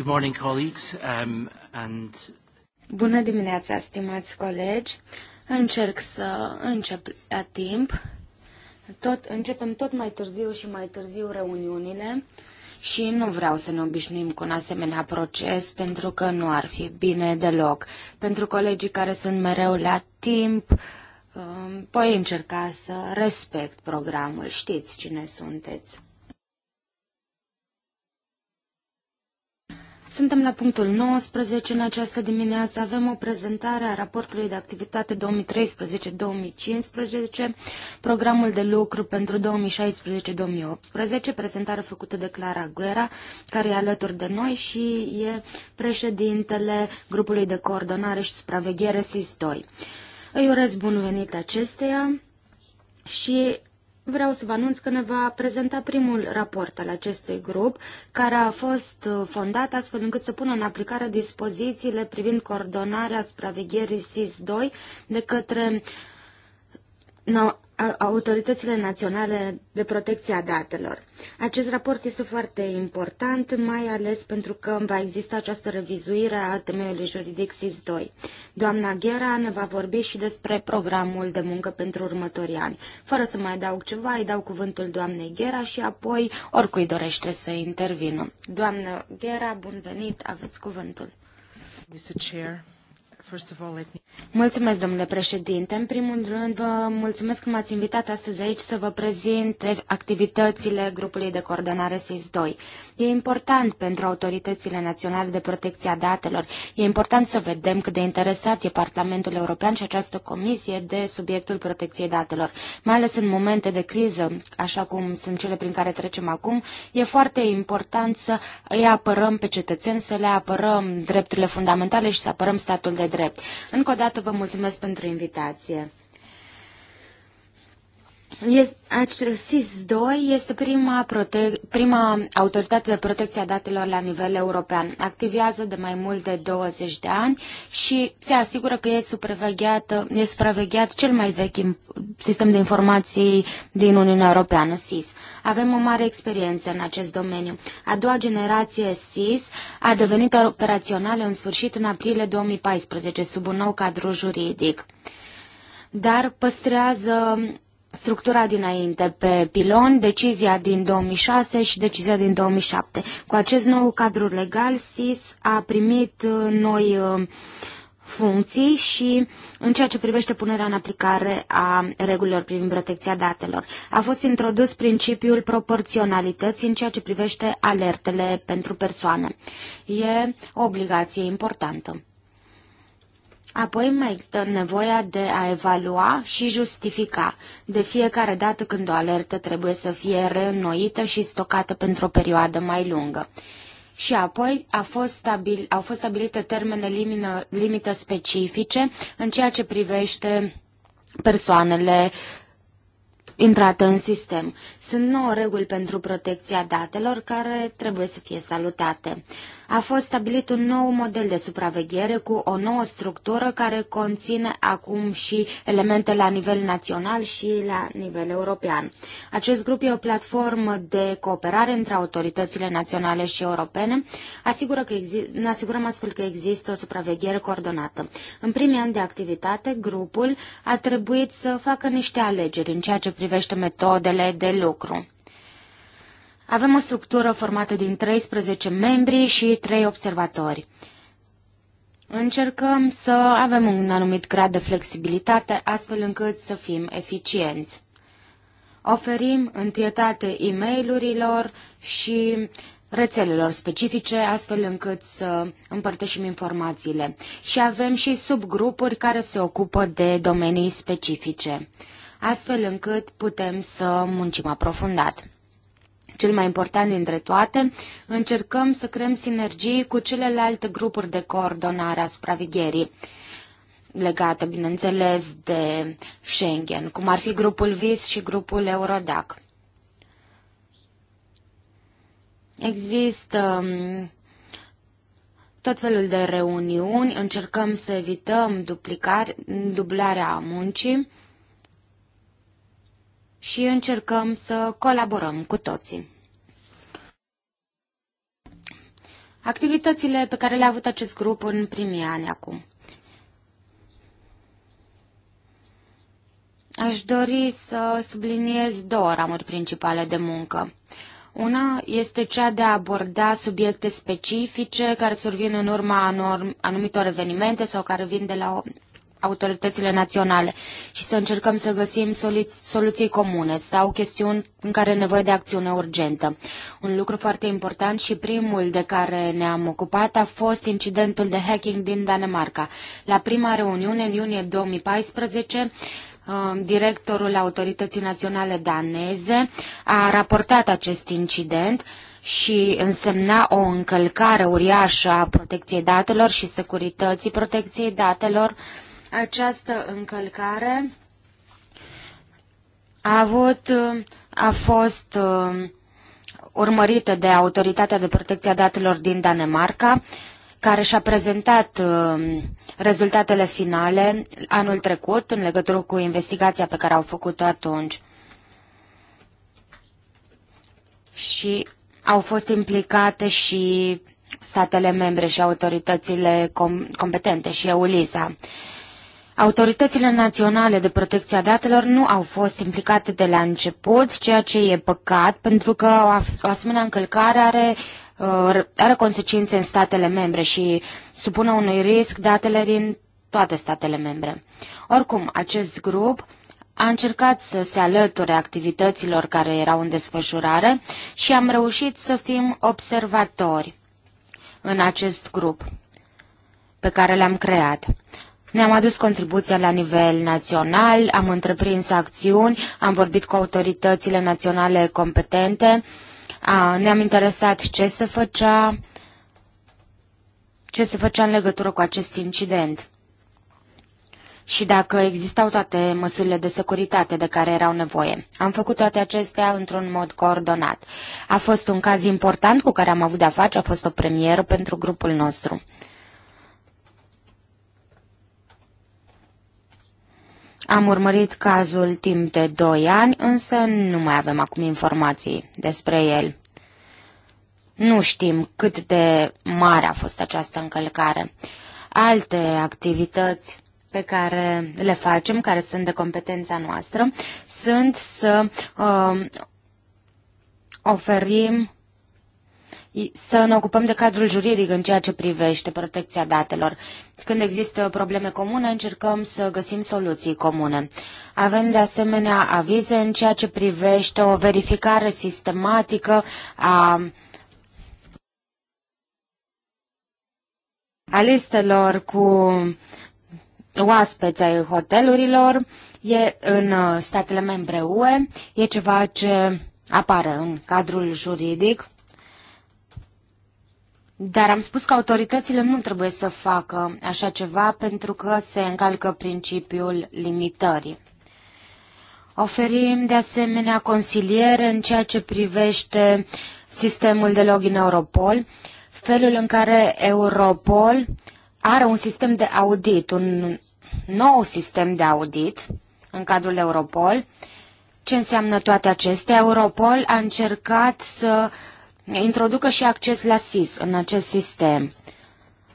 Good morning, colleagues, um, and... Bună dimineața, stimați colegi. Încerc să încep la timp. Tot, începem tot mai târziu și mai târziu reuniunile și nu vreau să ne obișnuim cu un asemenea proces pentru că nu ar fi bine deloc. Pentru colegii care sunt mereu la timp, um, voi încerca să respect programul. Știți cine sunteți. Suntem la punctul 19 în această dimineață. Avem o prezentare a raportului de activitate 2013-2015, programul de lucru pentru 2016-2018, prezentare făcută de Clara Guerra, care e alături de noi și e președintele grupului de coordonare și supraveghere SIS-2. Îi urez bun venit acesteia și Vreau să vă anunț că ne va prezenta primul raport al acestui grup, care a fost uh, fondat astfel încât să pună în aplicare dispozițiile privind coordonarea supravegherii SIS-2 de către autoritățile naționale de protecție a datelor. Acest raport este foarte important, mai ales pentru că va exista această revizuire a temeiului juridic SIS-2. Doamna Ghera ne va vorbi și despre programul de muncă pentru următorii ani. Fără să mai adaug ceva, îi dau cuvântul doamnei Ghera și apoi oricui dorește să intervină. Doamnă Ghera, bun venit, aveți cuvântul. Mr. Chair. Mulțumesc, domnule președinte. În primul rând, vă mulțumesc că m-ați invitat astăzi aici să vă prezint activitățile grupului de coordonare SIS-2. E important pentru autoritățile naționale de protecție a datelor. E important să vedem cât de interesat e Parlamentul European și această comisie de subiectul protecției datelor. Mai ales în momente de criză, așa cum sunt cele prin care trecem acum, e foarte important să îi apărăm pe cetățeni, să le apărăm drepturile fundamentale și să apărăm statul de drept drept. Încă o dată vă mulțumesc pentru invitație. SIS-2 este prima, prote- prima autoritate de protecție a datelor la nivel european. Activează de mai mult de 20 de ani și se asigură că e, supravegheată, e supravegheat cel mai vechi sistem de informații din Uniunea Europeană, SIS. Avem o mare experiență în acest domeniu. A doua generație SIS a devenit operațională în sfârșit în aprilie 2014 sub un nou cadru juridic dar păstrează structura dinainte pe pilon, decizia din 2006 și decizia din 2007. Cu acest nou cadru legal, SIS a primit uh, noi uh, funcții și în ceea ce privește punerea în aplicare a regulilor privind protecția datelor. A fost introdus principiul proporționalității în ceea ce privește alertele pentru persoane. E o obligație importantă. Apoi mai există nevoia de a evalua și justifica. De fiecare dată când o alertă trebuie să fie reînnoită și stocată pentru o perioadă mai lungă. Și apoi a fost stabil, au fost stabilite termene limină, limită specifice în ceea ce privește persoanele intrate în sistem. Sunt nouă reguli pentru protecția datelor care trebuie să fie salutate. A fost stabilit un nou model de supraveghere cu o nouă structură care conține acum și elemente la nivel național și la nivel european. Acest grup e o platformă de cooperare între autoritățile naționale și europene. Asigură că ne asigurăm astfel că există o supraveghere coordonată. În primii ani de activitate, grupul a trebuit să facă niște alegeri în ceea ce privește metodele de lucru. Avem o structură formată din 13 membri și 3 observatori. Încercăm să avem un anumit grad de flexibilitate astfel încât să fim eficienți. Oferim întietate e mail și rețelelor specifice, astfel încât să împărtășim informațiile. Și avem și subgrupuri care se ocupă de domenii specifice, astfel încât putem să muncim aprofundat cel mai important dintre toate, încercăm să creăm sinergii cu celelalte grupuri de coordonare a supravegherii legate, bineînțeles, de Schengen, cum ar fi grupul VIS și grupul Eurodac. Există um, tot felul de reuniuni, încercăm să evităm duplicare, dublarea muncii, și încercăm să colaborăm cu toții. Activitățile pe care le-a avut acest grup în primii ani acum. Aș dori să subliniez două ramuri principale de muncă. Una este cea de a aborda subiecte specifice care survin în urma anumitor evenimente sau care vin de la o autoritățile naționale și să încercăm să găsim soluții comune sau chestiuni în care e nevoie de acțiune urgentă. Un lucru foarte important și primul de care ne-am ocupat a fost incidentul de hacking din Danemarca. La prima reuniune, în iunie 2014, uh, directorul Autorității Naționale Daneze a raportat acest incident și însemna o încălcare uriașă a protecției datelor și securității protecției datelor uh, această încălcare a avut, a fost uh, urmărită de Autoritatea de Protecție a Datelor din Danemarca, care și-a prezentat uh, rezultatele finale anul trecut în legătură cu investigația pe care au făcut-o atunci. Și au fost implicate și statele membre și autoritățile com competente și EULISA. Autoritățile naționale de protecție a datelor nu au fost implicate de la început, ceea ce e păcat, pentru că o asemenea încălcare are uh, are consecințe în statele membre și supune unui risc datele din toate statele membre. Oricum, acest grup a încercat să se alăture activităților care erau în desfășurare și am reușit să fim observatori în acest grup pe care l-am creat. Ne-am adus contribuția la nivel național, am întreprins acțiuni, am vorbit cu autoritățile naționale competente, ne-am interesat ce se făcea, ce se făcea în legătură cu acest incident și dacă existau toate măsurile de securitate de care erau nevoie. Am făcut toate acestea într-un mod coordonat. A fost un caz important cu care am avut de-a face, a fost o premieră pentru grupul nostru. Am urmărit cazul timp de doi ani, însă nu mai avem acum informații despre el. Nu știm cât de mare a fost această încălcare. Alte activități pe care le facem, care sunt de competența noastră, sunt să uh, oferim să ne ocupăm de cadrul juridic în ceea ce privește protecția datelor. Când există probleme comune, încercăm să găsim soluții comune. Avem de asemenea avize în ceea ce privește o verificare sistematică a a listelor cu oaspeți ai hotelurilor e în uh, statele membre UE, e ceva ce apare în cadrul juridic dar am spus că autoritățile nu trebuie să facă așa ceva pentru că se încalcă principiul limitării. Oferim de asemenea consiliere în ceea ce privește sistemul de login Europol, felul în care Europol are un sistem de audit, un nou sistem de audit în cadrul Europol. Ce înseamnă toate acestea? Europol a încercat să uh, introducă și acces la SIS în acest sistem.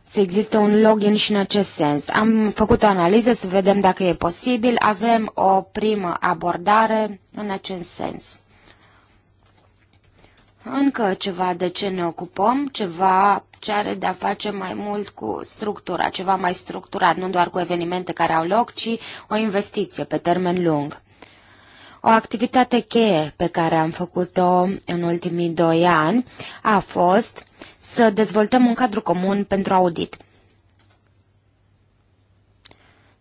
Să există un login și în acest sens. Am făcut o analiză să vedem dacă e posibil. Avem o primă abordare în acest sens. Încă ceva de ce ne ocupăm, ceva ce are de-a face mai mult cu structura, ceva mai structurat, nu doar cu evenimente care au loc, ci o investiție pe termen lung. O activitate cheie pe care am făcut-o în ultimii doi ani a fost să dezvoltăm un cadru comun pentru audit.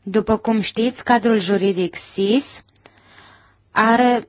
După cum știți, cadrul juridic SIS are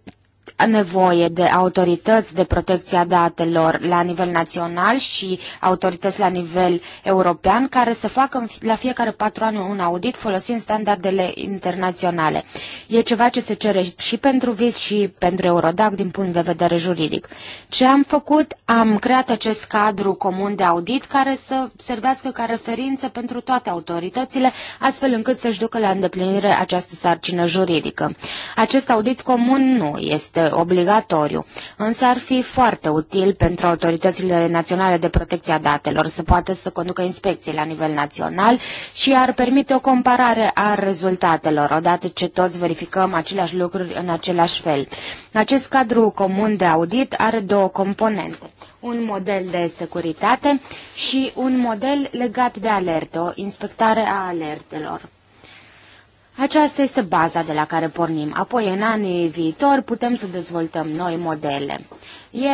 nevoie de autorități de protecție a datelor la nivel național și autorități la nivel european care să facă la fiecare patru ani un audit folosind standardele internaționale. E ceva ce se cere și pentru VIS și pentru Eurodac din punct de vedere juridic. Ce am făcut? Am creat acest cadru comun de audit care să servească ca referință pentru toate autoritățile, astfel încât să-și ducă la îndeplinire această sarcină juridică. Acest audit comun nu este este obligatoriu, însă ar fi foarte util pentru autoritățile naționale de protecție a datelor să poată să conducă inspecții la nivel național și ar permite o comparare a rezultatelor, odată ce toți verificăm aceleași lucruri în același fel. Acest cadru comun de audit are două componente un model de securitate și un model legat de alerte, o inspectare a alertelor. Aceasta este baza de la care pornim. Apoi, în anii viitori, putem să dezvoltăm noi modele.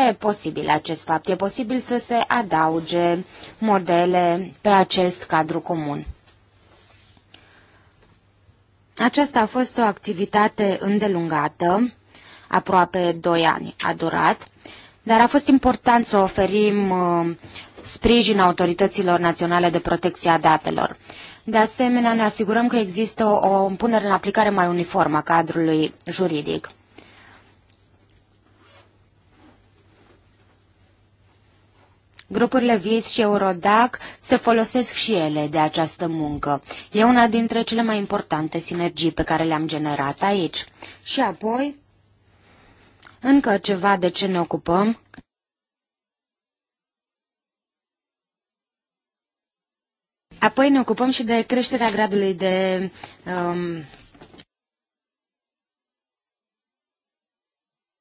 E posibil acest fapt, e posibil să se adauge modele pe acest cadru comun. Aceasta a fost o activitate îndelungată, aproape 2 ani a durat, dar a fost important să oferim uh, sprijin autorităților naționale de protecție a datelor. De asemenea, ne asigurăm că există o, împunere punere în aplicare mai uniformă a cadrului juridic. Grupurile VIS și Eurodac se folosesc și ele de această muncă. E una dintre cele mai importante sinergii pe care le-am generat aici. Și apoi, încă ceva de ce ne ocupăm, Apoi ne ocupăm și de creșterea gradului de um,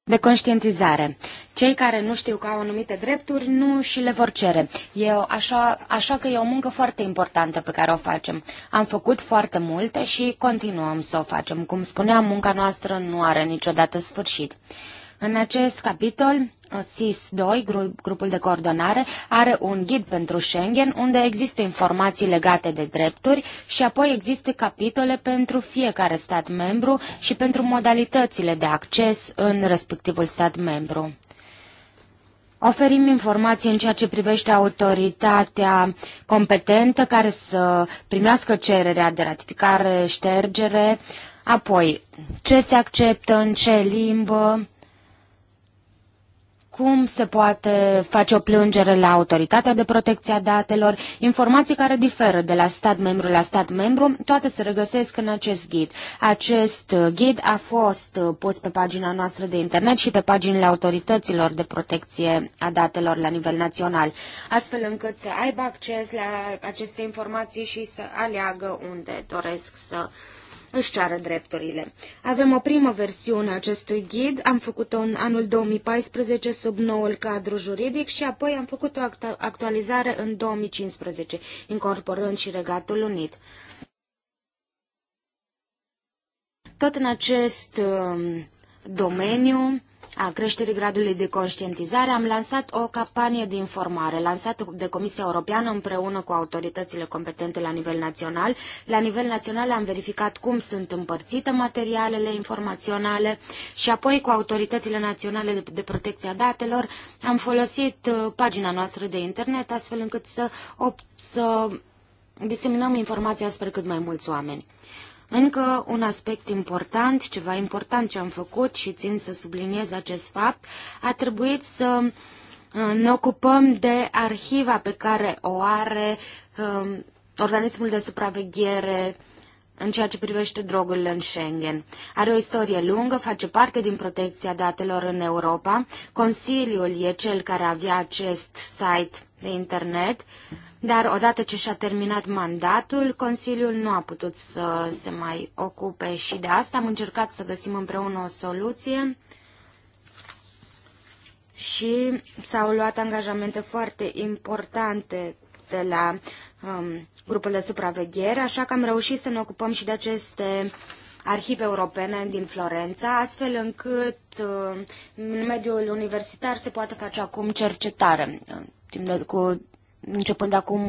de conștientizare. Cei care nu știu că au anumite drepturi nu și le vor cere. E o, așa, așa că e o muncă foarte importantă pe care o facem. Am făcut foarte multe și continuăm să o facem. Cum spuneam, munca noastră nu are niciodată sfârșit. În acest capitol, SIS-2, grupul de coordonare, are un ghid pentru Schengen unde există informații legate de drepturi și apoi există capitole pentru fiecare stat membru și pentru modalitățile de acces în respectivul stat membru. Oferim informații în ceea ce privește autoritatea competentă care să primească cererea de ratificare, ștergere, apoi ce se acceptă, în ce limbă, cum se poate face o plângere la Autoritatea de Protecție a Datelor, informații care diferă de la stat membru la stat membru, toate se regăsesc în acest ghid. Acest uh, ghid a fost uh, pus pe pagina noastră de internet și pe paginile autorităților de protecție a datelor la nivel național, astfel încât să aibă acces la aceste informații și să aleagă unde doresc să își ceară drepturile. Avem o primă versiune a acestui ghid, am făcut-o în anul 2014 sub noul cadru juridic și apoi am făcut o actualizare în 2015, incorporând și Regatul Unit. Tot în acest um, domeniu a creșterii gradului de conștientizare, am lansat o campanie de informare lansată de Comisia Europeană împreună cu autoritățile competente la nivel național. La nivel național am verificat cum sunt împărțite materialele informaționale și apoi cu autoritățile naționale de protecție a datelor am folosit uh, pagina noastră de internet astfel încât să, să diseminăm informația spre cât mai mulți oameni. Încă un aspect important, ceva important ce am făcut și țin să subliniez acest fapt, a trebuit să uh, ne ocupăm de arhiva pe care o are um, organismul de supraveghere în ceea ce privește drogurile în Schengen. Are o istorie lungă, face parte din protecția datelor în Europa. Consiliul e cel care avea acest site de internet. Uh, dar odată ce și-a terminat mandatul, Consiliul nu a putut să se mai ocupe și de asta. Am încercat să găsim împreună o soluție și s-au luat angajamente foarte importante de la um, grupul de supraveghere, așa că am reușit să ne ocupăm și de aceste arhive europene din Florența, astfel încât uh, în mediul universitar se poate face acum cercetare uh, timp de, cu începând acum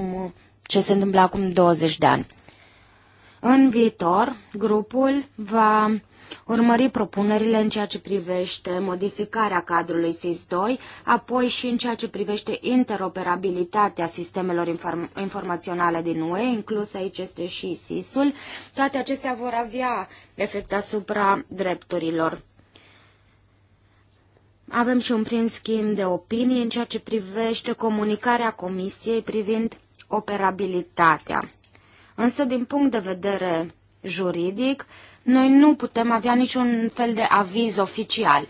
ce se întâmplă acum 20 de ani. În viitor, grupul va urmări propunerile în ceea ce privește modificarea cadrului SIS-2, apoi și în ceea ce privește interoperabilitatea sistemelor inform- informaționale din UE, inclus aici este și SIS-ul. Toate acestea vor avea efect asupra drepturilor avem și un prim schimb de opinii în ceea ce privește comunicarea Comisiei privind operabilitatea. Însă, din punct de vedere juridic, noi nu putem avea niciun fel de aviz oficial,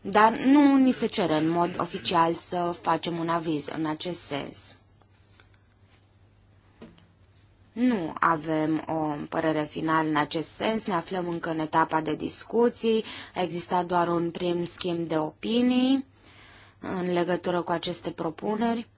dar nu ni se cere în mod oficial să facem un aviz în acest sens. Nu avem o părere finală în acest sens, ne aflăm încă în etapa de discuții, a existat doar un prim schimb de opinii în legătură cu aceste propuneri.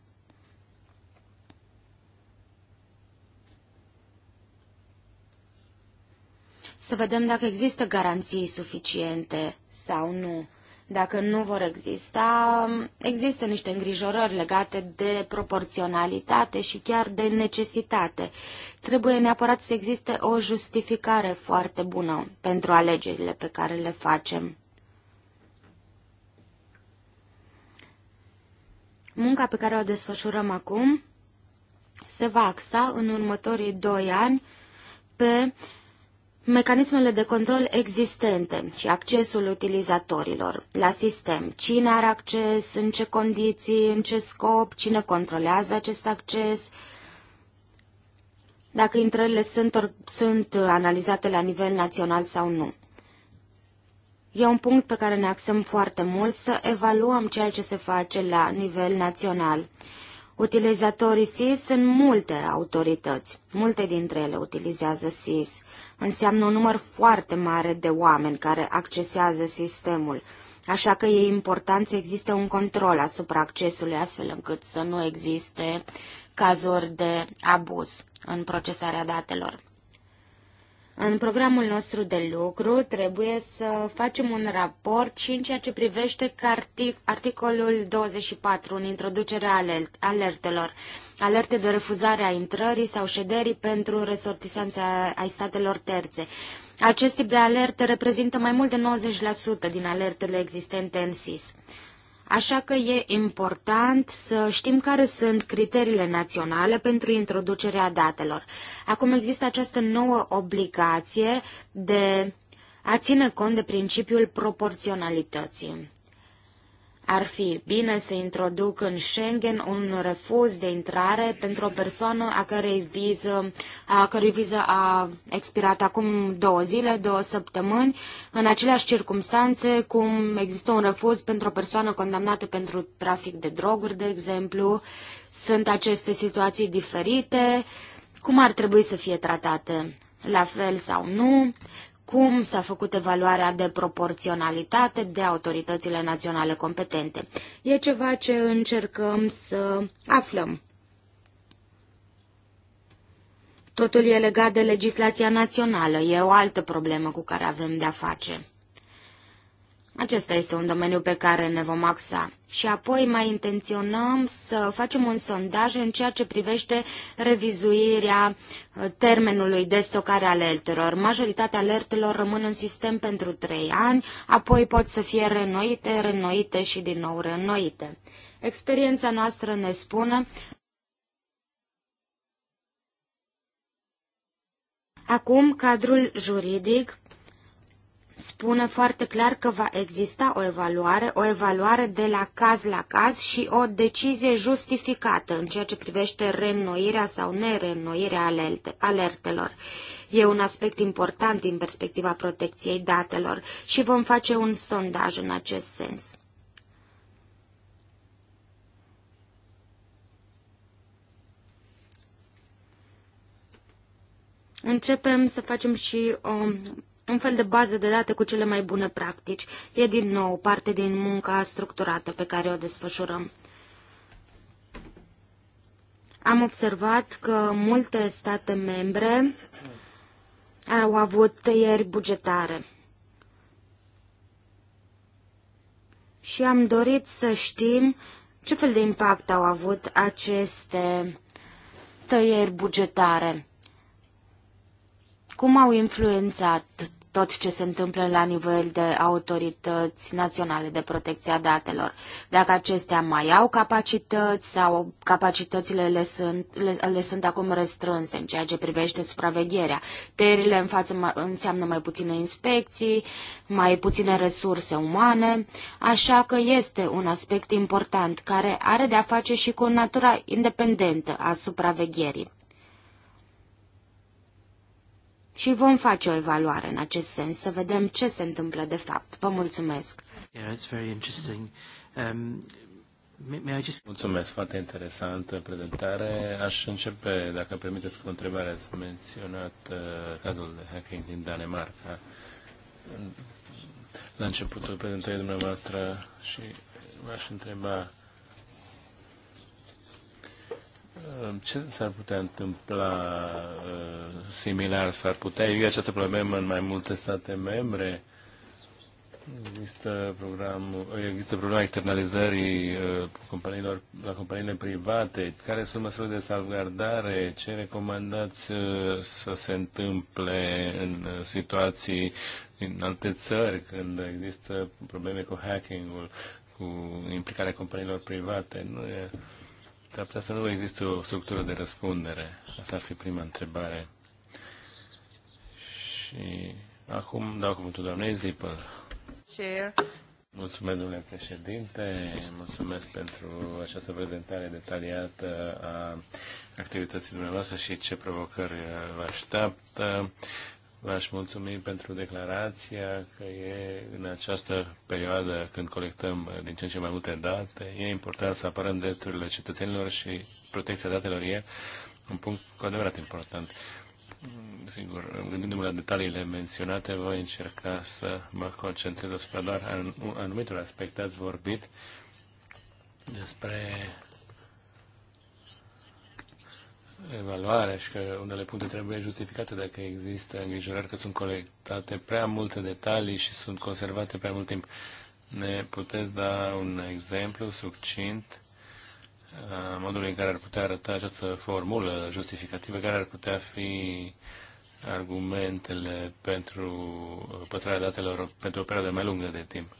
Să vedem dacă există garanții suficiente sau nu dacă nu vor exista, există niște îngrijorări legate de proporționalitate și chiar de necesitate. Trebuie neapărat să existe o justificare foarte bună pentru alegerile pe care le facem. Munca pe care o desfășurăm acum se va axa în următorii doi ani pe uh, mecanismele de control existente și accesul utilizatorilor la sistem. Cine are acces, în ce condiții, în ce scop, cine controlează acest acces, dacă intrările sunt, sunt analizate la nivel național sau nu. E un punct pe care ne axăm foarte mult să evaluăm ceea ce se face la nivel național. Utilizatorii SIS sunt multe autorități, multe dintre ele utilizează SIS. Înseamnă un număr foarte mare de oameni care accesează sistemul, așa că e important să existe un control asupra accesului, astfel încât să nu existe cazuri de abuz în procesarea datelor. În programul nostru de lucru trebuie să facem un raport și în ceea ce privește articolul 24 în introducerea alertelor, alerte de refuzare a intrării sau șederii pentru resortisanțe ai statelor terțe. Acest tip de alerte reprezintă mai mult de 90% din alertele existente în SIS. Așa că e important să știm care sunt criteriile naționale pentru introducerea datelor. Acum există această nouă obligație de a ține cont de principiul proporționalității. Ar fi bine să introduc în Schengen un refuz de intrare pentru o persoană a cărei viză a, cărei viză a expirat acum două zile, două săptămâni, în aceleași circunstanțe cum există un refuz pentru o persoană condamnată pentru trafic de droguri, de exemplu. Sunt aceste situații diferite? Cum ar trebui să fie tratate? La fel sau nu? cum s-a făcut evaluarea de proporționalitate de autoritățile naționale competente. E ceva ce încercăm să aflăm. Totul e legat de legislația națională, e o altă problemă cu care avem de-a face. Acesta este un domeniu pe care ne vom axa. Și apoi mai intenționăm să facem un sondaj în ceea ce privește revizuirea uh, termenului de stocare alertelor. Majoritatea alertelor rămân în sistem pentru trei ani, apoi pot să fie renoite, renoite și din nou renoite. Experiența noastră ne spune Acum, cadrul juridic spune foarte clar că va exista o evaluare, o evaluare de la caz la caz și o decizie justificată în ceea ce privește reînnoirea sau nereînnoirea alertelor. E un aspect important din perspectiva protecției datelor și vom face un sondaj în acest sens. Începem să facem și o un fel de bază de date cu cele mai bune practici. E din nou parte din munca structurată pe care o desfășurăm. Am observat că multe state membre au avut tăieri bugetare. Și am dorit să știm ce fel de impact au avut aceste tăieri bugetare. Cum au influențat tot ce se întâmplă la nivel de autorități naționale de protecție a datelor. Dacă acestea mai au capacități sau capacitățile le sunt, le, le sunt acum restrânse în ceea ce privește supravegherea. Terile în față înseamnă mai puține inspecții, mai puține resurse umane, așa că este un aspect important care are de a face și cu natura independentă a supravegherii și vom face o evaluare în acest sens, să vedem ce se întâmplă de fapt. Vă mulțumesc! Um, mulțumesc, foarte interesantă prezentare. Aș începe, dacă permiteți, cu o întrebare. Ați menționat uh, cazul de hacking din Danemarca. La începutul prezentării dumneavoastră și v-aș întreba ce s-ar putea întâmpla uh, similar? S-ar putea iubi această problemă în mai multe state membre? Există, program, există problema externalizării uh, companiilor, la companiile private. Care sunt măsurile de salvgardare? Ce recomandați uh, să se întâmple în situații în alte țări când există probleme cu hacking-ul, cu implicarea companiilor private? Nu e dar ar să nu există o structură de răspundere. Asta ar fi prima întrebare. Și acum dau cuvântul doamnei Zipăl. Share. Mulțumesc, domnule președinte, mulțumesc pentru această prezentare detaliată a activității dumneavoastră și ce provocări vă așteaptă. V-aș mulțumi pentru declarația că e în această perioadă când colectăm din ce în ce mai multe date, e important să apărăm drepturile cetățenilor și protecția datelor e un punct cu adevărat important. Sigur, gândindu-mă la detaliile menționate, voi încerca să mă concentrez asupra doar anumitor aspecte. Ați vorbit despre evaluare și că unele puncte trebuie justificate dacă există îngrijorări că sunt colectate prea multe detalii și sunt conservate prea mult timp. Ne puteți da un exemplu succint a modului în care ar putea arăta această formulă justificativă, care ar putea fi argumentele pentru păstrarea datelor pentru o perioadă mai lungă de timp.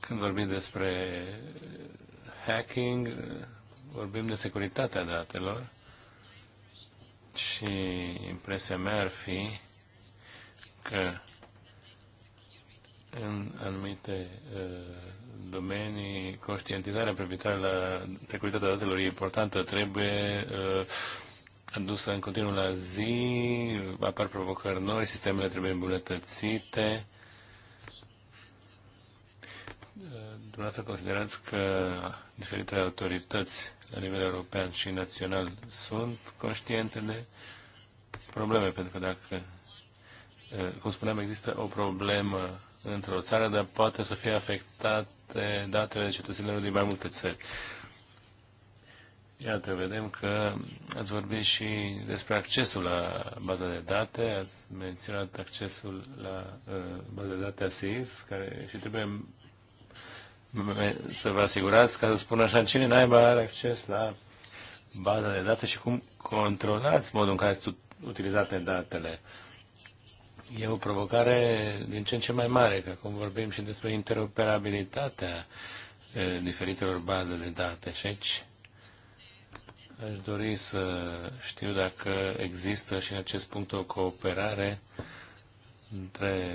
Când vorbim despre hacking, vorbim de securitatea datelor și impresia mea ar fi că în anumite uh, domenii, conștientizarea privitoare la securitatea datelor e importantă, trebuie uh, adusă în continuu la zi, apar provocări noi, sistemele trebuie îmbunătățite. Uh, dumneavoastră considerați că diferitele autorități la nivel european și național sunt conștiente de probleme, pentru că dacă, cum spuneam, există o problemă într-o țară, dar poate să fie afectate datele cetățenilor din mai multe țări. Iată, vedem că ați vorbit și despre accesul la baza de date, ați menționat accesul la uh, baza de date ASIS, care și trebuie să vă asigurați, ca să spun așa, cine naiba are acces la baza de date și cum controlați modul în care sunt utilizate datele. E o provocare din ce în ce mai mare, că acum vorbim și despre interoperabilitatea diferitelor baze de date și aici aș dori să știu dacă există și în acest punct o cooperare între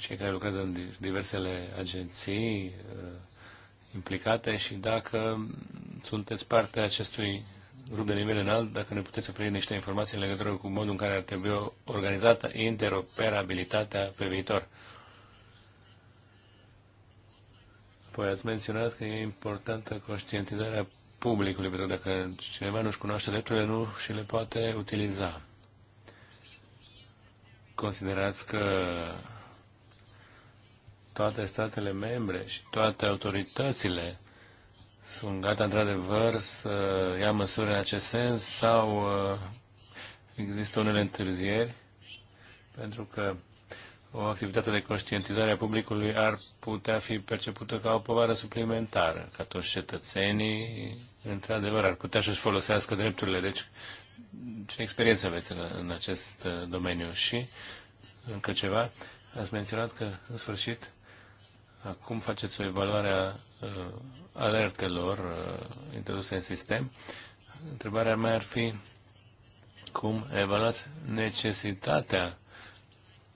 cei care lucrează în diversele agenții uh, implicate și dacă sunteți parte a acestui grup de nivel înalt, dacă ne puteți oferi niște informații în legătură cu modul în care ar trebui organizată interoperabilitatea pe viitor. Apoi ați menționat că e importantă conștientizarea publicului, pentru că dacă cineva nu-și cunoaște drepturile, nu și le poate utiliza. Considerați că toate statele membre și toate autoritățile sunt gata într-adevăr să ia măsuri în acest sens sau uh, există unele întârzieri? Pentru că o activitate de conștientizare a publicului ar putea fi percepută ca o povară suplimentară, ca toți cetățenii, într-adevăr, ar putea să-și folosească drepturile. Deci, ce experiență aveți în, în acest uh, domeniu? Și, încă ceva, ați menționat că, în sfârșit, Acum faceți o evaluare a uh, alertelor uh, introduse în sistem. Întrebarea mea ar fi cum evaluați necesitatea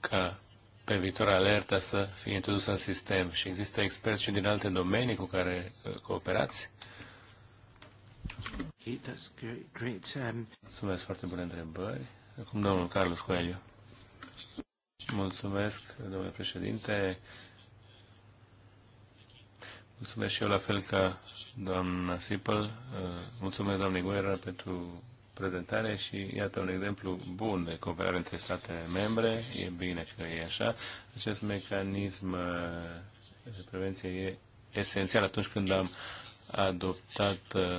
ca pe viitor alerta să fie introdusă în sistem și există experți și din alte domenii cu care uh, cooperați? Okay, that's great. great. Um... Mulțumesc foarte bune întrebări. Acum domnul Carlos Coelho. Mulțumesc, domnule președinte. Mulțumesc și eu la fel ca doamna Sipăl. Uh, mulțumesc doamne Guerra pentru prezentare și iată un exemplu bun de cooperare între statele membre. E bine că e așa. Acest mecanism uh, de prevenție e esențial atunci când am adoptat uh,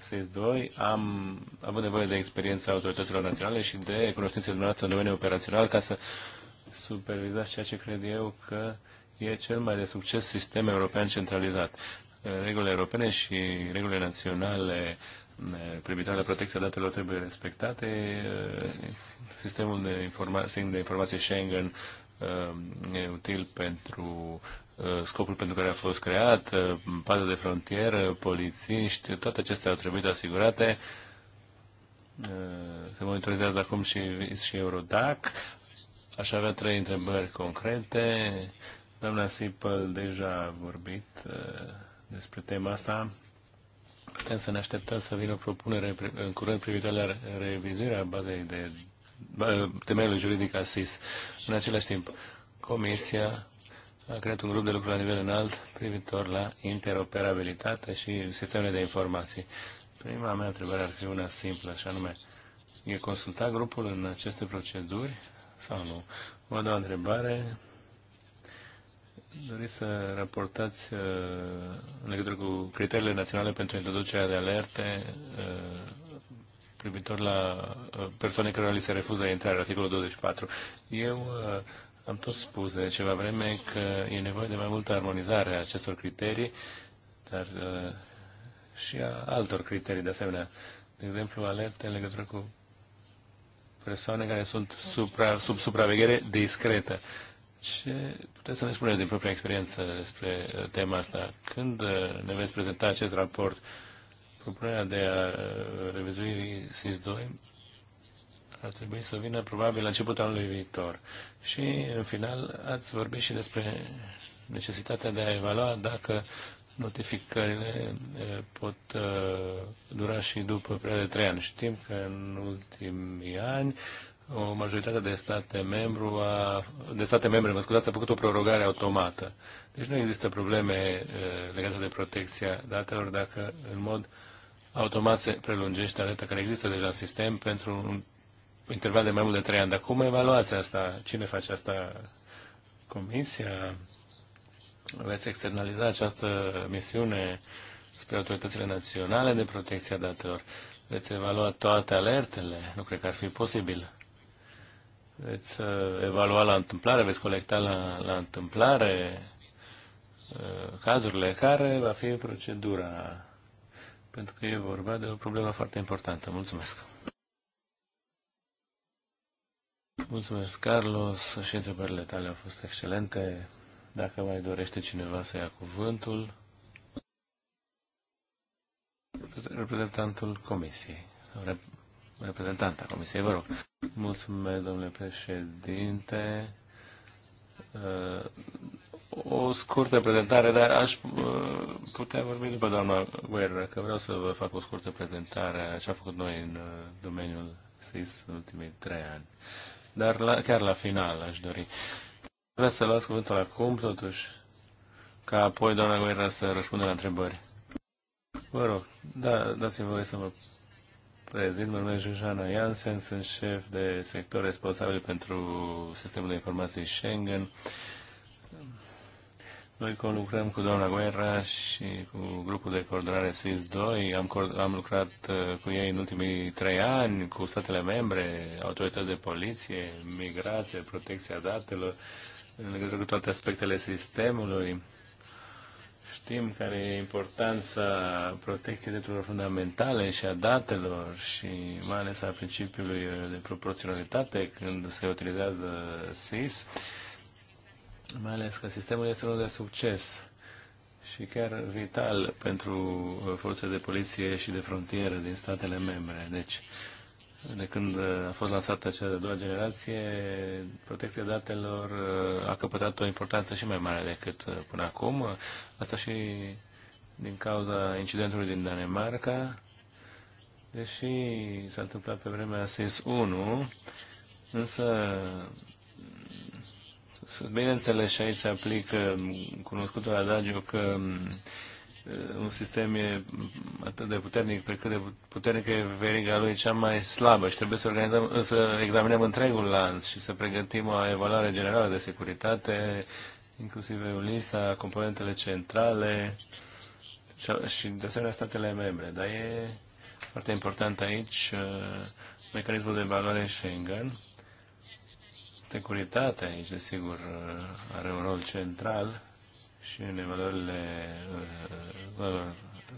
SES-2, am avut nevoie de experiența autorităților naționale și de cunoștințe dumneavoastră în domeniul operațional ca să supervizați ceea ce cred eu că uh, e cel mai de succes sistem european centralizat. Uh, regulile europene și regulile naționale uh, privitoare la protecția datelor trebuie respectate. Uh, sistemul de, informa- de informație Schengen e util pentru scopul pentru care a fost creat, pază de frontieră, polițiști, toate acestea au trebuit asigurate. Se monitorizează acum și, și Eurodac. Aș avea trei întrebări concrete. Doamna Sipăl deja a vorbit uh, despre tema asta. Putem să ne așteptăm să vină o propunere în curând privitoare la revizuirea bazei de temeiului juridic asis. În același timp, Comisia a creat un grup de lucru la nivel înalt privitor la interoperabilitate și sistemele de informații. Prima mea întrebare ar fi una simplă, și anume, e consultat grupul în aceste proceduri sau nu? O a doua întrebare Doriți să raportați uh, în legătură cu criteriile naționale pentru introducerea de alerte uh, privitor la uh, persoane care li se refuză intrare, articolul 24. Eu am tot spus de ceva vreme că e nevoie de mai multă armonizare a acestor criterii, dar și a altor criterii de asemenea. De exemplu, alerte în legătură cu persoane care sunt supra, sub supraveghere discretă. Uh, ce puteți să ne spuneți din propria experiență despre uh, tema asta? Când uh, ne veți prezenta acest raport, propunerea de a uh, revizui SIS-2 ar trebui să vină probabil la începutul anului viitor. Și, în final, ați vorbit și despre necesitatea de a evalua dacă notificările pot dura și după prea de trei ani. Știm că în ultimii ani o majoritate de state, membru a, de state membre mă scuzați, a făcut o prorogare automată. Deci nu există probleme legate de protecția datelor dacă în mod automat se prelungește alerta care există deja în sistem pentru un interval de mai mult de trei ani. Dar cum evaluați asta? Cine face asta? Comisia? Veți externaliza această misiune spre autoritățile naționale de protecție a datelor? Veți evalua toate alertele? Nu cred că ar fi posibil veți uh, evalua la întâmplare, veți colecta la, la întâmplare uh, cazurile, care va fi procedura? Pentru că e vorba de o problemă foarte importantă. Mulțumesc! Mulțumesc, Carlos, și întrebările tale au fost excelente. Dacă mai dorește cineva să ia cuvântul, reprezentantul Comisiei, reprezentanta Comisiei, vă rog. Mulțumesc, domnule președinte. Uh, o scurtă prezentare, dar aș uh, putea vorbi după doamna Guerra, că vreau să vă fac o scurtă prezentare a ce a făcut noi în uh, domeniul SIS în ultimii trei ani. Dar la, chiar la final aș dori. Vreau să las cuvântul acum, totuși, ca apoi doamna Guerra să răspundă la întrebări. Vă rog, da, dați-mi voie să mă prezint, mă numesc Jujana Jansen, sunt șef de sector responsabil pentru sistemul de informații Schengen. Noi conlucrăm cu doamna Guerra și cu grupul de coordonare SIS-2. Am, am lucrat uh, cu ei în ultimii trei ani, cu statele membre, autorități de poliție, migrație, protecția datelor, în legătură cu toate aspectele sistemului știm care e importanța protecției drepturilor fundamentale și a datelor și mai ales a principiului de proporționalitate când se utilizează SIS, mai ales că sistemul este unul de succes și chiar vital pentru forțele de poliție și de frontieră din statele membre. Deci, de când uh, a fost lansată cea de-a doua generație, protecția datelor uh, a căpătat o importanță și mai mare decât uh, până acum. Asta și din cauza incidentului din Danemarca, deși s-a întâmplat pe vremea SIS 1, însă bineînțeles și aici se aplică mm, cunoscutul adagiu că mm, Eh, un sistem e atât de puternic pe cât de puternică e veriga lui cea mai slabă și trebuie să, organizăm, să examinăm întregul lanț și să pregătim o evaluare generală de securitate, inclusiv lista componentele centrale și de asemenea statele membre. Dar e foarte important aici eh, mecanismul de evaluare Schengen. Securitatea aici, desigur, eh, are un rol central și în uh,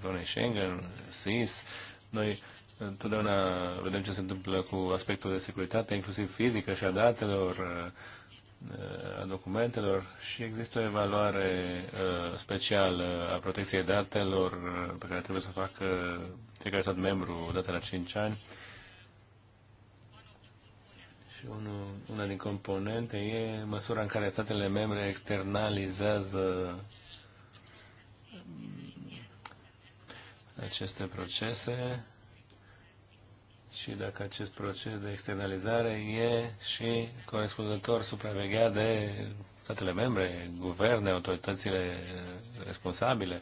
zonei Schengen, SIS. Noi întotdeauna vedem ce se întâmplă cu aspectul de securitate, inclusiv fizică și a datelor, uh, a documentelor și există o evaluare uh, specială a protecției datelor pe care trebuie să o facă fiecare stat membru odată la 5 ani și unul, una din componente e măsura în care statele membre externalizează mm, aceste procese și dacă acest proces de externalizare e și corespunzător supravegheat de statele membre, guverne, autoritățile responsabile.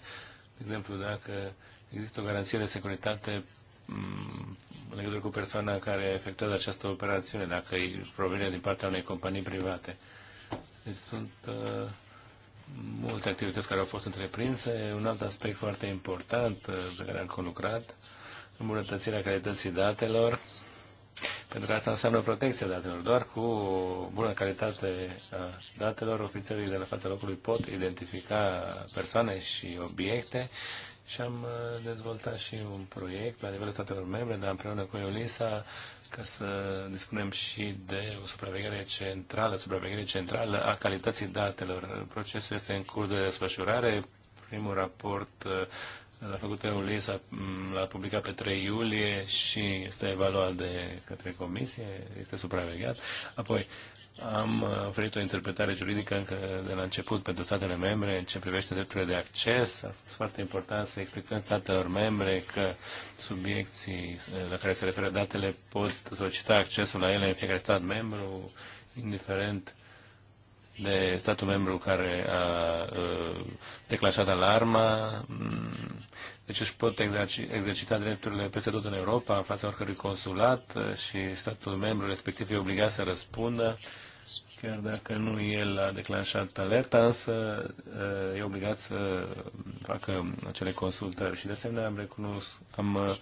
De exemplu, dacă există o garanție de securitate mm, în legătură cu persoana care efectuează această operațiune, dacă îi provine din partea unei companii private. Deci sunt uh, multe activități care au fost întreprinse. Un alt aspect foarte important uh, pe care am conlucrat, îmbunătățirea calității datelor, pentru că asta înseamnă protecția datelor. Doar cu bună calitate a datelor, ofițerii de la fața locului pot identifica persoane și obiecte și am uh, dezvoltat și un proiect la nivelul statelor membre, dar împreună cu EULISA, ca să dispunem și de o supraveghere centrală, supraveghere centrală a calității datelor. Procesul este în curs de desfășurare. Primul raport uh, l-a făcut EULISA, mm, l-a publicat pe 3 iulie și este evaluat de către comisie, este supravegheat. Apoi, am uh, oferit o interpretare juridică încă de la început pentru statele membre în ce privește drepturile de acces. A fost foarte important să explicăm statelor membre că subiecții uh, la care se referă datele pot solicita accesul la ele în fiecare stat membru, indiferent de statul membru care a, a uh, declanșat alarma. Deci își pot exercita drepturile peste tot în Europa, în fața oricărui consulat și statul membru respectiv e obligat să răspundă chiar dacă nu el a declanșat alerta, însă e obligat să facă acele consultări. Și de asemenea am, recunosc, am uh,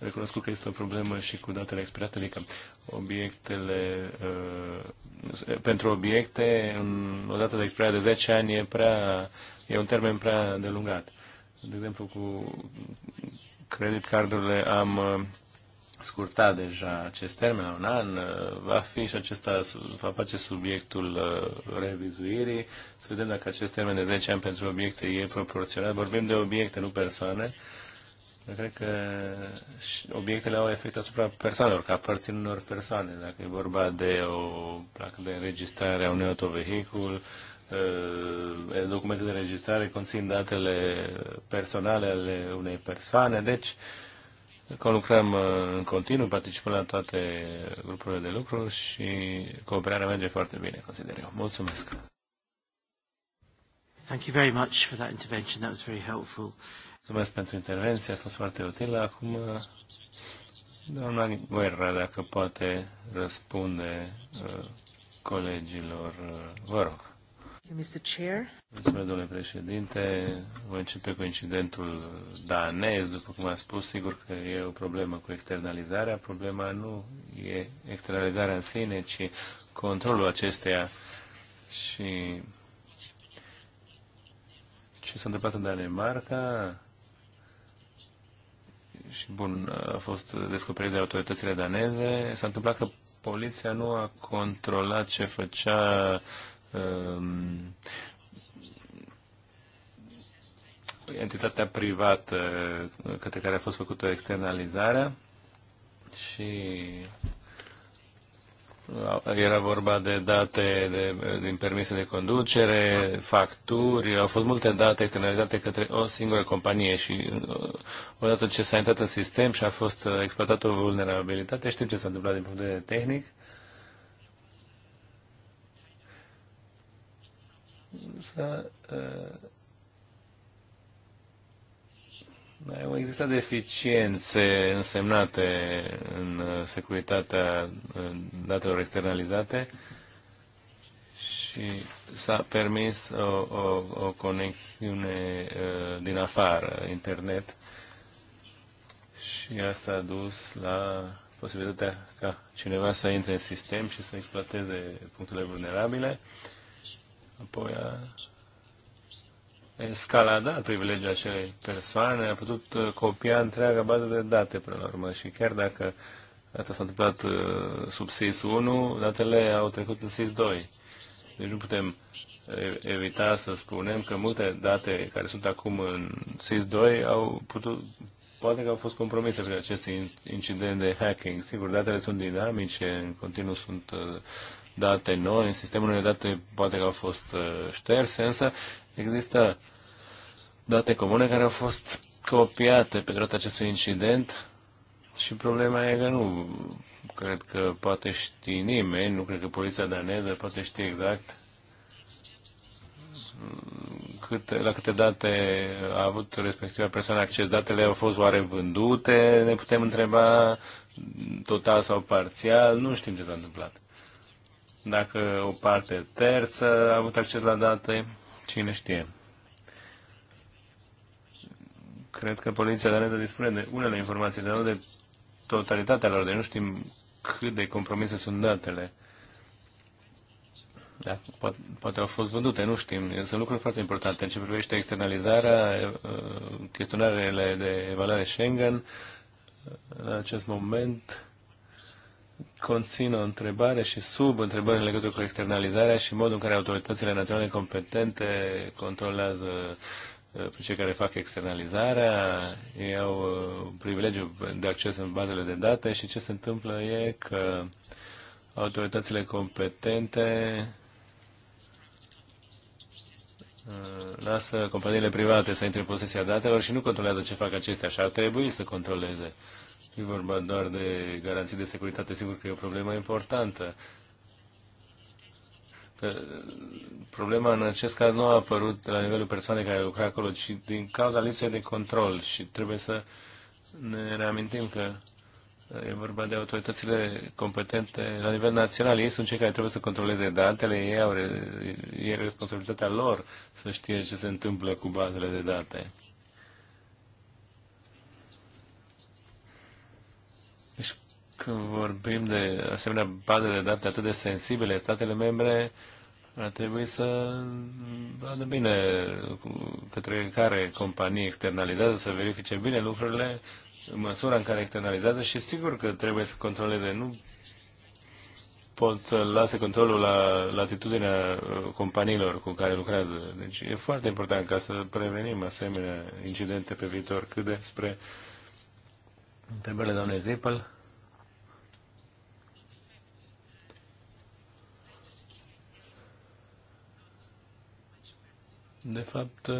recunoscut că este o problemă și cu datele expirate, adică obiectele, uh, pentru obiecte, o dată de expirare de 10 ani e, prea, e un termen prea delungat. De exemplu, cu credit cardurile am uh, scurta deja acest termen la un an, uh, va fi și acesta va face subiectul uh, revizuirii, să vedem dacă acest termen de 10 ani pentru obiecte e proporționat. Vorbim de obiecte, nu persoane. Eu cred că obiectele au efect asupra persoanelor, ca aparțin unor persoane. Dacă e vorba de o placă de înregistrare a unui autovehicul, uh, documente de înregistrare conțin datele personale ale unei persoane, deci lucrăm uh, în continuu, participăm la toate grupurile de lucru și cooperarea merge foarte bine, consider eu. Mulțumesc! Thank you very much for that intervention. That was very helpful. Mulțumesc pentru intervenție, a fost foarte utilă. Acum, uh, doamna Guerra, dacă poate răspunde uh, colegilor, vă rog. Mr. Chair. domnule președinte. Voi începe cu incidentul danez. După cum am spus, sigur că e o problemă cu externalizarea. Problema nu e externalizarea în sine, ci controlul acesteia și ce s-a întâmplat în Danemarca și bun, a fost descoperit de autoritățile daneze, s-a întâmplat că poliția nu a controlat ce făcea Ehm, entitatea privată către care a fost făcută externalizarea și era vorba de date de, din permise de conducere, facturi, au fost multe date externalizate către o singură companie și uh, odată ce s-a intrat în sistem și a fost exploatată o vulnerabilitate, știm ce s-a întâmplat din punct de vedere tehnic să au existat deficiențe însemnate în securitatea datelor externalizate și s-a permis o, o, o conexiune din afară, internet, și asta a dus la posibilitatea ca cineva să intre în sistem și să exploateze punctele vulnerabile. Uh, Apoi a escaladat privilegiul acelei persoane, a putut uh, copia întreaga bază de date până la urmă și chiar dacă asta s-a întâmplat uh, sub SIS 1, datele au trecut în SIS 2. Deci nu putem uh, evita să spunem că multe date care sunt acum în SIS 2 au putut, poate că au fost compromise prin acest incident de hacking. Sigur, datele sunt dinamice, în continuu sunt date noi în sistemul unele date poate că au fost uh, șterse, însă există date comune care au fost copiate pe durata acestui incident și problema e că nu cred că poate ști nimeni, nu cred că poliția daneză poate ști exact mm, câte, la câte date a avut respectiva persoană acces. Datele au fost oare vândute, ne putem întreba total sau parțial, nu știm ce s-a întâmplat dacă o parte terță a avut acces la date, cine știe. Cred că poliția daneză dispune de unele informații, dar nu de totalitatea lor, de nu știm cât de compromise sunt datele. Da, poate, poate au fost vândute, nu știm. Sunt lucruri foarte importante. În ce privește externalizarea, chestionarele de evaluare Schengen, în acest moment conțin o întrebare și sub întrebări în legătură cu externalizarea și modul în care autoritățile naționale competente controlează uh, pe cei care fac externalizarea, ei au uh, privilegiu de acces în bazele de date și ce se întâmplă e că autoritățile competente uh, lasă companiile private să intre în posesia datelor și nu controlează ce fac acestea și ar trebui să controleze. E vorba doar de garanții de securitate, sigur că e o problemă importantă. problema în acest caz nu a apărut la nivelul persoanei care lucra acolo, ci din cauza lipsei de control și trebuie să ne reamintim că uh, E vorba de autoritățile competente la nivel național. Ei sunt cei care trebuie să controleze datele, ei au e responsabilitatea lor să știe ce se întâmplă cu bazele de date. când vorbim de asemenea baze de date atât de sensibile, statele membre ar trebui să vadă bine către care companii externalizează, să verifice bine lucrurile în măsura în care externalizează și sigur că trebuie să controleze. Nu pot să lase controlul la latitudinea uh, companiilor cu care lucrează. Deci e foarte important ca să prevenim asemenea incidente pe viitor. Cât despre întrebările doamnei Zipăl. de fapt, uh,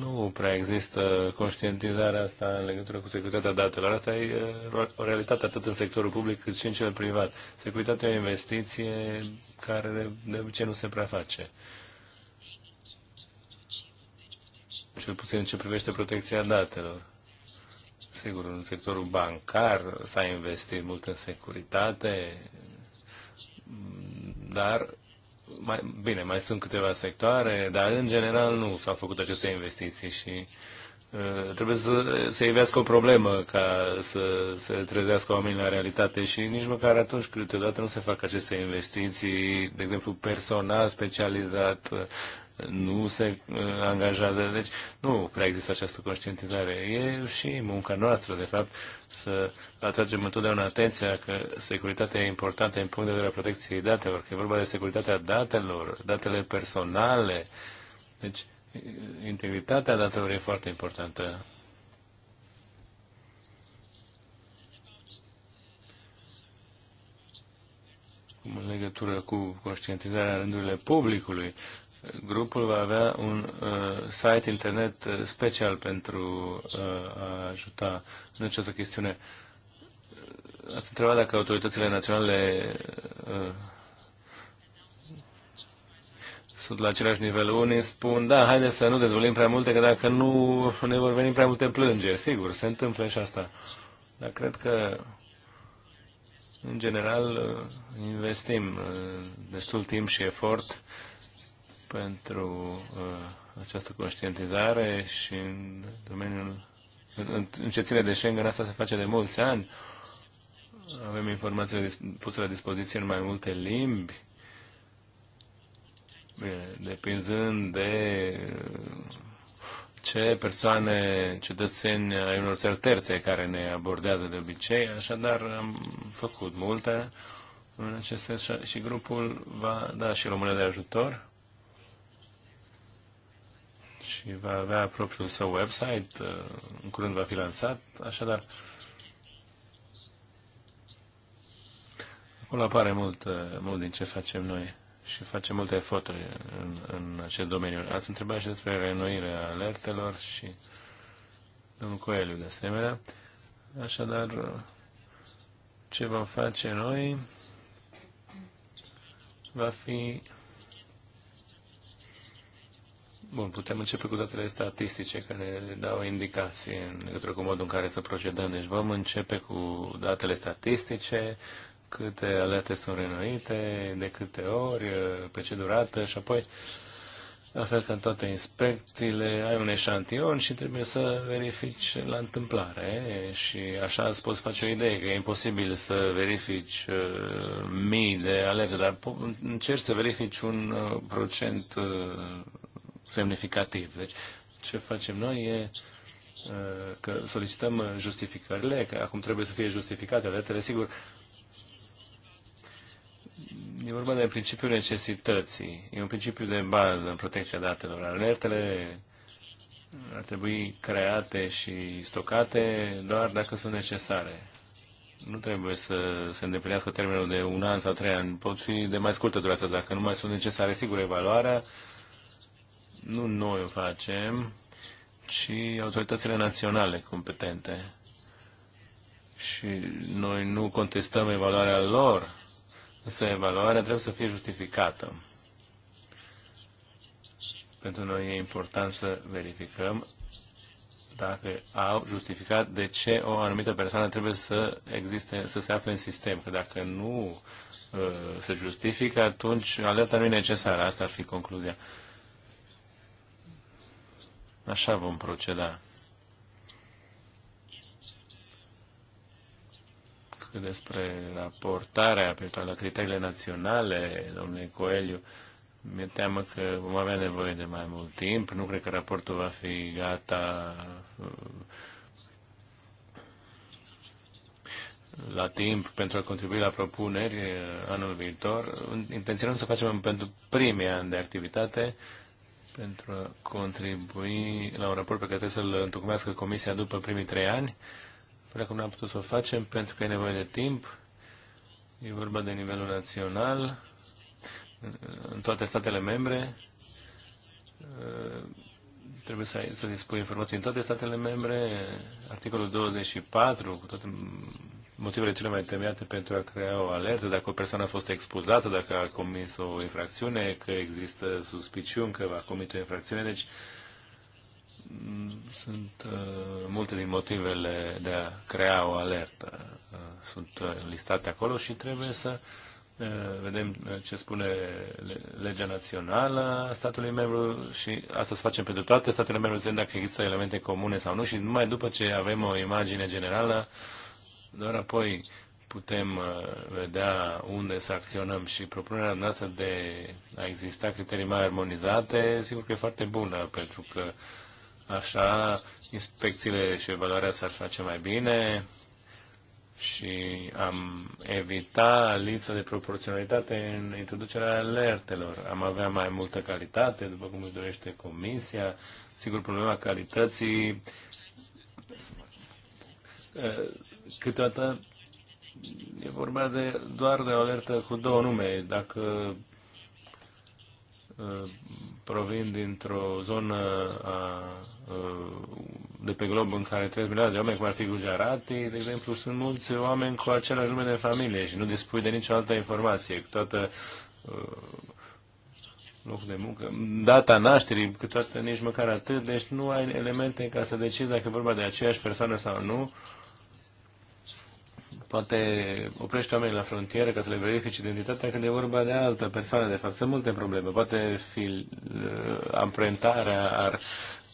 nu prea există conștientizarea asta în legătură cu securitatea datelor. Asta e uh, o realitate atât în sectorul public cât și în cel privat. Securitatea e o investiție care de, de obicei nu se prea face. Cel puțin în ce privește protecția datelor. Sigur, în sectorul bancar s-a investit mult în securitate, dar mai, bine, mai sunt câteva sectoare, dar în general nu s-au făcut aceste investiții și uh, trebuie să se ivească o problemă ca să se trezească oamenii la realitate și nici măcar atunci câteodată nu se fac aceste investiții, de exemplu personal specializat nu se uh, angajează. Deci nu prea există această conștientizare. E și munca noastră, de fapt, să atragem întotdeauna atenția că securitatea e importantă în punct de vedere a protecției datelor, că e vorba de securitatea datelor, datele personale. Deci integritatea datelor e foarte importantă. în legătură cu conștientizarea rândurile publicului. Grupul va avea un uh, site internet uh, special pentru uh, a ajuta în această chestiune. Ați întrebat dacă autoritățile naționale uh, sunt la același nivel. Unii spun, da, haideți să nu dezvolim prea multe, că dacă nu ne vor veni prea multe plângeri. Sigur, se întâmplă și asta. Dar cred că, în general, uh, investim uh, destul timp și efort uh, pentru uh, această conștientizare și în domeniul în, în ce ține de Schengen asta se face de mulți ani. Avem informații puse la dispoziție în mai multe limbi, depinzând de uh, ce persoane, cetățeni ai unor țări terțe care ne abordează de obicei, așadar am făcut multe în acest sens și grupul va da și România de ajutor și va avea propriul său website, uh, în curând va fi lansat, așadar acolo apare mult, uh, mult din ce facem noi și facem multe eforturi în, în acest domeniu. Ați întrebat și despre renoirea alertelor și domnul Coeliu de asemenea. Așadar, ce vom face noi va fi Bun, putem începe cu datele statistice care ne dau indicații în legătură cu modul în care să procedăm. Deci vom începe cu datele statistice, câte alerte sunt renoite, de câte ori, pe ce durată și apoi, la fel ca în toate inspecțiile, ai un eșantion și trebuie să verifici la întâmplare și așa îți poți face o idee că e imposibil să verifici uh, mii de alerte, dar încerci să verifici un uh, procent uh, semnificativ. Deci, ce facem noi e uh, că solicităm justificările, că acum trebuie să fie justificate alertele, sigur, E vorba de principiul necesității. E un principiu de bază în protecția datelor. Alertele ar trebui create și stocate doar dacă sunt necesare. Nu trebuie să se îndeplinească termenul de un an sau trei ani. Pot fi de mai scurtă durată. Dacă nu mai sunt necesare, sigur, evaluarea nu noi o facem, ci autoritățile naționale competente. Și noi nu contestăm evaluarea lor, însă evaluarea trebuie să fie justificată. Pentru noi e important să verificăm dacă au justificat de ce o anumită persoană trebuie să existe, să se afle în sistem. Că dacă nu uh, se justifică, atunci alerta nu e necesară. Asta ar fi concluzia. Așa vom proceda. Cât despre raportarea pe la criteriile naționale, domnule Coeliu, mi-e teamă că vom avea nevoie de mai mult timp. Nu cred că raportul va fi gata uh, la timp pentru a contribui la propuneri uh, anul viitor. Intenționăm să facem pentru primii ani de activitate pentru a contribui la un raport pe care trebuie să-l întocmească Comisia după primii trei ani. Până acum n-am putut să o facem pentru că e nevoie de timp. E vorba de nivelul național în toate statele membre. Uh, trebuie să, să dispui informații în toate statele membre. Articolul 24, cu toate motivele cele mai temiate pentru a crea o alertă, dacă o persoană a fost expulzată, dacă a comis o infracțiune, că există suspiciuni că va comite o infracțiune. Deci mm, sunt uh, multe din motivele de a crea o alertă. Uh, sunt uh, listate acolo și trebuie să uh, vedem uh, ce spune legea națională a statului membru și asta să facem pentru toate statele membre, să vedem dacă există elemente comune sau nu și numai după ce avem o imagine generală uh, doar apoi putem uh, vedea unde să acționăm și propunerea noastră de a exista criterii mai armonizate, sigur că e foarte bună, pentru că așa inspecțiile și evaluarea s-ar face mai bine și am evita lipsa de proporționalitate în introducerea alertelor. Am avea mai multă calitate, după cum își dorește Comisia. Sigur, problema calității uh, câteodată e vorba de, doar de o alertă cu două nume. Dacă uh, provin dintr-o zonă a, uh, de pe glob în care 3 milioane de oameni, cum ar fi Gujarati, de exemplu, sunt mulți oameni cu același nume de familie și nu dispui de nicio altă informație. Toată uh, locul de muncă, data nașterii, câteodată nici măcar atât, deci nu ai elemente ca să decizi dacă e vorba de aceeași persoană sau nu. Uh, poate oprește oamenii la frontieră ca să le verifice identitatea când e vorba de altă persoană. De fapt, sunt multe probleme. Poate fi, uh, amprentarea ar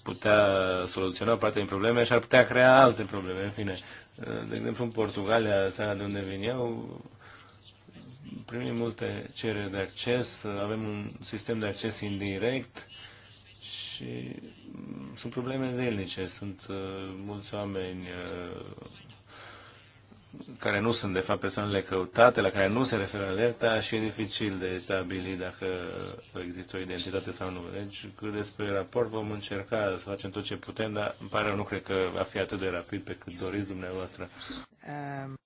putea soluționa parte din probleme și ar putea crea alte probleme. În fine, uh, de exemplu, în Portugalia, țara de unde vin eu, primim multe cereri de acces, avem un sistem de acces indirect și mm, sunt probleme zilnice. Sunt uh, mulți oameni care nu sunt de fapt persoanele căutate, la care nu se referă alerta și e dificil de stabilit dacă există o identitate sau nu. Deci, cât despre raport, vom încerca să facem tot ce putem, dar îmi pare, nu cred că va fi atât de rapid pe cât doriți dumneavoastră. Um...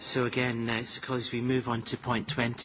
So again, uh, so colleagues, we move on to point 20.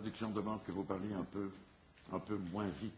Traduction demande que vous parliez un peu, un peu moins vite.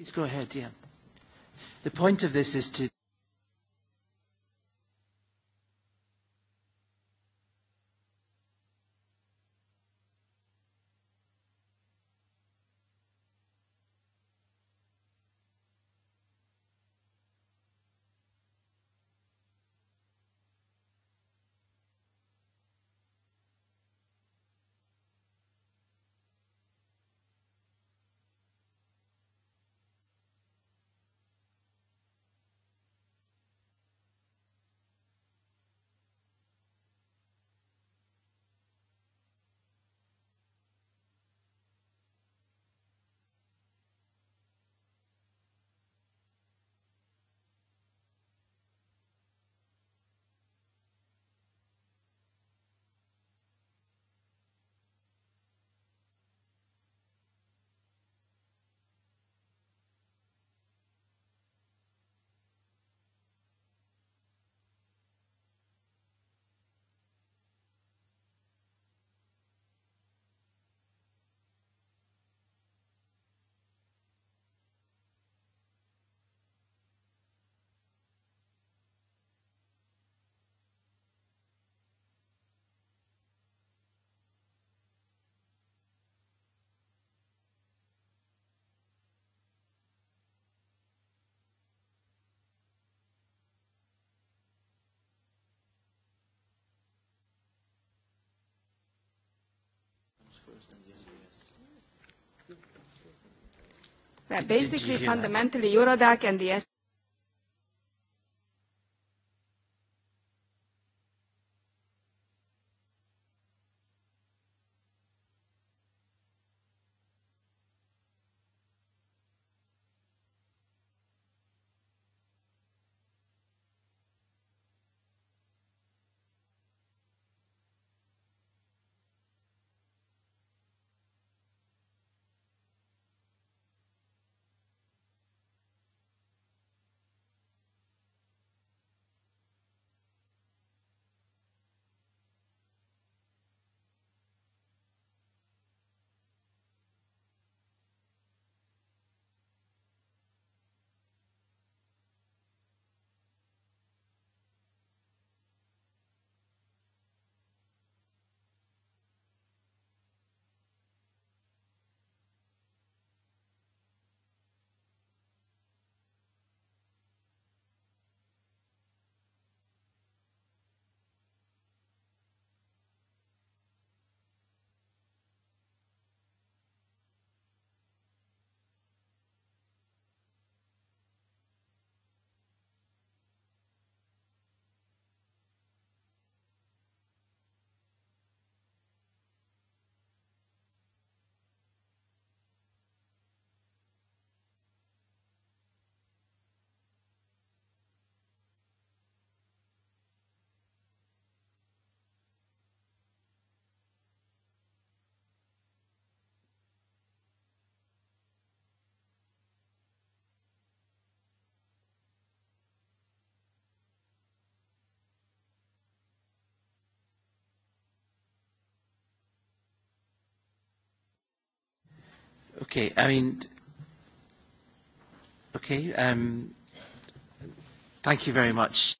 Please go ahead, yeah. The point of this is to Basically, fundamentally, Eurodac and the Okay, I mean, okay, um, thank you very much.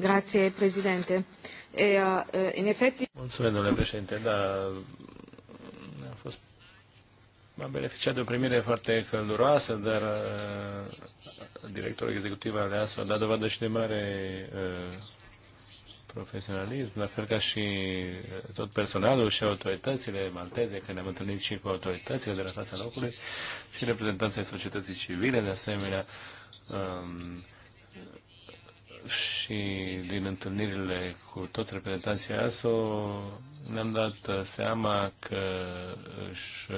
Grazie, Presidente. E, uh, uh, in effetti... Mulțumesc, domnule președinte. Da, a fost a beneficiat de o primire foarte călduroasă, dar uh, directorul executiv al EASO a dat dovadă și de mare uh, profesionalism, la fel ca și uh, tot personalul și autoritățile malteze, că ne-am întâlnit și cu autoritățile de la fața locului și reprezentanții societății civile, de asemenea, um, și din întâlnirile cu toți reprezentanții ASO ne-am dat seama că își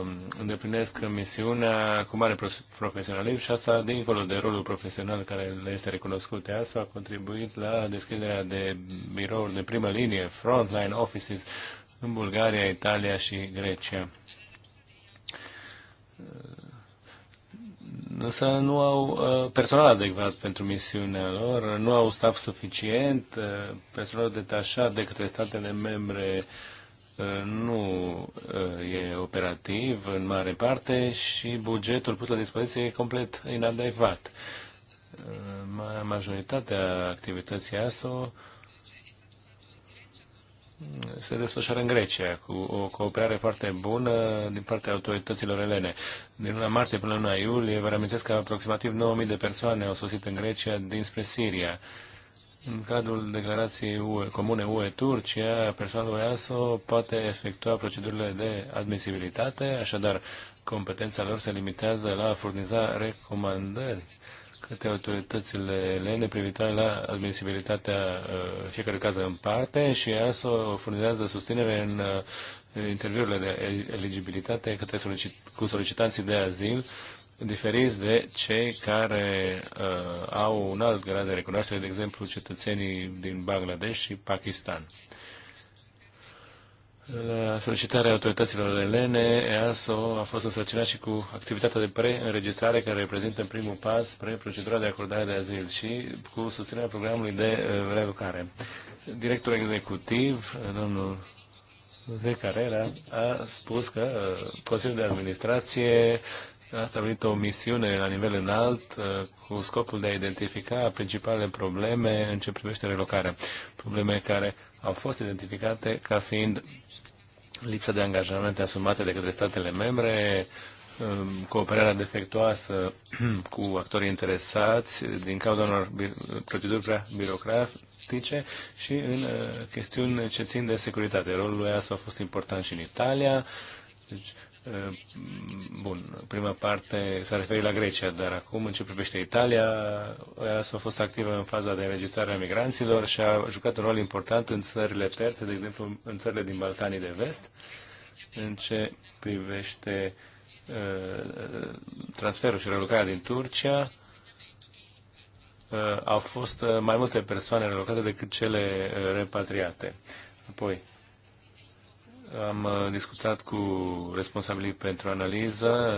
um, îndeplinesc misiunea cu mare profesionalism și asta, dincolo de rolul profesional care le este recunoscut de ASO, a contribuit la deschiderea de birouri de primă linie, frontline offices, în Bulgaria, Italia și Grecia însă nu au uh, personal adecvat pentru misiunea lor, nu au staff suficient, uh, personal detașat de către statele membre uh, nu e operativ în mare parte și bugetul pus la dispoziție e complet inadecvat. Majoritatea activității ASO se desfășoară în Grecia, cu o cooperare foarte bună din partea autorităților elene. Din luna martie până luna iulie, vă reamintesc că aproximativ 9.000 de persoane au sosit în Grecia dinspre Siria. În cadrul declarației UE, comune UE-Turcia, persoanele EASO poate efectua procedurile de admisibilitate, așadar competența lor se limitează la a furniza recomandări către autoritățile elene privitoare la admisibilitatea uh, fiecare caz în parte și asta o furnizează susținere în uh, interviurile de eligibilitate către solicit cu solicitanții de azil diferiți de cei care uh, au un alt grad de recunoaștere, de exemplu cetățenii din Bangladesh și Pakistan. La solicitarea autorităților elene, EASO a fost însărcinat și cu activitatea de pre-înregistrare care reprezintă primul pas spre procedura de acordare de azil și cu susținerea programului de uh, reeducare. Directorul executiv, domnul de Carrera, a spus că uh, Consiliul de Administrație a stabilit o misiune la nivel înalt uh, cu scopul de a identifica principalele probleme în ce privește relocarea, probleme care au fost identificate ca fiind lipsa de angajamente asumate de către statele membre, um, cooperarea defectuoasă cu actorii interesați din cauza unor proceduri prea birocratice și în uh, chestiuni ce țin de securitate. Rolul lui ASO a fost important și în Italia. Deci, Eh, bun, prima parte s-a referit la Grecia, dar acum în ce privește Italia, EASO a fost activă în faza de înregistrare a migranților și a jucat un rol important în țările terțe, de exemplu în țările din Balcanii de Vest, în ce privește eh, transferul și relocarea din Turcia, eh, au fost mai multe persoane relocate decât cele repatriate. Apoi, am uh, discutat cu responsabilii pentru analiză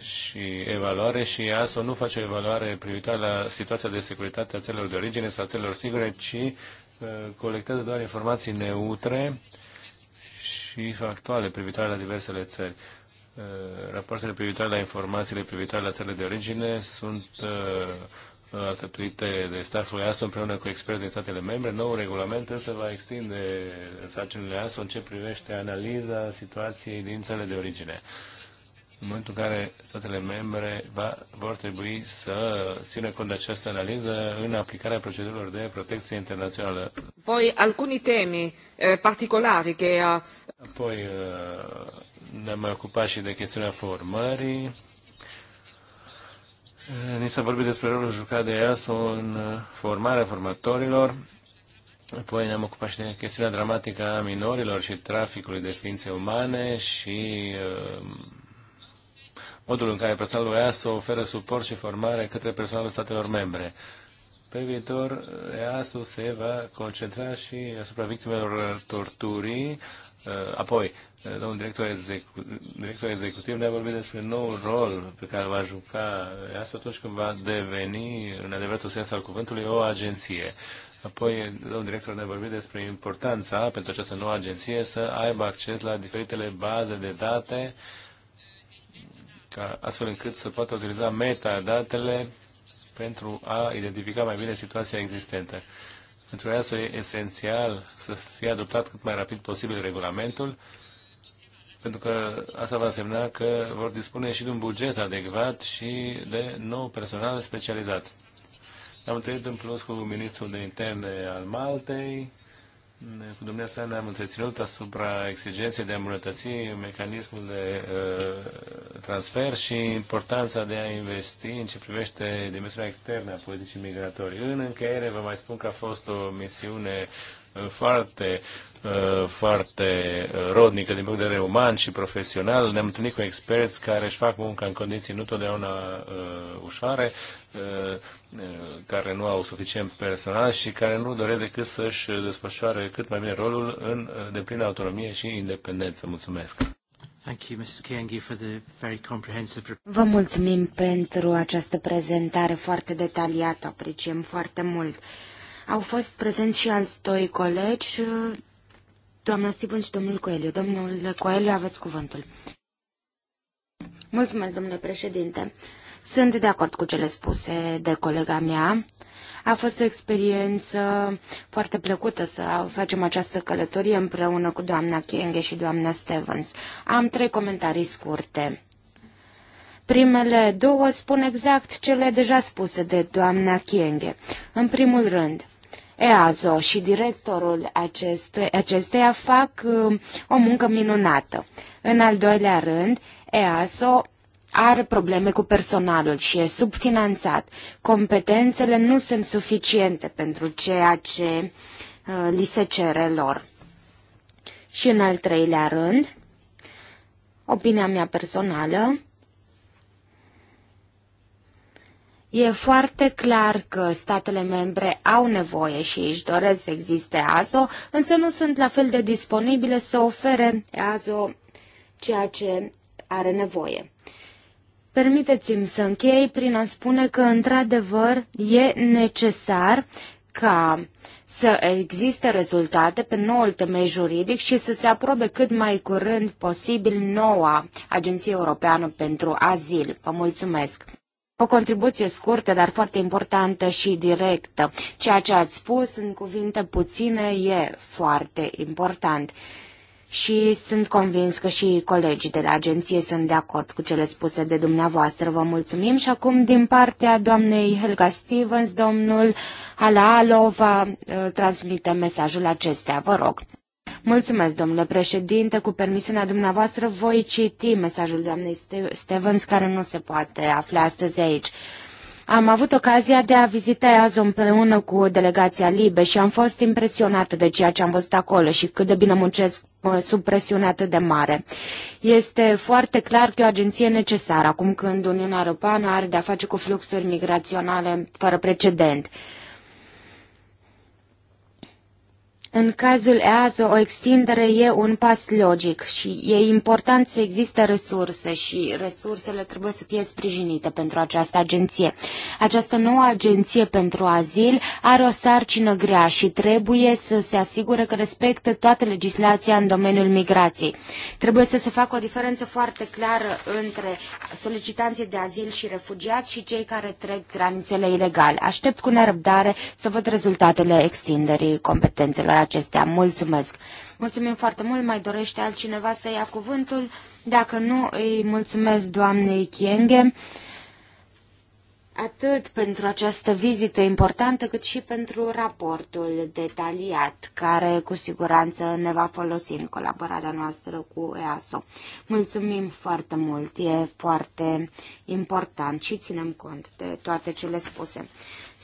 și evaluare și ASO nu face o evaluare privitoare la situația de securitate a țelor de origine sau țelor sigure, ci uh, colectează doar informații neutre și factuale privitoare la diversele țări. Uh, rapoartele privitoare la informațiile privitoare la țările de origine sunt alcătuite uh, de stafful ASO împreună cu experți din statele membre. Noul regulament însă va extinde sarcinile ASO în ce privește analiza situației din țările de origine. În momentul în care statele membre va, vor trebui să țină cont de această analiză în aplicarea procedurilor de protecție internațională. Poi, alcuni temi eh, particolari che... Apoi, eh, ne-am mai ocupat și de chestiunea formării Ni s-a vorbit despre rolul jucat de EASO în uh, formarea formatorilor, apoi ne-am ocupat și de chestiunea dramatică a minorilor și traficului de ființe umane și uh, modul în care personalul EASO oferă suport și formare către personalul statelor membre. Pe viitor, EASO se va concentra și asupra victimelor torturii, uh, apoi Eh, domnul director, execu- director executiv ne-a vorbit despre noul rol pe care va juca asta atunci când va deveni, în adevăratul sens al cuvântului, o agenție. Apoi, domnul director ne-a vorbit despre importanța pentru această nouă agenție să aibă acces la diferitele baze de date, ca, astfel încât să poată utiliza metadatele pentru a identifica mai bine situația existentă. Pentru asta e esențial să fie adoptat cât mai rapid posibil regulamentul, pentru că asta va însemna că vor dispune și de un buget adecvat și de nou personal specializat. Am întâlnit în plus cu ministrul de interne al Maltei, cu dumneavoastră ne-am întreținut asupra exigenței de a îmbunătăți mecanismul de uh, transfer și importanța de a investi în ce privește dimensiunea externă a politicii migratorii. În încheiere vă mai spun că a fost o misiune uh, foarte Uh, foarte uh, rodnică din punct de vedere uman și profesional. Ne-am întâlnit cu experți care își fac munca în condiții nu totdeauna uh, ușoare, uh, uh care nu au suficient personal și care nu doresc decât să-și desfășoare cât mai bine rolul în deplină autonomie și independență. Mulțumesc! Vă mulțumim pentru această prezentare foarte detaliată, apreciem foarte mult. Au fost prezenți și alți doi colegi Doamna Stibân și domnul Coelho. Domnul Coelho, aveți cuvântul. Mulțumesc, domnule președinte. Sunt de acord cu cele spuse de colega mea. A fost o experiență foarte plăcută să facem această călătorie împreună cu doamna Kienge și doamna Stevens. Am trei comentarii scurte. Primele două spun exact cele deja spuse de doamna Kienge. În primul rând, EASO și directorul aceste, acesteia fac uh, o muncă minunată. În al doilea rând, EASO are probleme cu personalul și e subfinanțat. Competențele nu sunt suficiente pentru ceea ce uh, li se cere lor. Și în al treilea rând, opinia mea personală, E foarte clar că statele membre au nevoie și își doresc să existe AZO, însă nu sunt la fel de disponibile să ofere AZO ceea ce are nevoie. Permiteți-mi să închei prin a spune că, într-adevăr, e necesar ca să existe rezultate pe noul temei juridic și să se aprobe cât mai curând posibil noua Agenție Europeană pentru Azil. Vă mulțumesc! O contribuție scurtă, dar foarte importantă și directă. Ceea ce ați spus în cuvinte puține e foarte important. Și sunt convins că și colegii de la agenție sunt de acord cu cele spuse de dumneavoastră. Vă mulțumim și acum din partea doamnei Helga Stevens, domnul Alalo, va ă, transmite mesajul acestea. Vă rog. Mulțumesc, domnule președinte. Cu permisiunea dumneavoastră voi citi mesajul doamnei Stevens, care nu se poate afla astăzi aici. Am avut ocazia de a vizita EASO împreună cu delegația Libe și am fost impresionată de ceea ce am văzut acolo și cât de bine muncesc sub presiune atât de mare. Este foarte clar că e o agenție necesară acum când Uniunea Europeană are de-a face cu fluxuri migraționale fără precedent. În cazul EASO, o extindere e un pas logic și e important să existe resurse și resursele trebuie să fie sprijinite pentru această agenție. Această nouă agenție pentru azil are o sarcină grea și trebuie să se asigure că respectă toată legislația în domeniul migrației. Trebuie să se facă o diferență foarte clară între solicitanții de azil și refugiați și cei care trec granițele ilegale. Aștept cu nerăbdare să văd rezultatele extinderii competențelor acestea. Mulțumesc! Mulțumim foarte mult, mai dorește altcineva să ia cuvântul? Dacă nu, îi mulțumesc doamnei Chienghe atât pentru această vizită importantă, cât și pentru raportul detaliat, care cu siguranță ne va folosi în colaborarea noastră cu EASO. Mulțumim foarte mult, e foarte important și ținem cont de toate cele spuse.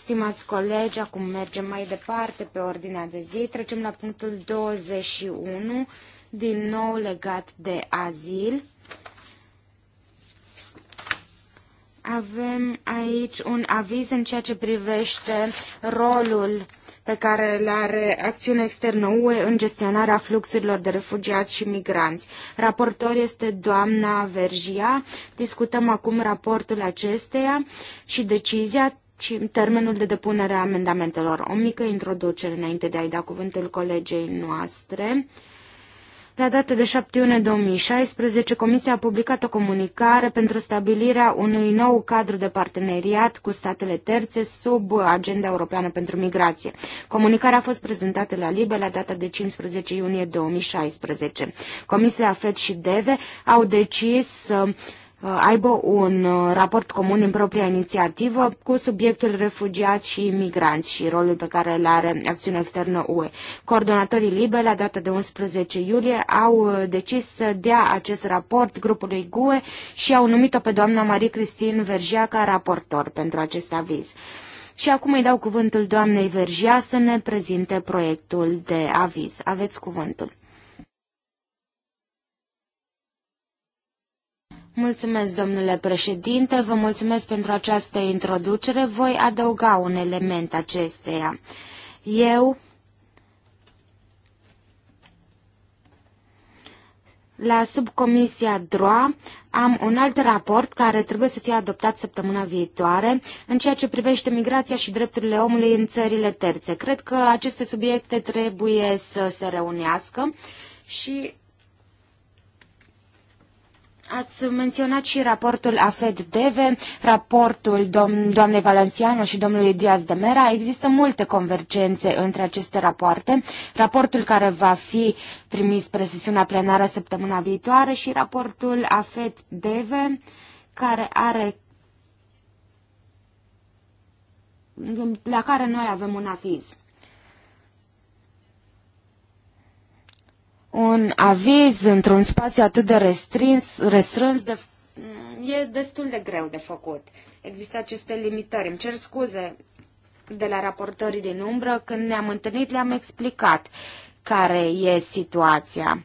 Stimați colegi, acum mergem mai departe pe ordinea de zi. Trecem la punctul 21, din nou legat de azil. Avem aici un aviz în ceea ce privește rolul pe care îl are acțiunea externă UE în gestionarea fluxurilor de refugiați și migranți. Raportor este doamna Vergia. Discutăm acum raportul acesteia și decizia termenul de depunere a amendamentelor. O mică introducere înainte de a-i da cuvântul colegei noastre. La data de 7 iunie 2016, Comisia a publicat o comunicare pentru stabilirea unui nou cadru de parteneriat cu statele terțe sub Agenda Europeană pentru Migrație. Comunicarea a fost prezentată la LIBE la data de 15 iunie 2016. Comisia FED și DEVE au decis să uh, Uh, aibă un uh, raport comun în propria inițiativă cu subiectul refugiați și imigranți și rolul pe care îl are acțiunea externă UE. Coordonatorii LIBE, la data de 11 iulie, au uh, decis să dea acest raport grupului GUE și au numit-o pe doamna marie cristin Vergea ca raportor pentru acest aviz. Și acum îi dau cuvântul doamnei Vergea să ne prezinte proiectul de aviz. Aveți cuvântul. Mulțumesc, domnule președinte, vă mulțumesc pentru această introducere. Voi adăuga un element acesteia. Eu La subcomisia DROA am un alt raport care trebuie să fie adoptat săptămâna viitoare în ceea ce privește migrația și drepturile omului în țările terțe. Cred că aceste subiecte trebuie să se reunească și Ați menționat și raportul AFED-DEVE, raportul dom- doamnei Valenciano și domnului Diaz de Mera. Există multe convergențe între aceste rapoarte. Raportul care va fi trimis spre sesiunea plenară săptămâna viitoare și raportul AFED-DEVE, care are la care noi avem un aviz. un aviz într-un spațiu atât de restrins, restrâns de, e destul de greu de făcut. Există aceste limitări. Îmi cer scuze de la raportorii din umbră, când ne-am întâlnit le-am explicat care e situația.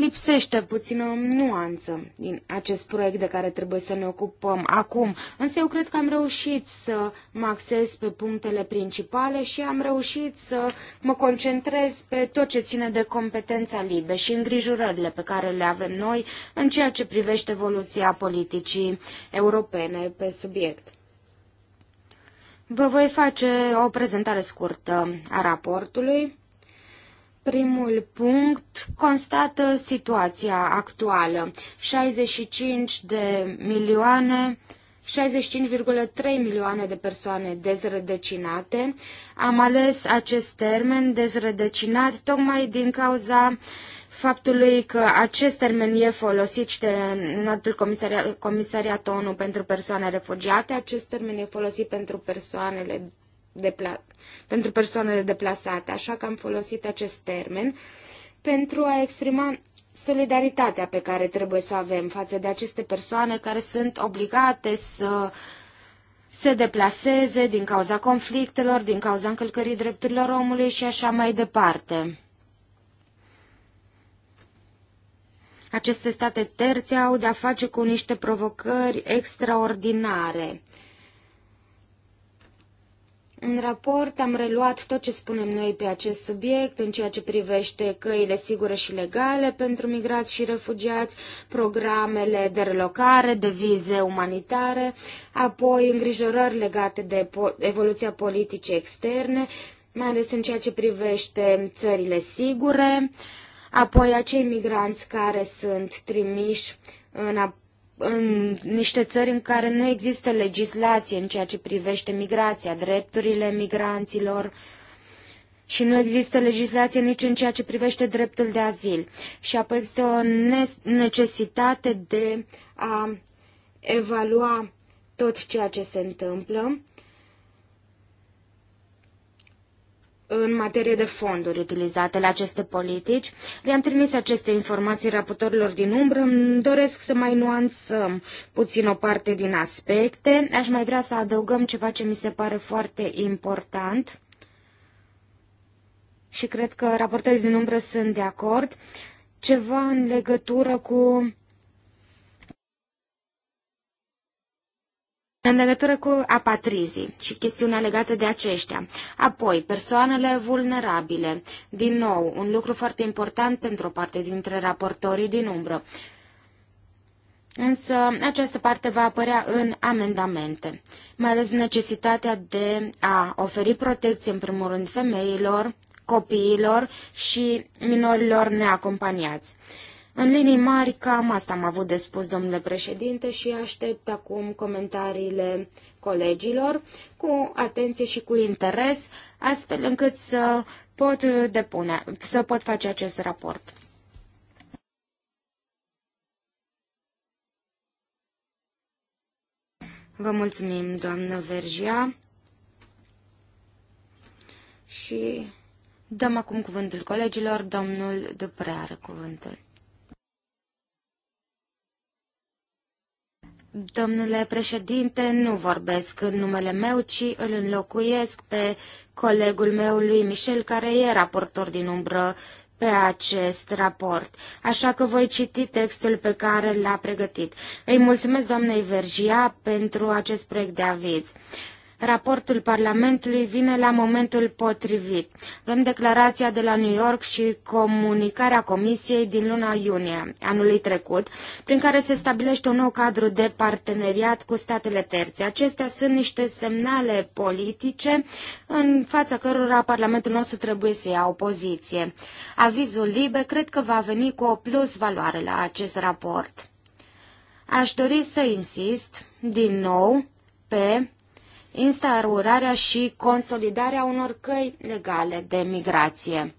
lipsește puțină nuanță din acest proiect de care trebuie să ne ocupăm acum, însă eu cred că am reușit să mă axez pe punctele principale și am reușit să mă concentrez pe tot ce ține de competența libe și îngrijorările pe care le avem noi în ceea ce privește evoluția politicii europene pe subiect. Vă voi face o prezentare scurtă a raportului. Primul punct constată situația actuală. 65 de milioane 65,3 milioane de persoane dezrădăcinate. Am ales acest termen dezrădăcinat tocmai din cauza faptului că acest termen e folosit de înaltul comisariat, comisariat ONU pentru persoane refugiate, acest termen e folosit pentru persoanele depla- pentru persoanele deplasate, așa că am folosit acest termen pentru a exprima solidaritatea pe care trebuie să o avem față de aceste persoane care sunt obligate să se deplaseze din cauza conflictelor, din cauza încălcării drepturilor omului și așa mai departe. Aceste state terțe au de-a face cu niște provocări extraordinare în raport am reluat tot ce spunem noi pe acest subiect, în ceea ce privește căile sigure și legale pentru migrați și refugiați, programele de relocare, de vize umanitare, apoi îngrijorări legate de evoluția politicii externe, mai ales în ceea ce privește țările sigure, apoi acei migranți care sunt trimiși în în niște țări în care nu există legislație în ceea ce privește migrația, drepturile migranților și nu există legislație nici în ceea ce privește dreptul de azil. Și apoi este o necesitate de a evalua tot ceea ce se întâmplă în materie de fonduri utilizate la aceste politici. Le-am trimis aceste informații raportorilor din umbră. Îmi doresc să mai nuanțăm puțin o parte din aspecte. Aș mai vrea să adăugăm ceva ce mi se pare foarte important și cred că raportorii din umbră sunt de acord. Ceva în legătură cu în legătură cu apatrizii și chestiunea legată de aceștia. Apoi, persoanele vulnerabile. Din nou, un lucru foarte important pentru o parte dintre raportorii din umbră. Însă această parte va apărea în amendamente, mai ales necesitatea de a oferi protecție, în primul rând, femeilor, copiilor și minorilor neacompaniați. În linii mari, cam asta am avut de spus, domnule președinte, și aștept acum comentariile colegilor cu atenție și cu interes, astfel încât să pot depune, să pot face acest raport. Vă mulțumim, doamnă Vergia. Și dăm acum cuvântul colegilor. Domnul Dupre are cuvântul. Domnule președinte, nu vorbesc în numele meu, ci îl înlocuiesc pe colegul meu lui Michel, care e raportor din umbră pe acest raport, așa că voi citi textul pe care l-a pregătit. Îi mulțumesc doamnei Vergia pentru acest proiect de aviz. Raportul Parlamentului vine la momentul potrivit. Avem declarația de la New York și comunicarea Comisiei din luna iunie anului trecut, prin care se stabilește un nou cadru de parteneriat cu statele terțe. Acestea sunt niște semnale politice în fața cărora Parlamentul nostru trebuie să ia o poziție. Avizul liber cred că va veni cu o plus valoare la acest raport. Aș dori să insist din nou pe instaurarea și consolidarea unor căi legale de migrație.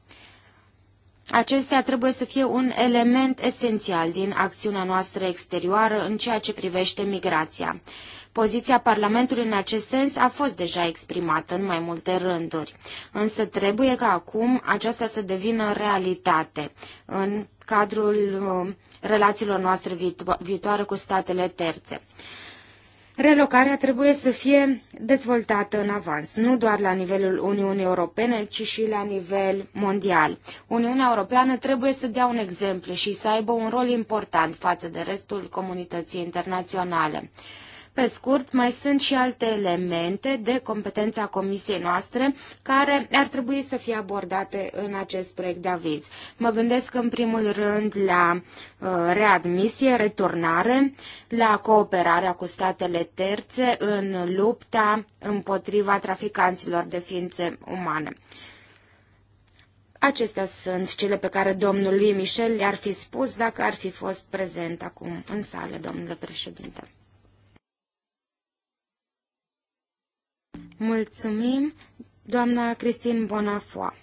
Acestea trebuie să fie un element esențial din acțiunea noastră exterioară în ceea ce privește migrația. Poziția Parlamentului în acest sens a fost deja exprimată în mai multe rânduri, însă trebuie ca acum aceasta să devină realitate în cadrul uh, relațiilor noastre viitoare cu statele terțe. Relocarea trebuie să fie dezvoltată în avans, nu doar la nivelul Uniunii Europene, ci și la nivel mondial. Uniunea Europeană trebuie să dea un exemplu și să aibă un rol important față de restul comunității internaționale. Pe scurt, mai sunt și alte elemente de competența comisiei noastre care ar trebui să fie abordate în acest proiect de aviz. Mă gândesc în primul rând la uh, readmisie, returnare, la cooperarea cu statele terțe în lupta împotriva traficanților de ființe umane. Acestea sunt cele pe care domnul lui Michel le-ar fi spus dacă ar fi fost prezent acum în sală, domnule președinte. Mulțumim, doamna Cristin Bonafoa.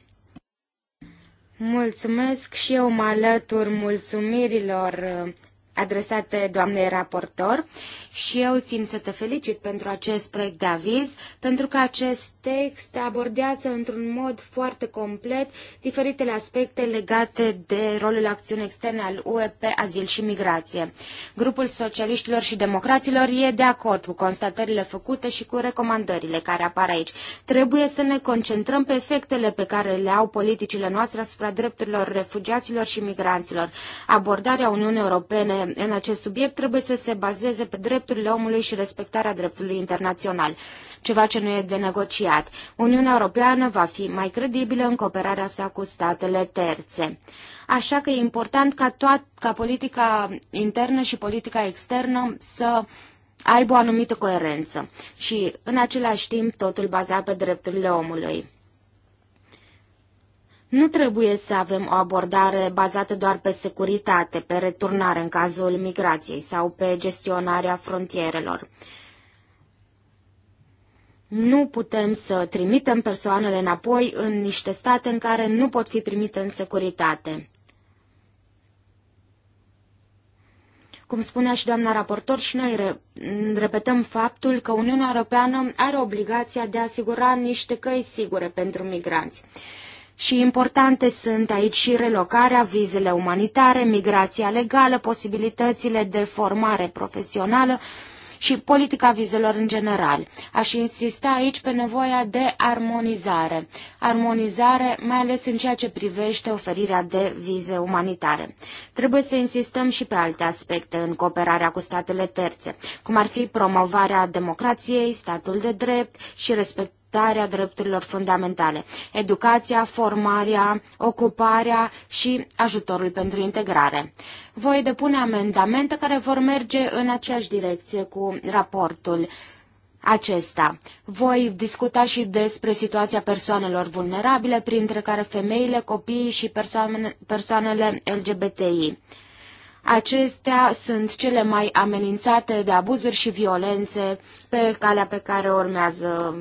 Mulțumesc și eu mă alătur mulțumirilor adresate doamnei raportor și eu țin să te felicit pentru acest proiect de aviz, pentru că acest text abordează într-un mod foarte complet diferitele aspecte legate de rolul acțiunii externe al UE pe azil și migrație. Grupul socialiștilor și democraților e de acord cu constatările făcute și cu recomandările care apar aici. Trebuie să ne concentrăm pe efectele pe care le au politicile noastre asupra drepturilor refugiaților și migranților. Abordarea Uniunii Europene în acest subiect trebuie să se bazeze pe drepturile omului și respectarea dreptului internațional, ceva ce nu e de negociat. Uniunea Europeană va fi mai credibilă în cooperarea sa cu statele terțe. Așa că e important ca, toat, ca politica internă și politica externă să aibă o anumită coerență și, în același timp, totul bazat pe drepturile omului. Nu trebuie să avem o abordare bazată doar pe securitate, pe returnare în cazul migrației sau pe gestionarea frontierelor. Nu putem să trimitem persoanele înapoi în niște state în care nu pot fi primite în securitate. Cum spunea și doamna raportor, și noi re repetăm faptul că Uniunea Europeană are obligația de a asigura niște căi sigure pentru migranți și importante sunt aici și relocarea, vizele umanitare, migrația legală, posibilitățile de formare profesională și politica vizelor în general. Aș insista aici pe nevoia de armonizare. Armonizare mai ales în ceea ce privește oferirea de vize umanitare. Trebuie să insistăm și pe alte aspecte în cooperarea cu statele terțe, cum ar fi promovarea democrației, statul de drept și respectul respectarea drepturilor fundamentale, educația, formarea, ocuparea și ajutorul pentru integrare. Voi depune amendamente care vor merge în aceeași direcție cu raportul acesta. Voi discuta și despre situația persoanelor vulnerabile, printre care femeile, copiii și persoane, persoanele LGBTI. Acestea sunt cele mai amenințate de abuzuri și violențe pe calea pe care urmează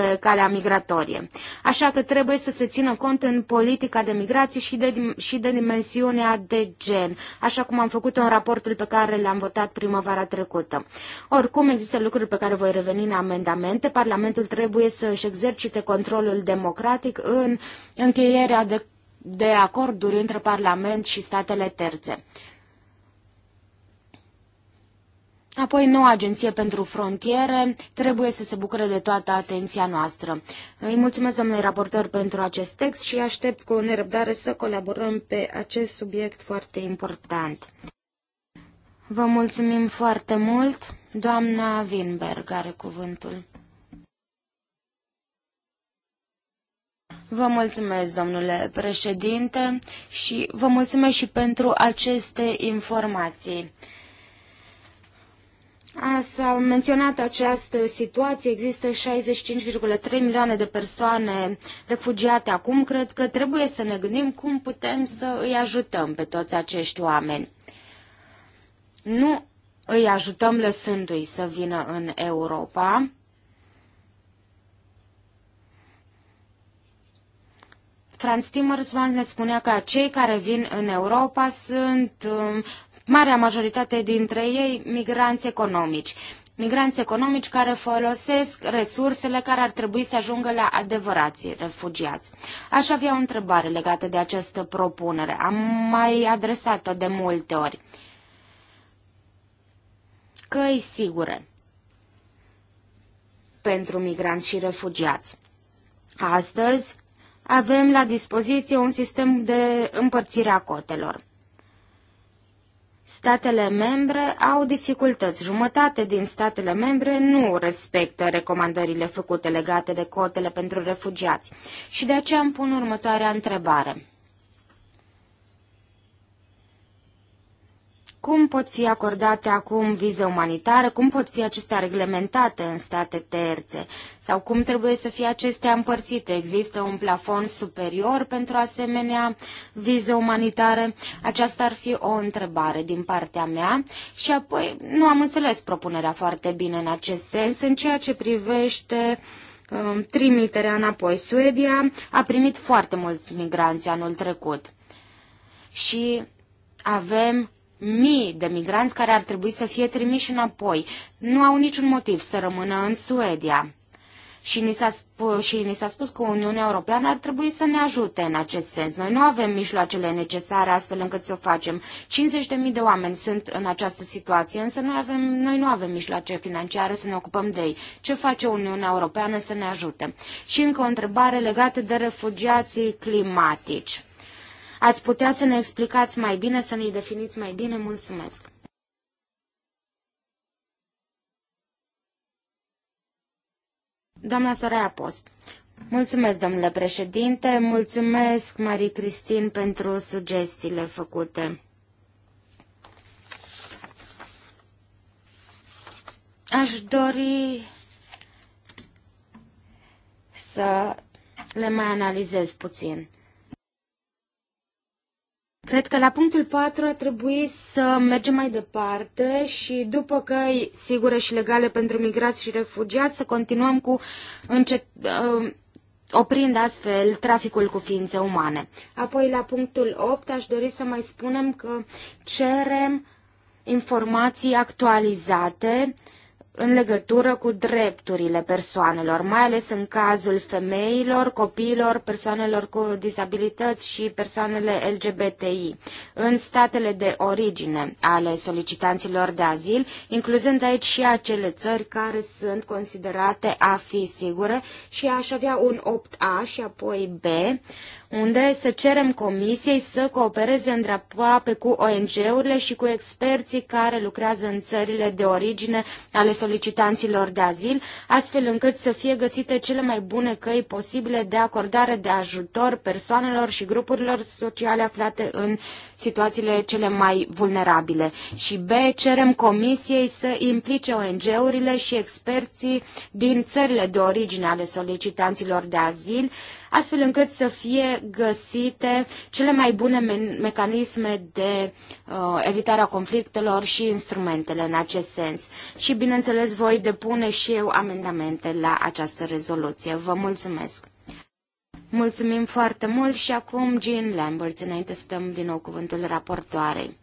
pe calea migratorie. Așa că trebuie să se țină cont în politica de migrație și de, și de dimensiunea de gen, așa cum am făcut în raportul pe care l-am votat primăvara trecută. Oricum, există lucruri pe care voi reveni în amendamente. Parlamentul trebuie să își exercite controlul democratic în încheierea de, de acorduri între Parlament și statele terțe. Apoi, noua agenție pentru frontiere trebuie să se bucure de toată atenția noastră. Îi mulțumesc, domnului raportor, pentru acest text și aștept cu nerăbdare să colaborăm pe acest subiect foarte important. Vă mulțumim foarte mult. Doamna Winberg are cuvântul. Vă mulțumesc, domnule președinte, și vă mulțumesc și pentru aceste informații. S-a menționat această situație, există 65,3 milioane de persoane refugiate acum. Cred că trebuie să ne gândim cum putem să îi ajutăm pe toți acești oameni. Nu îi ajutăm lăsându-i să vină în Europa. Franz Timmermans ne spunea că cei care vin în Europa sunt um, marea majoritate dintre ei migranți economici. Migranți economici care folosesc resursele care ar trebui să ajungă la adevărații refugiați. Aș avea o întrebare legată de această propunere. Am mai adresat-o de multe ori. Căi sigure pentru migranți și refugiați. Astăzi avem la dispoziție un sistem de împărțire a cotelor statele membre au dificultăți. Jumătate din statele membre nu respectă recomandările făcute legate de cotele pentru refugiați. Și de aceea îmi pun următoarea întrebare. Cum pot fi acordate acum vize umanitare? Cum pot fi acestea reglementate în state terțe? Sau cum trebuie să fie acestea împărțite? Există un plafon superior pentru asemenea vize umanitare? Aceasta ar fi o întrebare din partea mea. Și apoi nu am înțeles propunerea foarte bine în acest sens în ceea ce privește um, trimiterea înapoi. Suedia a primit foarte mulți migranți anul trecut. Și avem mii de migranți care ar trebui să fie trimiși înapoi. Nu au niciun motiv să rămână în Suedia. Și ni, s-a și ni s-a spus că Uniunea Europeană ar trebui să ne ajute în acest sens. Noi nu avem mijloacele necesare astfel încât să o facem. 50.000 de oameni sunt în această situație, însă noi, avem, noi nu avem mijloace financiare să ne ocupăm de ei. Ce face Uniunea Europeană să ne ajute? Și încă o întrebare legată de refugiații climatici. Ați putea să ne explicați mai bine, să ne definiți mai bine? Mulțumesc! Doamna Soraya Post. Mulțumesc, domnule președinte, mulțumesc, Marie Cristin, pentru sugestiile făcute. Aș dori să le mai analizez puțin. Cred că la punctul 4 ar trebui să mergem mai departe și după căi sigure și legale pentru migrați și refugiați să continuăm cu încet, uh, oprind astfel traficul cu ființe umane. Apoi la punctul 8 aș dori să mai spunem că cerem informații actualizate uh, în legătură cu drepturile persoanelor, mai ales în cazul femeilor, copiilor, persoanelor cu disabilități și persoanele LGBTI în statele de origine ale solicitanților de azil, incluzând aici și acele țări care sunt considerate a fi sigure și aș avea un 8A și apoi B unde să cerem comisiei să coopereze îndreaproape cu ONG-urile și cu experții care lucrează în țările de origine ale solicitanților de azil, astfel încât să fie găsite cele mai bune căi posibile de acordare de ajutor persoanelor și grupurilor sociale aflate în situațiile cele mai vulnerabile. Și B. Cerem comisiei să implice ONG-urile și experții din țările de origine ale solicitanților de azil, astfel încât să fie găsite cele mai bune me- mecanisme de uh, evitare a conflictelor și instrumentele în acest sens. Și, bineînțeles, voi depune și eu amendamente la această rezoluție. Vă mulțumesc! Mulțumim foarte mult și acum Jean Lambert, înainte să dăm din nou cuvântul raportoarei.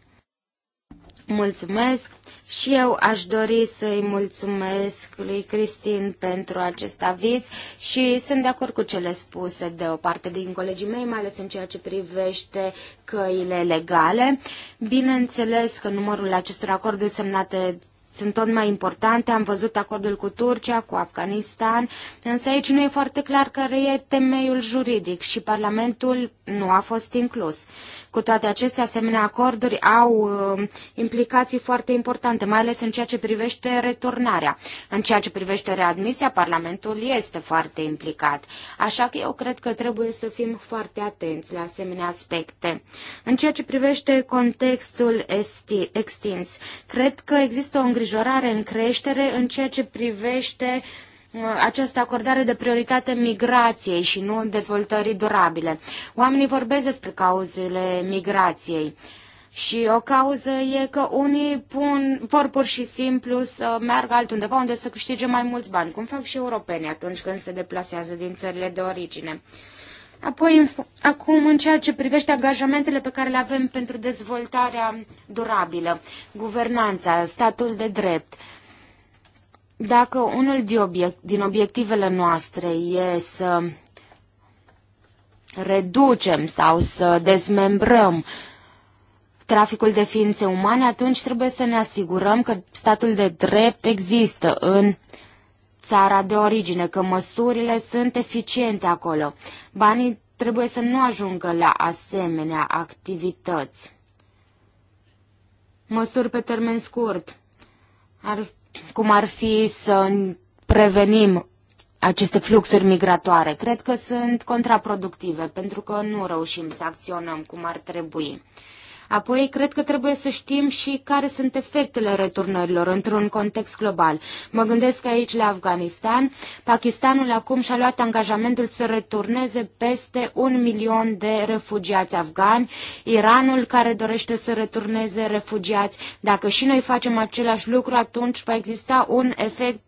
Mulțumesc și eu aș dori să-i mulțumesc lui Cristin pentru acest aviz și sunt de acord cu cele spuse de o parte din colegii mei, mai ales în ceea ce privește căile legale. Bineînțeles că numărul acestor acorduri semnate sunt tot mai importante. Am văzut acordul cu Turcia, cu Afganistan, însă aici nu e foarte clar care e temeiul juridic și Parlamentul nu a fost inclus. Cu toate acestea, asemenea acorduri au uh, implicații foarte importante, mai ales în ceea ce privește returnarea. În ceea ce privește readmisia, Parlamentul este foarte implicat. Așa că eu cred că trebuie să fim foarte atenți la asemenea aspecte. În ceea ce privește contextul extins, cred că există o îngrijorare îngrijorare în creștere în ceea ce privește uh, această acordare de prioritate migrației și nu dezvoltării durabile. Oamenii vorbesc despre cauzele migrației. Și o cauză e că unii pun, vor pur și simplu să meargă altundeva unde să câștige mai mulți bani, cum fac și europenii atunci când se deplasează din țările de origine. Uh, Apoi, acum, în ceea ce privește angajamentele pe care le avem pentru dezvoltarea durabilă, guvernanța, statul de drept, dacă unul din obiectivele noastre e să reducem sau să dezmembrăm traficul de ființe umane, atunci trebuie să ne asigurăm că statul de drept există în țara de origine, că măsurile sunt eficiente acolo. Banii trebuie să nu ajungă la asemenea activități. Măsuri pe termen scurt, ar, cum ar fi să prevenim aceste fluxuri migratoare, cred că sunt contraproductive, pentru că nu reușim să acționăm cum ar trebui. Apoi, cred că trebuie să știm și care sunt efectele returnărilor într-un context global. Mă gândesc aici la Afganistan. Pakistanul acum și-a luat angajamentul să returneze peste un milion de refugiați afgani, Iranul care dorește să returneze refugiați. Dacă și noi facem același lucru, atunci va exista un efect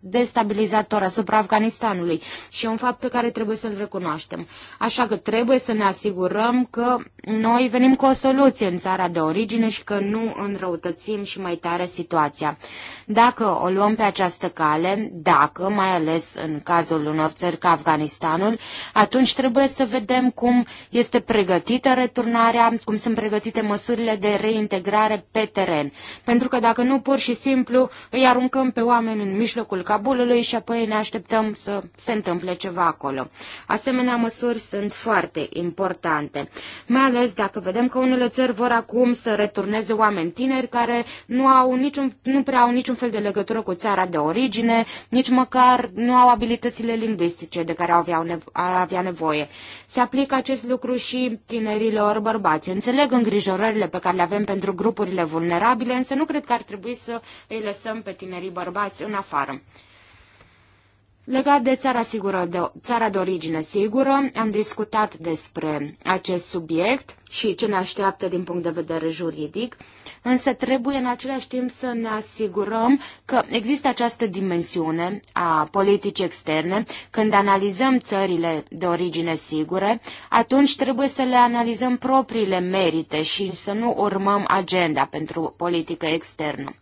destabilizator asupra Afganistanului și un fapt pe care trebuie să-l recunoaștem. Așa că trebuie să ne asigurăm că noi venim cu o soluție toți în țara de origine și că nu înrăutățim și mai tare situația. Dacă o luăm pe această cale, dacă, mai ales în cazul unor țări ca Afganistanul, atunci trebuie să vedem cum este pregătită returnarea, cum sunt pregătite măsurile de reintegrare pe teren. Pentru că dacă nu, pur și simplu îi aruncăm pe oameni în mijlocul Kabulului și apoi ne așteptăm să se întâmple ceva acolo. Asemenea, măsuri sunt foarte importante, mai ales dacă vedem că unele țări țări vor acum să returneze oameni tineri care nu, au niciun, nu prea au niciun fel de legătură cu țara de origine, nici măcar nu au abilitățile lingvistice de care aveau nevo- ar avea nevoie. Se aplică acest lucru și tinerilor bărbați. Înțeleg îngrijorările pe care le avem pentru grupurile vulnerabile, însă nu cred că ar trebui să îi lăsăm pe tinerii bărbați în afară. Legat de țara, sigură, de țara de origine sigură, am discutat despre acest subiect și ce ne așteaptă din punct de vedere juridic, însă trebuie în același timp să ne asigurăm că există această dimensiune a politicii externe. Când analizăm țările de origine sigure, atunci trebuie să le analizăm propriile merite și să nu urmăm agenda pentru politică externă.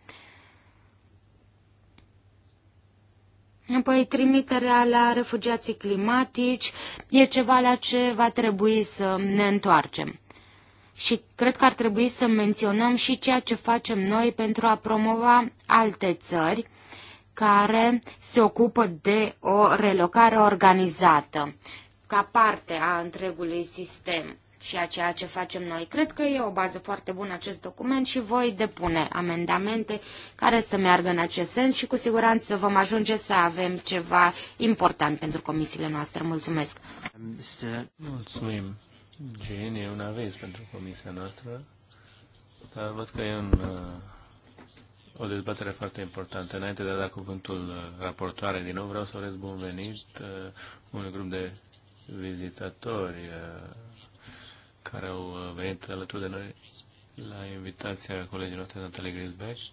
Apoi trimiterea la refugiații climatici e ceva la ce va trebui să ne întoarcem. Și cred că ar trebui să menționăm și ceea ce facem noi pentru a promova alte țări care se ocupă de o relocare organizată ca parte a întregului sistem și a ceea ce facem noi. Cred că e o bază foarte bună acest document și voi depune amendamente care să meargă în acest sens și cu siguranță vom ajunge să avem ceva important pentru comisiile noastre. Mulțumesc! Mulțumim! Gen, e un aviz pentru comisia noastră, dar văd că e un, uh, o dezbatere foarte importantă. Înainte de a da cuvântul raportoare din nou, vreau să urez bun venit uh, unui grup de vizitatori uh, care au uh, venit alături de noi la invitația colegii noastre Natalie Grisbeș, uh,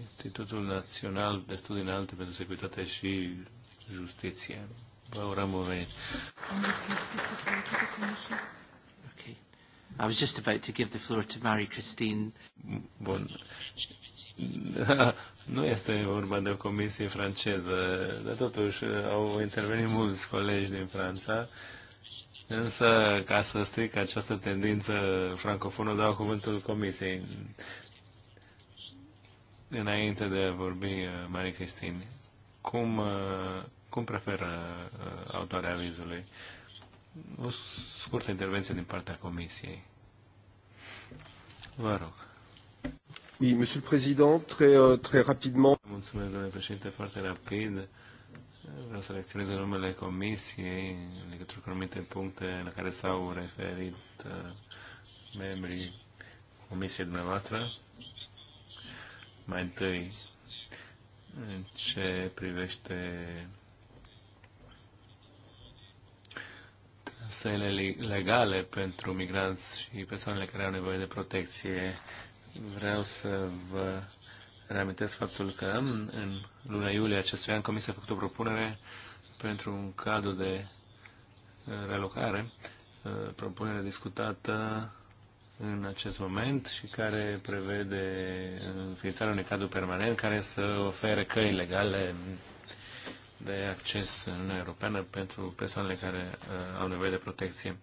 Institutul Național de Studii Înalte pentru Securitate și Justiție. Vă urăm o venit! I was just about to give the floor to Mary Christine. Bun. nu este vorba de o comisie franceză, dar totuși uh, au intervenit mulți colegi din Franța Însă, ca să stric această tendință francofonă, dau cuvântul Comisiei înainte de a vorbi uh, Marie Cristine, Cum, uh, cum preferă uh, autoarea avizului? O scurtă intervenție din partea Comisiei. Vă rog. Oui, Monsieur le Président, très, euh, très rapidement. Mulțumesc, domnule președinte, foarte rapid. Vreau să reacționez în numele Comisiei în legătură cu anumite puncte la care s-au referit uh, membrii Comisiei dumneavoastră. Mai întâi, în ce privește traseele legale pentru migranți și persoanele care au nevoie de protecție, vreau să vă reamintesc faptul că în luna iulie acestui an Comisia a făcut o propunere pentru un cadru de uh, relocare, uh, propunere discutată în acest moment și care prevede înființarea unui cadru permanent care să ofere căi legale de acces în Uniunea Europeană pentru persoanele care uh, au nevoie de protecție.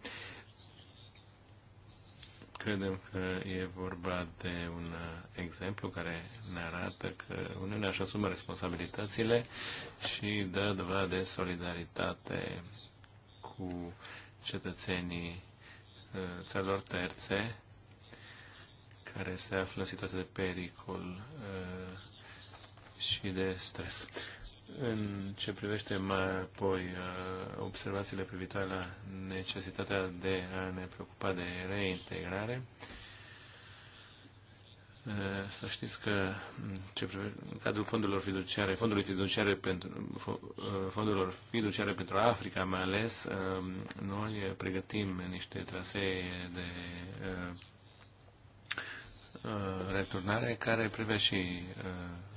Credem că e vorba de un exemplu care ne arată că Uniunea își asumă responsabilitățile și dă dovadă de solidaritate cu cetățenii uh, țărilor terțe care se află în situație de pericol uh, și de stres. În ce privește mai apoi uh, observațiile privitoare la necesitatea de a ne preocupa de reintegrare, uh, să știți că ce privește, în cadrul fondurilor fiduciare, fondurilor fiduciare pentru, uh, fondurilor fiduciare pentru Africa mai ales, noi pregătim niște trasee de returnare care privește și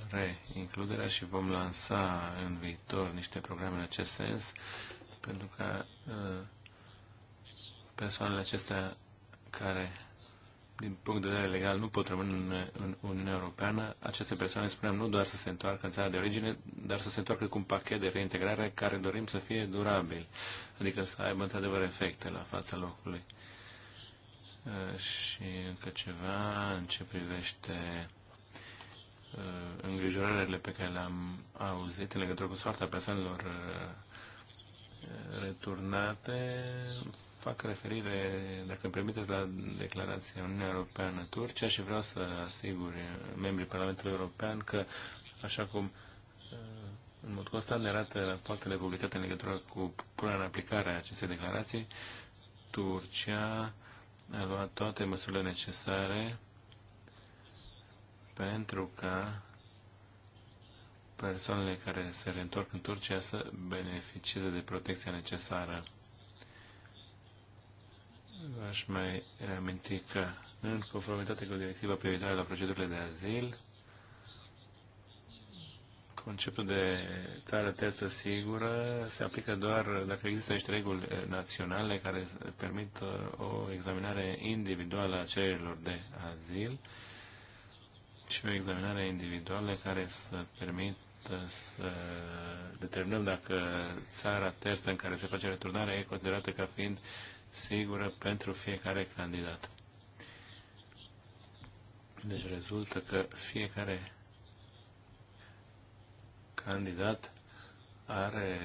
reincluderea și vom lansa în viitor niște programe în acest sens, pentru că uh, persoanele acestea care din punct de vedere legal nu pot rămâne în, în Uniunea Europeană, aceste persoane, spuneam, nu doar să se întoarcă în țara de origine, dar să se întoarcă cu un pachet de reintegrare care dorim să fie durabil, adică să aibă într-adevăr efecte la fața locului. Uh, și încă ceva în ce privește Uh, îngrijorările pe care le-am auzit în legătură cu soarta persoanelor uh, returnate fac referire, dacă îmi permiteți, la declarația Uniunea Europeană-Turcia și vreau să asigur membrii Parlamentului European că, așa cum uh, în mod constant ne arată rapoartele publicate în legătură cu punerea în aplicare a acestei declarații, Turcia a luat toate măsurile necesare pentru ca persoanele care se reîntorc în Turcia să beneficieze de protecția necesară. Aș mai reaminti că, în conformitate cu directiva privitoare la procedurile de azil, conceptul de țară terță sigură se aplică doar dacă există niște reguli naționale care permit uh, o examinare individuală a cererilor de azil și o examinare individuală care să permită să determinăm dacă țara terță în care se face returnarea e considerată ca fiind sigură pentru fiecare candidat. Deci rezultă că fiecare candidat are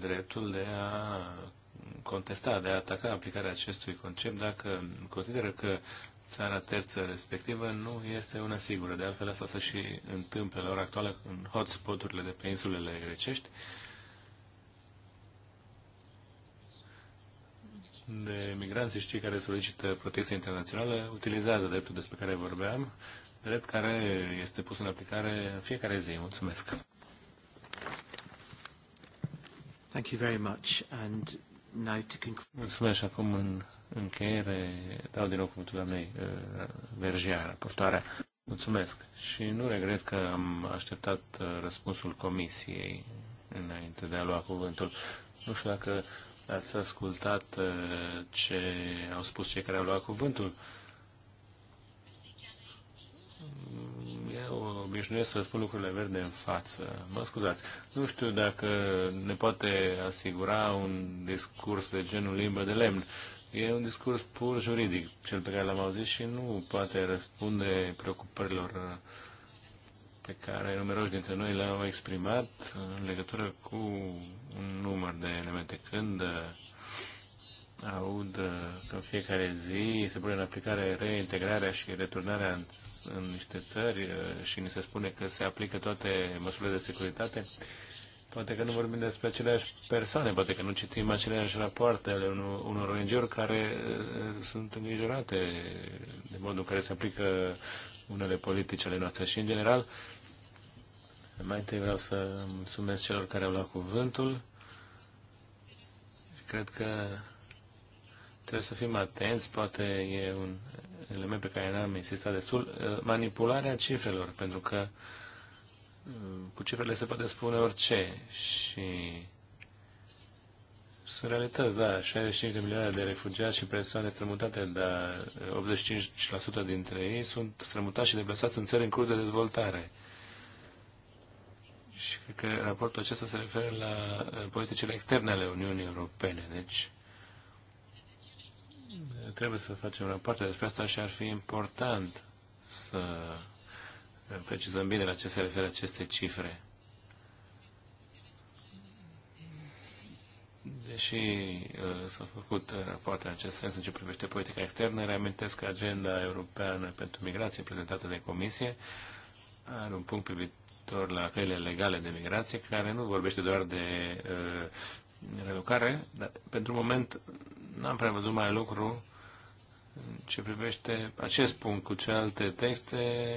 dreptul de a contesta, de a ataca aplicarea acestui concept dacă consideră că țara terță respectivă nu este una sigură. De altfel, asta se și întâmplă la ora actuală în hotspoturile de pe insulele grecești. De migranți și cei care solicită protecție internațională utilizează dreptul despre care vorbeam, drept care este pus în aplicare în fiecare zi. Mulțumesc! Thank you very much. And Mulțumesc acum în încheiere. Dau din nou cuvântul doamnei uh, Vergea, raportoarea. Mulțumesc și nu regret că am așteptat uh, răspunsul comisiei înainte de a lua cuvântul. Nu știu dacă ați ascultat uh, ce au spus cei care au luat cuvântul. obișnuiesc să spun lucrurile verde în față. Mă scuzați. Nu știu dacă ne poate asigura un discurs de genul limbă de lemn. E un discurs pur juridic, cel pe care l-am auzit și nu poate răspunde preocupărilor pe care numeroși dintre noi le-au exprimat în legătură cu un număr de elemente. Când uh, aud uh, că în fiecare zi se pune în aplicare reintegrarea și returnarea în în niște țări și ni se spune că se aplică toate măsurile de securitate, poate că nu vorbim despre aceleași persoane, poate că nu citim aceleași rapoarte ale unor ONG-uri care sunt îngrijorate de modul în care se aplică unele politici ale noastre. Și, în general, mai întâi vreau să mulțumesc celor care au luat cuvântul. Cred că Trebuie să fim atenți, poate e un element pe care n-am insistat destul, uh, manipularea cifrelor, pentru că uh, cu cifrele se poate spune orice și sunt realități, da, 65 de milioane de refugiați și persoane strămutate, dar 85% dintre ei sunt strămutați și deplasați în țări în curs de dezvoltare. Și cred că raportul acesta se referă la uh, politicile externe ale Uniunii Europene. Deci, trebuie să facem rapoarte despre asta și ar fi important să precizăm bine la ce se referă aceste cifre. Deși uh, s-au făcut rapoarte în acest sens în ce privește politica externă, reamintesc că agenda europeană pentru migrație prezentată de Comisie are un punct privitor la căile legale de migrație care nu vorbește doar de uh, relocare, dar pentru moment n-am prea văzut mai lucru ce privește acest punct cu celelalte texte,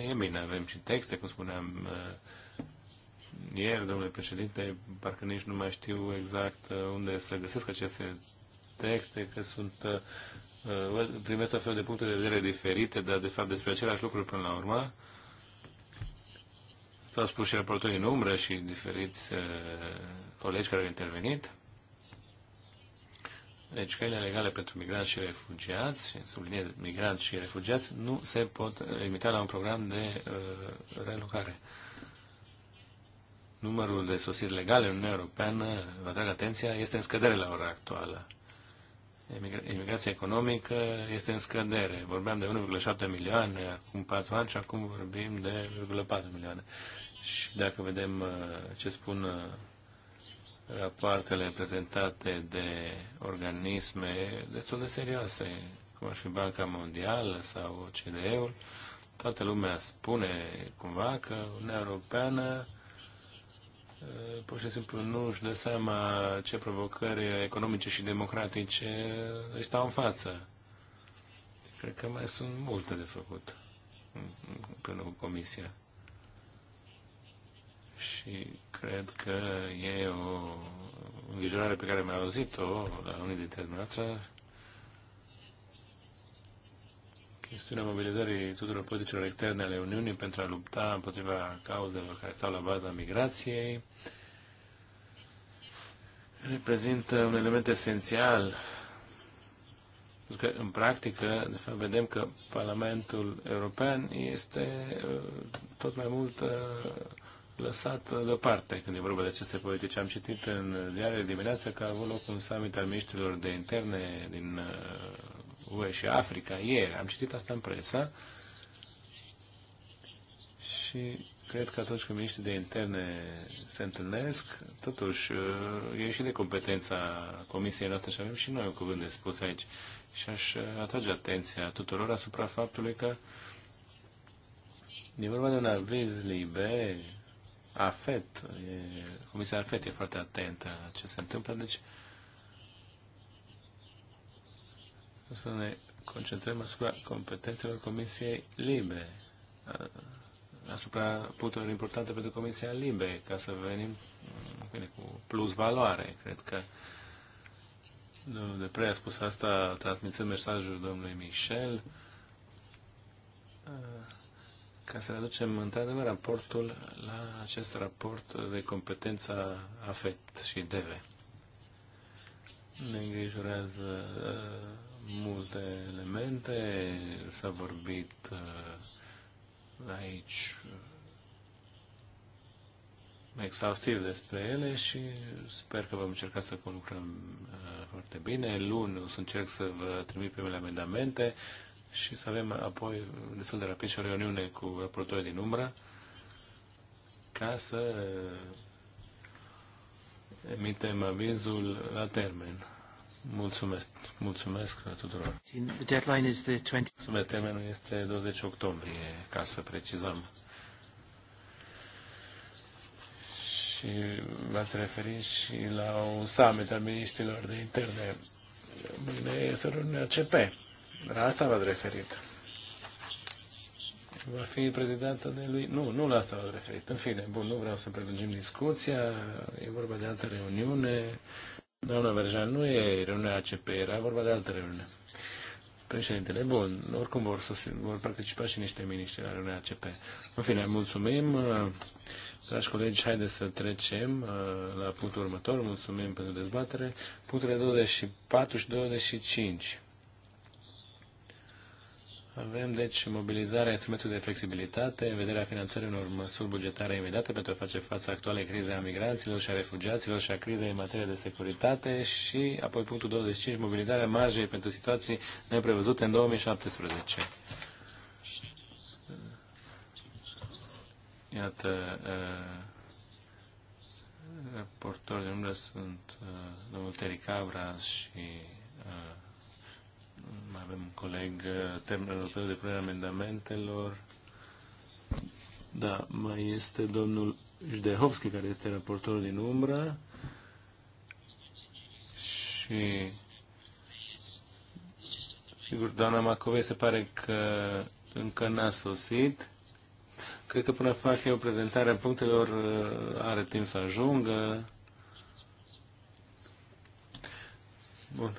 e bine, avem și texte, cum spuneam eh, ieri, domnule președinte, parcă nici nu mai știu exact eh, unde să găsesc aceste texte, că sunt eh, primesc o fel de puncte de vedere diferite, dar de fapt despre același lucru până la urmă. S-au spus și raportorii în umbră și diferiți colegi care au intervenit. Deci căile legale pentru migranți și refugiați, subliniez migranți și refugiați, nu se pot limita la un program de uh, relocare. Numărul de sosiri legale în Uniunea Europeană, vă atrag atenția, este în scădere la ora actuală. Imigrația economică este în scădere. Vorbeam de 1,7 milioane acum 4 ani și acum vorbim de 1,4 milioane. Și dacă vedem uh, ce spun uh, rapoartele prezentate de organisme destul de serioase, cum ar fi Banca Mondială sau OCDE-ul, toată lumea spune cumva că Uniunea Europeană eh, pur și simplu nu își dă seama ce provocări economice și democratice îi stau în față. Cred că mai sunt multe de făcut până cu Comisia și cred că e o îngrijorare pe care mi-a auzit-o la unii dintre dumneavoastră. Chestiunea mobilizării tuturor politicilor externe ale Uniunii pentru a lupta împotriva cauzelor care stau la baza migrației reprezintă un element esențial pentru că, în practică, de fapt, vedem că Parlamentul European este uh, tot mai mult uh, lăsat deoparte când e vorba de aceste politici. Am citit în diare dimineața că a avut loc un summit al miniștrilor de interne din UE uh, și Africa ieri. Am citit asta în presă și cred că atunci când miniștrii de interne se întâlnesc, totuși uh, e și de competența Comisiei noastre și avem și noi un cuvânt de spus aici. Și aș uh, atrage atenția tuturor asupra faptului că e vorba de un aviz liber AFET, e, Comisia AFET e foarte atentă la ce se întâmplă, deci să ne concentrăm asupra competențelor Comisiei Libe, asupra punctelor importante pentru Comisia Libe, ca să venim bine, cu plus valoare. Cred că domnul prea a spus asta transmițând mesajul domnului Michel. Uh, ca să aducem într-adevăr raportul la acest raport de competența afect și DEVE. Ne îngrijorează uh, multe elemente, s-a vorbit uh, aici uh, exhaustiv despre ele și sper că vom încerca să conlucrăm foarte bine. Luni o să încerc să vă trimit primele amendamente și să avem apoi destul de rapid și o reuniune cu raportorii din umbră ca să emitem avizul la termen. Mulțumesc, mulțumesc tuturor. The deadline is the 20... Mulțumesc, termenul este 20 octombrie, ca să precizăm. Și v-ați referit și la un summit al ministrilor de interne. Mâine este reuniunea CP. La asta v-ați referit. Va fi prezidată de lui... Nu, nu la asta v-ați referit. În fine, bun, nu vreau să prelungim discuția. E vorba de altă reuniune. Doamna Verjan, nu e reuniunea ACP, era vorba de altă reuniune. Președintele, bun, oricum vor, să, vor participa și niște miniștri la reuniunea ACP. În fine, mulțumim. Dragi colegi, haideți să trecem uh, la punctul următor. Mulțumim pentru dezbatere. Punctele 24 și 25. Avem, deci, mobilizarea instrumentului de flexibilitate în vederea finanțării unor măsuri bugetare imediate pentru a face față actuale crize a migranților și a refugiaților și a crizei în materie de securitate și, apoi, punctul 25, mobilizarea marjei pentru situații neprevăzute în 2017. Iată, uh, raportori de umbră sunt uh, domnul Terry și uh, mai avem un coleg uh, termenul uh, de depunere amendamentelor. Da, mai este domnul Jdehovski, care este raportorul din umbră. Și sigur, doamna Macovei se pare că încă n-a sosit. Cred că până fac eu prezentarea punctelor uh, are timp să ajungă. Bun.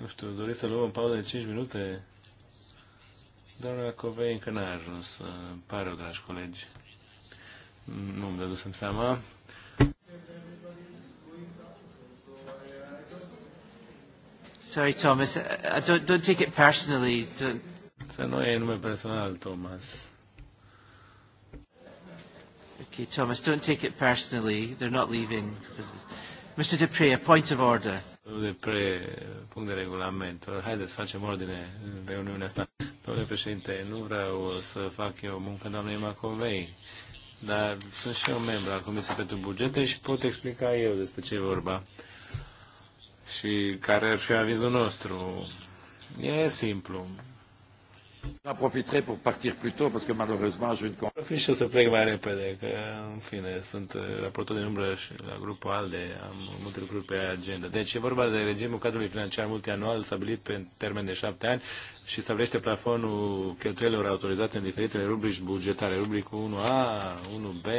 Nu știu, doriți să luăm în pauză de 5 minute? Doamna Covei încă n-a ajuns. Îmi pare rău, dragi colegi. Nu mi-a dus în seama. Sorry, Thomas. I uh, uh, don't, don't take it personally. Don't... Să nu e nume personal, Thomas. Okay, Thomas, don't take it personally. They're not leaving. Mr. Dupree, a point of order de pre punct de regulament. Haideți să facem ordine în reuniunea asta. Domnule președinte, nu vreau să fac eu muncă doamnei Macovei, dar sunt și eu membru al Comisiei pentru Bugete și pot explica eu despre ce e vorba și care ar fi avizul nostru. E simplu. Profit și o să plec mai repede, că în fine sunt uh, raportor de umbră și la grupul ALDE, am multe lucruri pe agenda. Deci e vorba de regimul cadrului financiar multianual stabilit pe termen de șapte ani și stabilește plafonul cheltuielor autorizate în diferitele rubrici bugetare, rubricul 1A, 1B,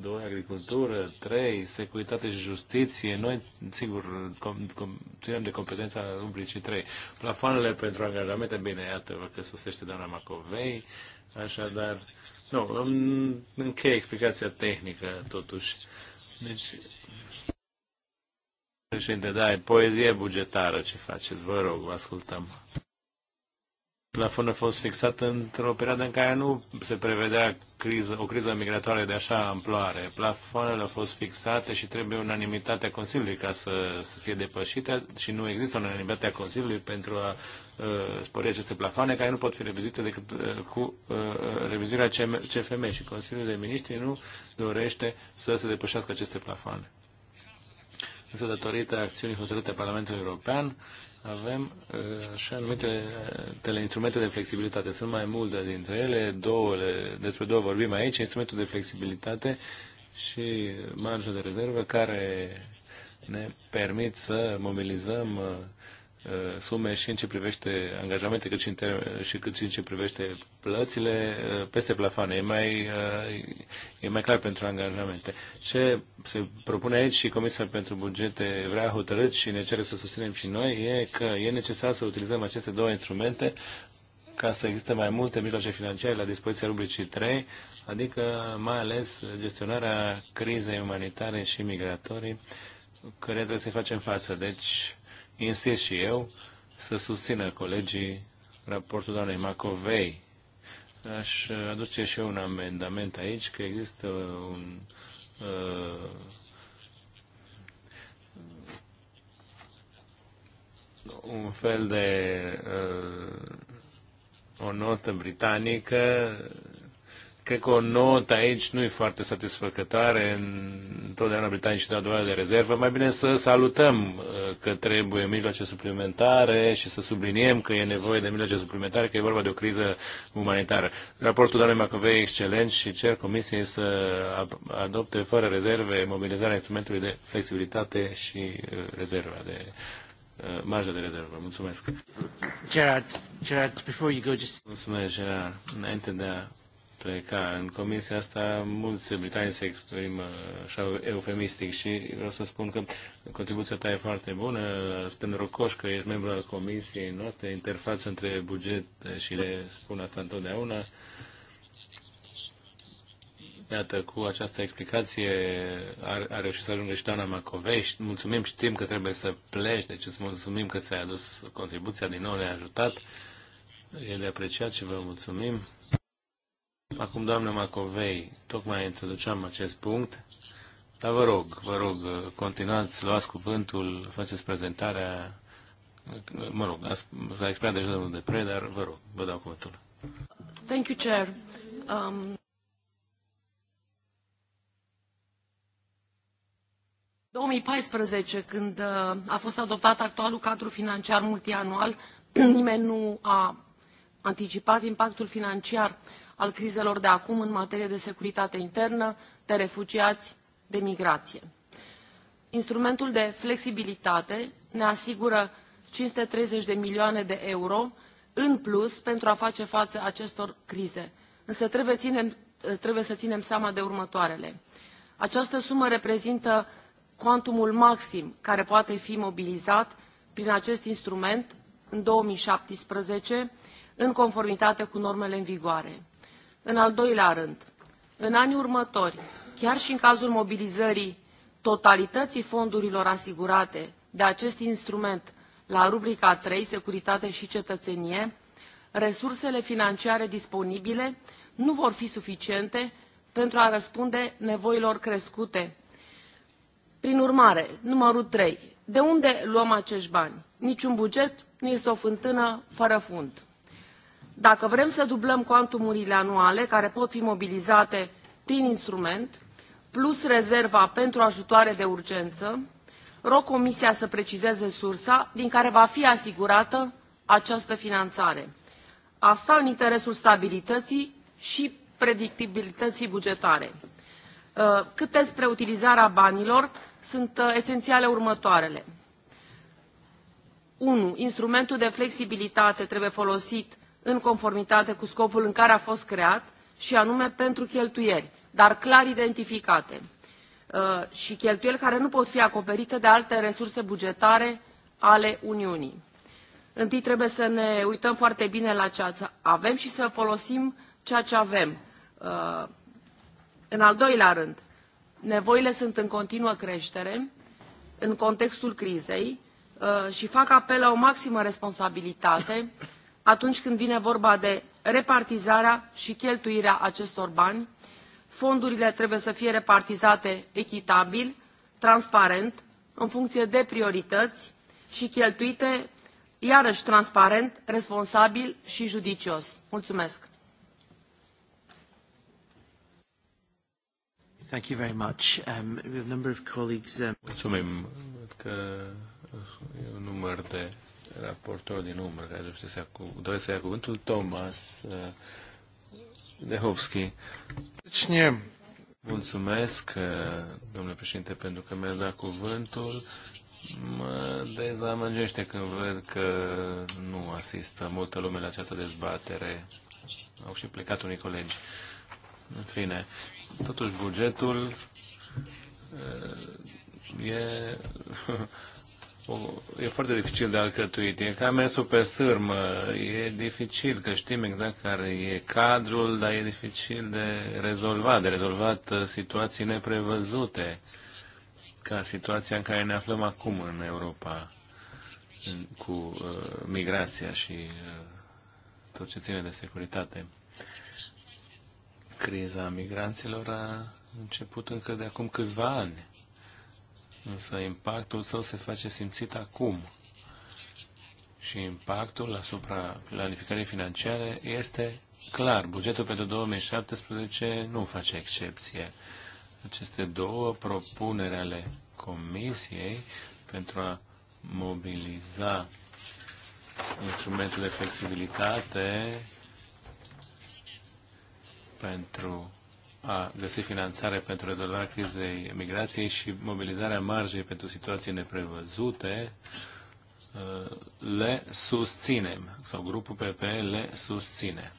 2. Agricultură. 3. Securitate și justiție. Noi, sigur, com, com, ținem de competența rubricii 3. Plafoanele pentru angajamente. Bine, iată că sosește doamna Macovei. Așadar, nu, încheie explicația tehnică, totuși. Deci, președinte, da, e poezie bugetară ce faceți, vă rog, vă ascultăm. Plafonul a fost fixat într-o perioadă în care nu se prevedea criză, o criză migratoare de așa amploare. Plafonul au fost fixate și trebuie unanimitatea Consiliului ca să, să fie depășite și nu există unanimitatea Consiliului pentru a uh, spori aceste plafoane care nu pot fi revizuite decât uh, cu uh, revizuirea CFM și Consiliul de Ministri nu dorește să se depășească aceste plafoane. Însă, datorită acțiunii hotărâte a Parlamentului European, uh, avem uh, și anumitele uh, instrumente de flexibilitate. Sunt mai multe dintre ele, două, despre două vorbim aici, instrumentul de flexibilitate și marja de rezervă care ne permit să mobilizăm uh, Uh, sume și în ce privește angajamente, cât și, în și cât și în ce privește plățile uh, peste plafane, E mai, uh, e mai clar pentru angajamente. Ce se propune aici și Comisia pentru Bugete vrea hotărât și ne cere să susținem și noi e că e necesar să utilizăm aceste două instrumente ca să existe mai multe mijloace financiare la dispoziția rubricii 3, adică mai ales gestionarea crizei umanitare și migratorii, care trebuie să-i facem față. Deci, insist și eu să susțină colegii raportul doamnei Macovei. Aș aduce și eu un amendament aici, că există un... Uh, un fel de uh, o notă britanică Cred că o notă aici nu e foarte satisfăcătoare. Întotdeauna britanicii dau dovadă de rezervă. Mai bine să salutăm uh, că trebuie mijloace suplimentare și să subliniem că e nevoie de mijloace suplimentare, că e vorba de o criză umanitară. Raportul doamnei Macovei e excelent și cer Comisiei să adopte fără rezerve mobilizarea instrumentului de flexibilitate și uh, rezerva de uh, marja de rezervă. Mulțumesc. Gerard, Gerard, before you go, just... Mulțumesc, Gerard. Înainte de a pleca. În comisia asta mulți britanici se exprimă așa eufemistic și vreau să spun că contribuția ta e foarte bună. Suntem rocoși că ești membru al comisiei noastre, interfață între buget și le spun asta întotdeauna. Iată, cu această explicație a, a reușit să ajungă și doamna Macovești. Mulțumim, știm că trebuie să pleci, deci îți mulțumim că ți-ai adus contribuția, din nou ne-ai ajutat. E de apreciat și vă mulțumim. Acum, doamna Macovei, tocmai introduceam acest punct, dar vă rog, vă rog, continuați, luați cuvântul, faceți prezentarea, mă rog, s-a expirat deja domnul de pre, dar vă rog, vă dau cuvântul. Thank you, Chair. Um... În 2014, când uh, a fost adoptat actualul cadru financiar multianual nimeni nu a anticipat impactul financiar al crizelor de acum în materie de securitate internă, de refugiați, de migrație. Instrumentul de flexibilitate ne asigură 530 de milioane de euro în plus pentru a face față acestor crize. Însă trebuie, ținem, trebuie să ținem seama de următoarele. Această sumă reprezintă cuantumul maxim care poate fi mobilizat prin acest instrument în 2017 în conformitate cu normele în vigoare. În al doilea rând, în anii următori, chiar și în cazul mobilizării totalității fondurilor asigurate de acest instrument la rubrica 3, Securitate și cetățenie, resursele financiare disponibile nu vor fi suficiente pentru a răspunde nevoilor crescute. Prin urmare, numărul 3. De unde luăm acești bani? Niciun buget nu este o fântână fără fund. Dacă vrem să dublăm cuantumurile anuale care pot fi mobilizate prin instrument, plus rezerva pentru ajutoare de urgență, rog Comisia să precizeze sursa din care va fi asigurată această finanțare. Asta în interesul stabilității și predictibilității bugetare. Uh, cât despre utilizarea banilor, sunt uh, esențiale următoarele. 1. Instrumentul de flexibilitate trebuie folosit în conformitate cu scopul în care a fost creat și anume pentru cheltuieli, dar clar identificate uh, și cheltuieli care nu pot fi acoperite de alte resurse bugetare ale Uniunii. Întâi trebuie să ne uităm foarte bine la ceea ce avem și să folosim ceea ce avem. Uh, în al doilea rând, nevoile sunt în continuă creștere în contextul crizei uh, și fac apel la o maximă responsabilitate atunci când vine vorba de repartizarea și cheltuirea acestor bani fondurile trebuie să fie repartizate echitabil transparent în funcție de priorități și cheltuite iarăși transparent responsabil și judicios. mulțumesc. Thank you very much. Um, we have a number of colleagues. Um... Mulțumim. Văd că e un număr de raportor din umbră care dorește să ia, cu, dorește să ia cuvântul, Thomas uh, Dehovski. Cine? Mulțumesc, uh, domnule președinte, pentru că mi-a dat cuvântul. Mă dezamăgește când văd că nu asistă multă lume la această dezbatere. Au și plecat unii colegi. În fine, totuși bugetul uh, e Păi, e foarte dificil de alcătuit. E ca mersul pe sârmă. E dificil, că știm exact care e cadrul, dar e dificil de rezolvat, de rezolvat uh, situații neprevăzute, ca situația în care ne aflăm acum în Europa, cu uh, migrația și uh, tot ce ține de securitate. Criza migranților a început încă de acum câțiva ani însă impactul său se face simțit acum. Și impactul asupra planificării financiare este clar. Bugetul pentru 2017 nu face excepție. Aceste două propuneri ale Comisiei pentru a mobiliza instrumentul de flexibilitate pentru a găsi finanțare pentru rezolvarea crizei migrației și mobilizarea marjei pentru situații neprevăzute, le susținem, sau grupul PP le susține.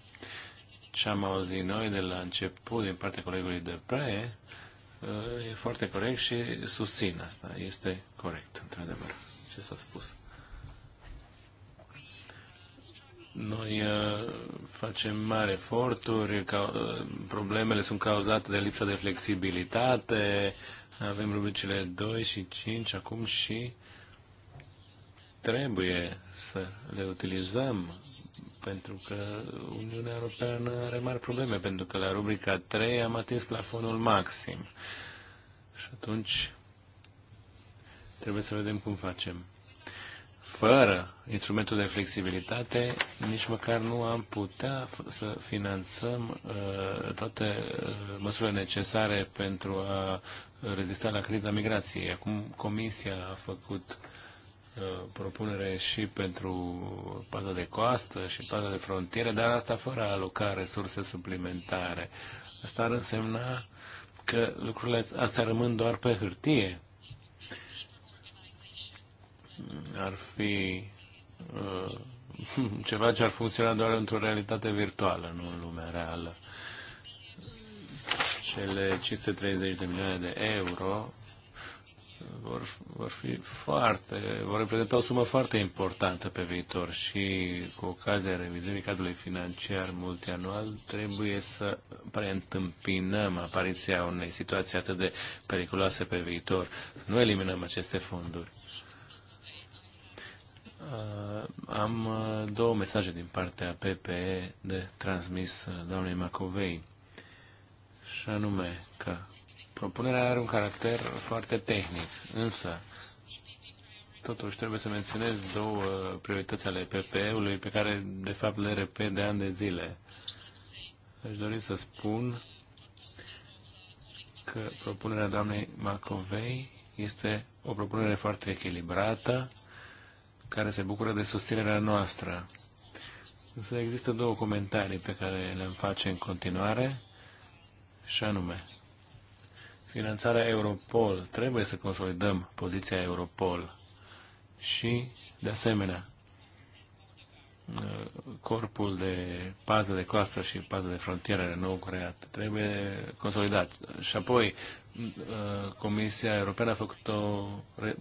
Ce am auzit noi de la început din partea colegului de pre, e foarte corect și susțin asta. Este corect, într-adevăr, ce s-a spus. Noi uh, facem mari eforturi, uh, problemele sunt cauzate de lipsa de flexibilitate, avem rubricile 2 și 5 acum și trebuie să le utilizăm pentru că Uniunea Europeană are mari probleme, pentru că la rubrica 3 am atins plafonul maxim. Și atunci trebuie să vedem cum facem. Fără instrumentul de flexibilitate, nici măcar nu am putea să finanțăm uh, toate uh, măsurile necesare pentru a rezista la criza migrației. Acum Comisia a făcut uh, propunere și pentru paza de coastă și paza de frontiere, dar asta fără a aloca resurse suplimentare. Asta ar însemna că lucrurile astea rămân doar pe hârtie ar fi uh, ceva ce ar funcționa doar într-o realitate virtuală, nu în lumea reală. Cele 530 de milioane de euro vor, vor fi foarte, vor reprezenta o sumă foarte importantă pe viitor și cu ocazia revizuirii cadrului financiar multianual trebuie să preîntâmpinăm apariția unei situații atât de periculoase pe viitor, să nu eliminăm aceste fonduri am uh, două mesaje din partea PPE de transmis uh, doamnei Macovei. Și anume că propunerea are un caracter foarte tehnic, însă totuși trebuie să menționez două priorități ale PPE-ului pe care de fapt le repet de ani de zile. Aș dori să spun că propunerea doamnei Macovei este o propunere foarte echilibrată, care se bucură de susținerea noastră. Însă există două comentarii pe care le-am face în continuare, și anume, finanțarea Europol, trebuie să consolidăm poziția Europol și, de asemenea, corpul de pază de coastă și pază de frontieră nou creat trebuie consolidat. Și apoi uh, Comisia Europeană a făcut o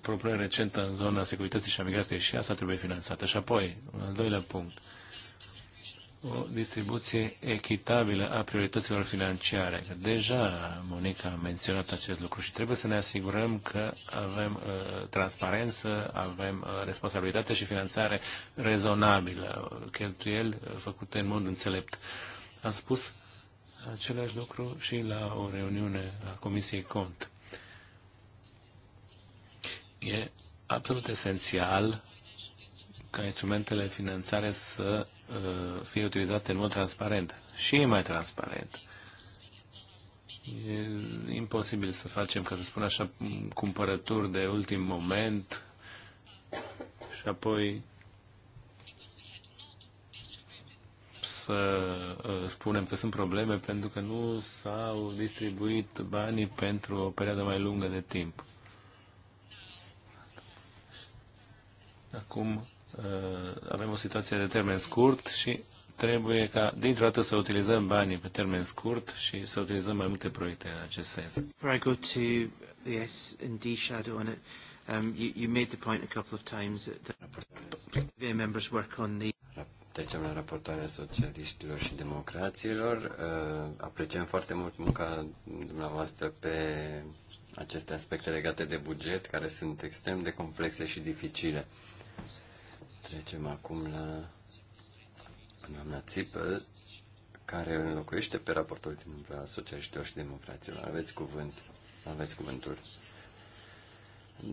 propunere recentă în zona securității și a migrației și asta trebuie finanțată. Și apoi, al doilea punct, o distribuție echitabilă a priorităților financiare. Deja Monica a menționat acest lucru și trebuie să ne asigurăm că avem uh, transparență, avem uh, responsabilitate și finanțare rezonabilă, cheltuieli uh, făcute în mod înțelept. Am spus același lucru și la o reuniune a Comisiei Cont. E absolut esențial ca instrumentele finanțare să Uh, fie utilizate în mod transparent și mai transparent. E imposibil să facem, ca să spun așa, cumpărături de ultim moment și apoi să uh, spunem că sunt probleme pentru că nu s-au distribuit banii pentru o perioadă mai lungă de timp. Acum Uh, avem o situație de termen scurt și trebuie ca dintr-o dată să utilizăm banii pe termen scurt și să utilizăm mai multe proiecte în acest sens. Before I go to and D shadow on it, um, you, you made the point a couple of times that the members work on the trecem la raportarea socialiștilor și democraților. Uh, apreciem foarte mult munca dumneavoastră pe aceste aspecte legate de buget, care sunt extrem de complexe și dificile. Uh, Trecem acum la doamna Țipăl, care înlocuiește pe raportul din umbra socialiștilor și democraților. Aveți cuvânt. Aveți cuvântul.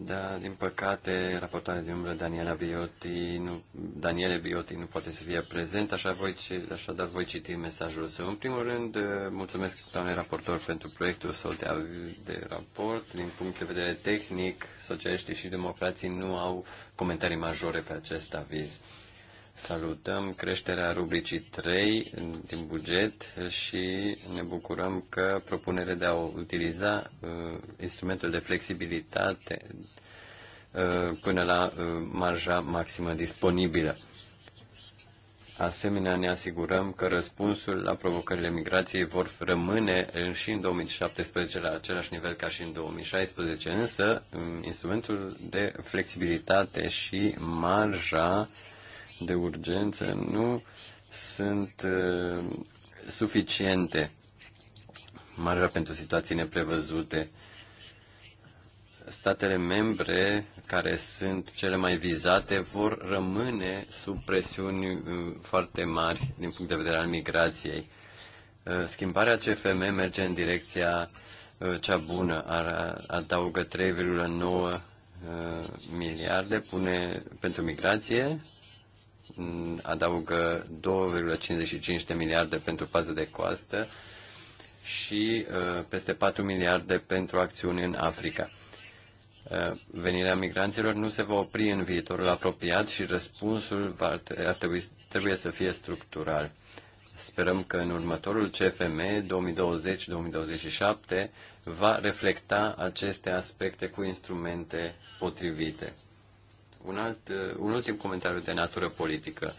Da, din păcate, raportoarea din umbră Daniela Bioti nu, Daniele Bioti nu poate să fie prezent, așa voi, așadar voi citi mesajul său. În primul rând, eh, mulțumesc doamnei raportor pentru proiectul său de, de raport. Din punct de vedere tehnic, socialiștii și democrații nu au comentarii majore pe acest aviz. Salutăm creșterea rubricii 3 din buget și ne bucurăm că propunerea de a utiliza uh, instrumentul de flexibilitate uh, până la uh, marja maximă disponibilă. Asemenea, ne asigurăm că răspunsul la provocările migrației vor rămâne și în 2017 la același nivel ca și în 2016, însă um, instrumentul de flexibilitate și marja uh, de urgență nu sunt uh, suficiente. Marja pentru situații neprevăzute. Statele membre care sunt cele mai vizate vor rămâne sub presiuni uh, foarte mari din punct de vedere al migrației. Uh, schimbarea CFM merge în direcția uh, cea bună, ar adaugă 3,9 miliarde pune pentru migrație, Mm, adaugă 2,55 de miliarde pentru pază de coastă și uh, peste 4 miliarde pentru acțiuni în Africa. Uh, venirea migranților nu se va opri în viitorul apropiat și răspunsul va, ar trebui, trebuie să fie structural. Sperăm că în următorul CFM 2020-2027 va reflecta aceste aspecte cu instrumente potrivite. Un, alt, un ultim comentariu de natură politică.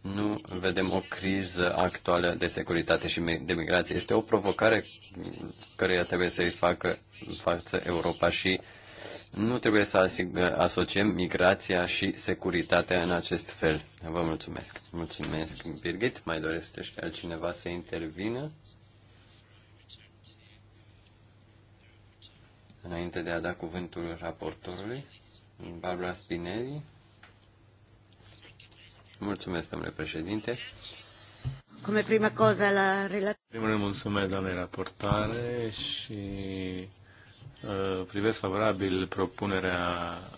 Nu vedem o criză actuală de securitate și de migrație. Este o provocare care trebuie să-i facă față Europa și nu trebuie să asociem migrația și securitatea în acest fel. Vă mulțumesc. Mulțumesc, Birgit. Mai dorește altcineva să intervină? înainte de a da cuvântul raportorului, Barbara Spinelli. Mulțumesc, domnule președinte. Come prima cosa la relazione. Primul rând mulțumesc, doamne raportare, și uh, privesc favorabil propunerea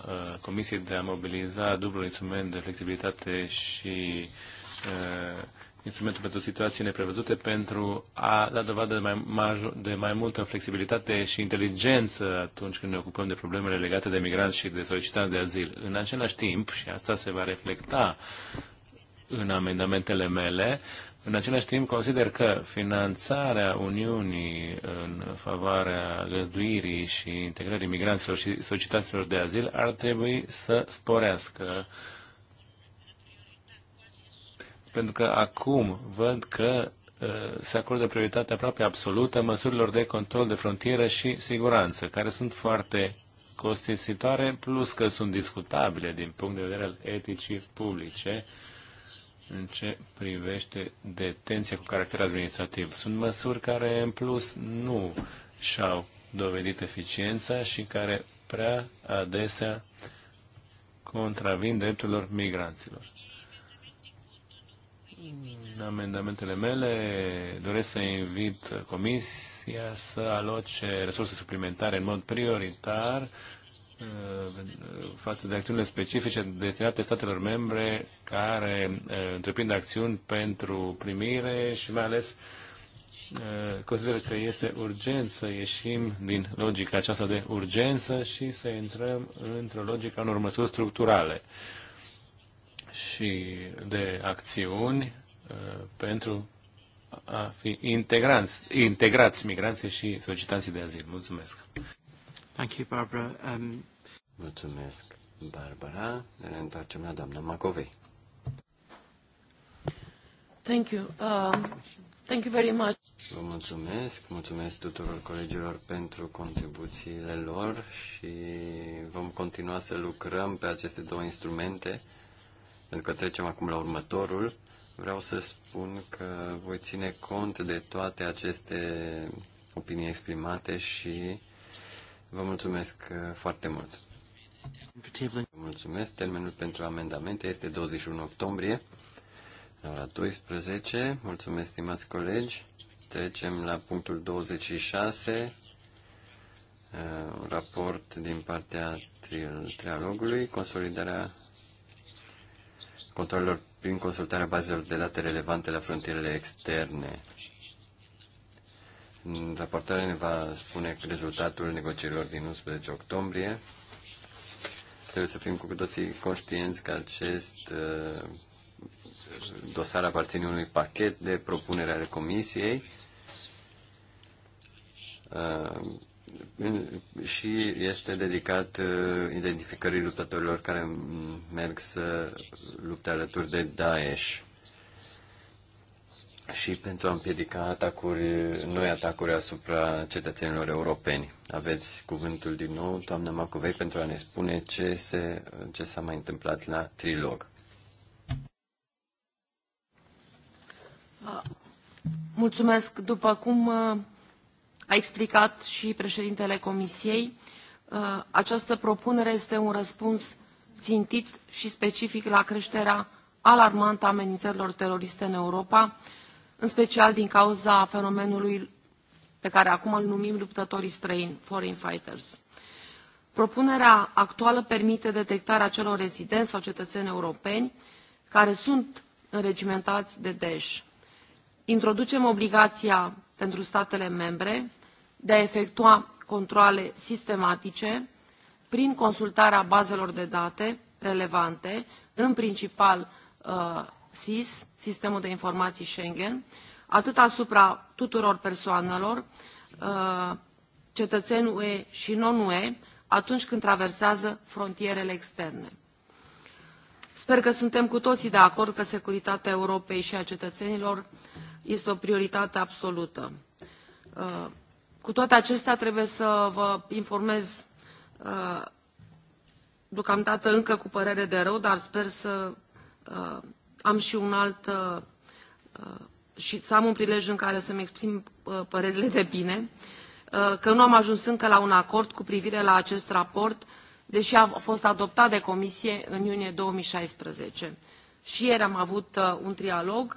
uh, Comisiei de a mobiliza dublul instrument de flexibilitate și uh, instrumentul pentru situații neprevăzute pentru a da dovadă de mai, maj, de mai multă flexibilitate și inteligență atunci când ne ocupăm de problemele legate de migranți și de solicitanți de azil. În același timp, și asta se va reflecta în amendamentele mele, în același timp consider că finanțarea Uniunii în favoarea găzduirii și integrării migranților și solicitanților de azil ar trebui să sporească uh, pentru că acum văd că uh, se acordă prioritate aproape absolută măsurilor de control de frontieră și siguranță, care sunt foarte costisitoare, plus că sunt discutabile din punct de vedere al eticii publice în ce privește detenția cu caracter administrativ. Sunt măsuri care, în plus, nu și-au dovedit eficiența și care prea adesea contravin drepturilor migranților. În amendamentele mele doresc să invit Comisia să aloce resurse suplimentare în mod prioritar uh, față de acțiunile specifice destinate statelor membre care uh, întreprind acțiuni pentru primire și mai ales uh, consider că este urgent să ieșim din logica aceasta de urgență și să intrăm într-o logică a unor măsuri structurale și de acțiuni uh, pentru a fi integranți, integrați migranții și solicitanții de azil. Mulțumesc. Thank you, Barbara. Um... Mulțumesc, Barbara. Ne întoarcem la doamna Macovei. Thank you. Uh, thank you very much. Vă mulțumesc, mulțumesc tuturor colegilor pentru contribuțiile lor și vom continua să lucrăm pe aceste două instrumente pentru că trecem acum la următorul, vreau să spun că voi ține cont de toate aceste opinii exprimate și vă mulțumesc uh, foarte mult. Vă mulțumesc. Termenul pentru amendamente este 21 octombrie la ora 12. Mulțumesc, stimați colegi. Trecem la punctul 26, uh, un raport din partea trialogului, consolidarea controlelor prin consultarea bazelor de date relevante la frontierele externe. Raportarea ne va spune rezultatul negocierilor din 11 octombrie. Trebuie să fim cu toții conștienți că acest uh, dosar aparține unui pachet de propunere ale Comisiei uh, și este dedicat uh, identificării luptătorilor care merg să lupte alături de Daesh și pentru a împiedica atacuri, noi atacuri asupra cetățenilor europeni. Aveți cuvântul din nou, doamna Macovei, pentru a ne spune ce, se, ce s-a mai întâmplat la trilog. Ah, mulțumesc. După cum uh, a explicat și președintele Comisiei, uh, această propunere este un răspuns țintit și specific la creșterea alarmantă a amenințărilor teroriste în Europa, în special din cauza fenomenului pe care acum îl numim luptătorii străini, foreign fighters. Propunerea actuală permite detectarea celor rezidenți sau cetățeni europeni care sunt înregimentați de Daesh. Introducem obligația pentru statele membre de a efectua controale sistematice prin consultarea bazelor de date relevante, în principal SIS, uh, Sistemul de Informații Schengen, atât asupra tuturor persoanelor, uh, cetățeni UE și non-UE, atunci când traversează frontierele externe. Sper că suntem cu toții de acord că securitatea Europei și a cetățenilor este o prioritate absolută. Uh, cu toate acestea, trebuie să vă informez uh, deocamdată încă cu părere de rău, dar sper să uh, am și un alt uh, și să am un prilej în care să-mi exprim părerile de bine, că nu am ajuns încă la un acord cu privire la acest raport, deși a fost adoptat de Comisie în iunie 2016. Și ieri am avut un trialog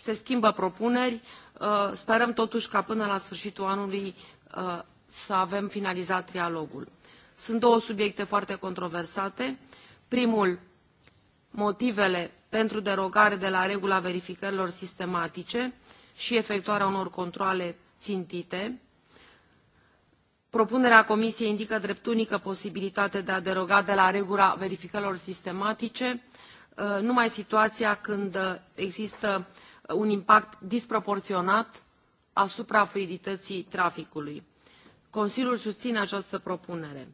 se schimbă propuneri. Uh, sperăm totuși ca până la sfârșitul anului uh, să avem finalizat trialogul. Sunt două subiecte foarte controversate. Primul, motivele pentru derogare de la regula verificărilor sistematice și efectuarea unor controale țintite. Propunerea Comisiei indică drept unică posibilitate de a deroga de la regula verificărilor sistematice uh, numai situația când există un impact disproporționat asupra fluidității traficului. Consiliul susține această propunere.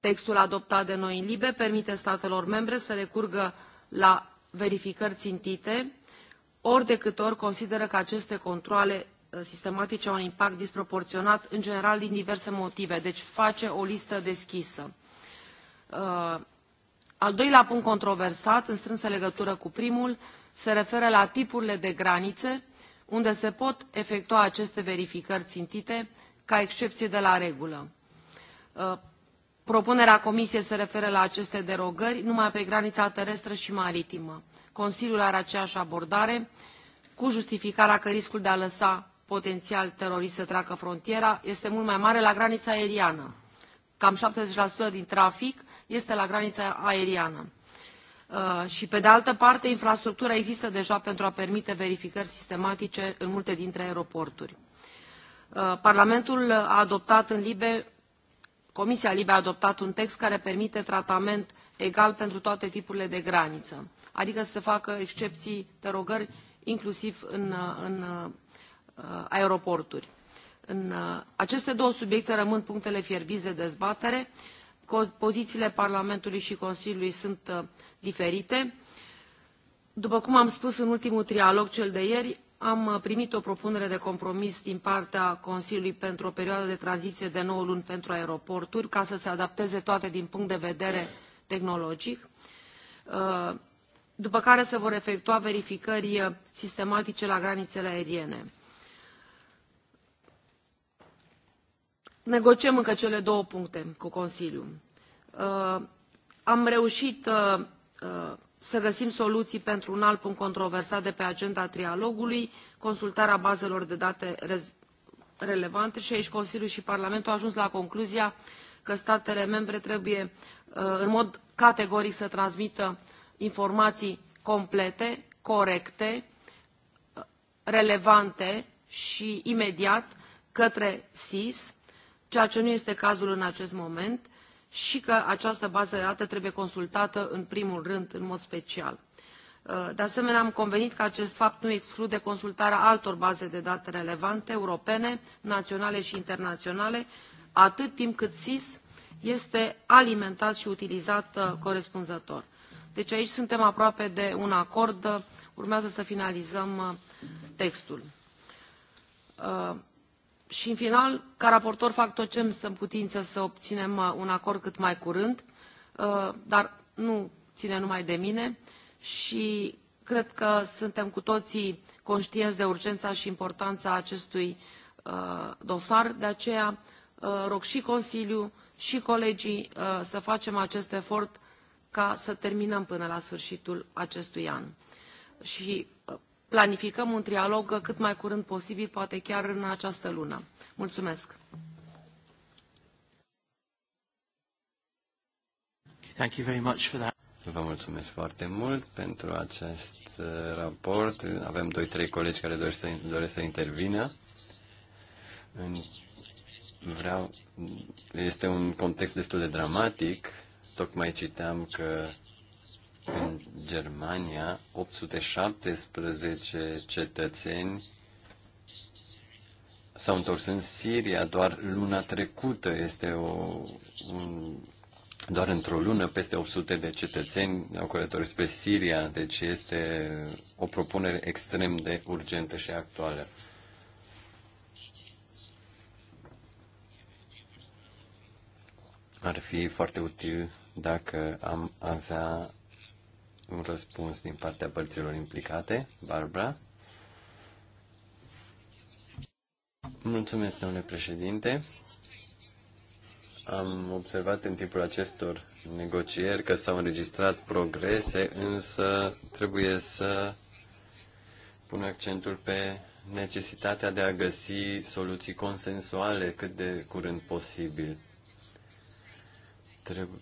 Textul adoptat de noi în LIBE permite statelor membre să recurgă la verificări țintite ori de câte ori consideră că aceste controale uh, sistematice au un impact disproporționat, în general din diverse motive, deci face o listă deschisă. Uh, al doilea punct controversat, în strânsă legătură cu primul, se referă la tipurile de granițe unde se pot efectua aceste verificări țintite ca excepție de la regulă. Uh, propunerea Comisiei se referă la aceste derogări numai pe granița terestră și maritimă. Consiliul are aceeași abordare, cu justificarea că riscul de a lăsa potențial terorist să treacă frontiera este mult mai mare la granița aeriană. Cam 70% din trafic este la granița aeriană. Uh, și pe de altă parte infrastructura există deja pentru a permite verificări sistematice în multe dintre aeroporturi. Uh, Parlamentul a adoptat în LIBE, Comisia LIBE a adoptat un text care permite tratament egal pentru toate tipurile de graniță, adică să se facă excepții, derogări, inclusiv în, uh, în aeroporturi. În aceste două subiecte rămân punctele fierbinți de dezbatere. Pozițiile Parlamentului și Consiliului sunt diferite. După cum am spus în ultimul trialog, cel de ieri, am uh, primit o propunere de compromis din partea Consiliului pentru o perioadă de tranziție de 9 luni pentru aeroporturi, ca să se adapteze toate din punct de vedere tehnologic, uh, după care se vor efectua verificări uh, sistematice la granițele aeriene. Negociem încă cele două puncte cu Consiliul. Am reușit Uh, să găsim soluții pentru un alt punct controversat de pe agenda trialogului, consultarea bazelor de date relevante și aici Consiliul și Parlamentul au ajuns la concluzia că statele membre trebuie uh, în mod categoric să transmită informații complete, corecte, relevante și imediat către SIS, ceea ce nu este cazul în acest moment și că această bază de date trebuie consultată în primul rând, în mod special. Uh, de asemenea, am convenit că acest fapt nu exclude consultarea altor baze de date relevante, europene, naționale și internaționale, atât timp cât SIS este alimentat și utilizat uh, corespunzător. Deci aici suntem aproape de un acord, urmează să finalizăm uh, textul și în final ca raportor fac tot ce îmi stă în putință să obținem uh, un acord cât mai curând uh, dar nu ține numai de mine și cred că suntem cu toții conștienți de urgența și importanța acestui uh, dosar de aceea rog și consiliul și colegii să facem acest efort ca să terminăm până la sfârșitul acestui an și planificăm un trialog cât mai curând posibil, poate chiar în această lună. Mulțumesc! Thank you very much for that. Vă mulțumesc foarte mult pentru acest uh, raport. Avem doi, trei colegi care doresc să, doresc să intervină. Vreau, este un context destul de dramatic. Tocmai citeam că în Germania, 817 cetățeni s-au întors în Siria doar luna trecută. Este o, un, doar într-o lună peste 800 de cetățeni au călătorit spre Siria, deci este o propunere extrem de urgentă și actuală. Ar fi foarte util dacă am avea un răspuns din partea părților implicate. Barbara? Mulțumesc, domnule președinte. Am observat în timpul acestor negocieri că s-au înregistrat progrese, însă trebuie să pun accentul pe necesitatea de a găsi soluții consensuale cât de curând posibil. Trebuie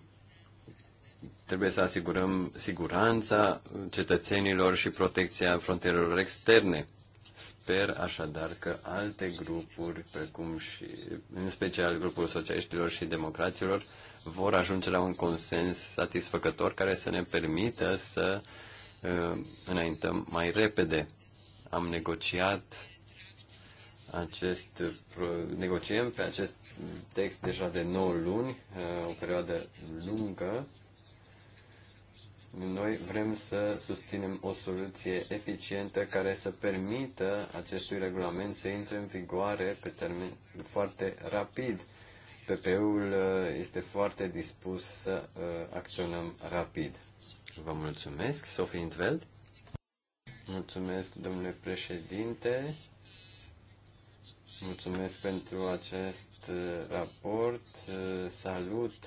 Trebuie să asigurăm siguranța cetățenilor și protecția frontierelor externe. Sper așadar că alte grupuri, precum și în special grupul socialiștilor și democraților, vor ajunge la un consens satisfăcător care să ne permită să uh, înaintăm mai repede. Am negociat acest, negociem pe acest text deja de 9 luni, uh, o perioadă lungă noi vrem să susținem o soluție eficientă care să permită acestui regulament să intre în vigoare pe termen foarte rapid. ppu ul uh, este foarte dispus să uh, acționăm rapid. Vă mulțumesc, Sofie Intveld. Mulțumesc, domnule președinte. Mulțumesc pentru acest uh, raport. Salut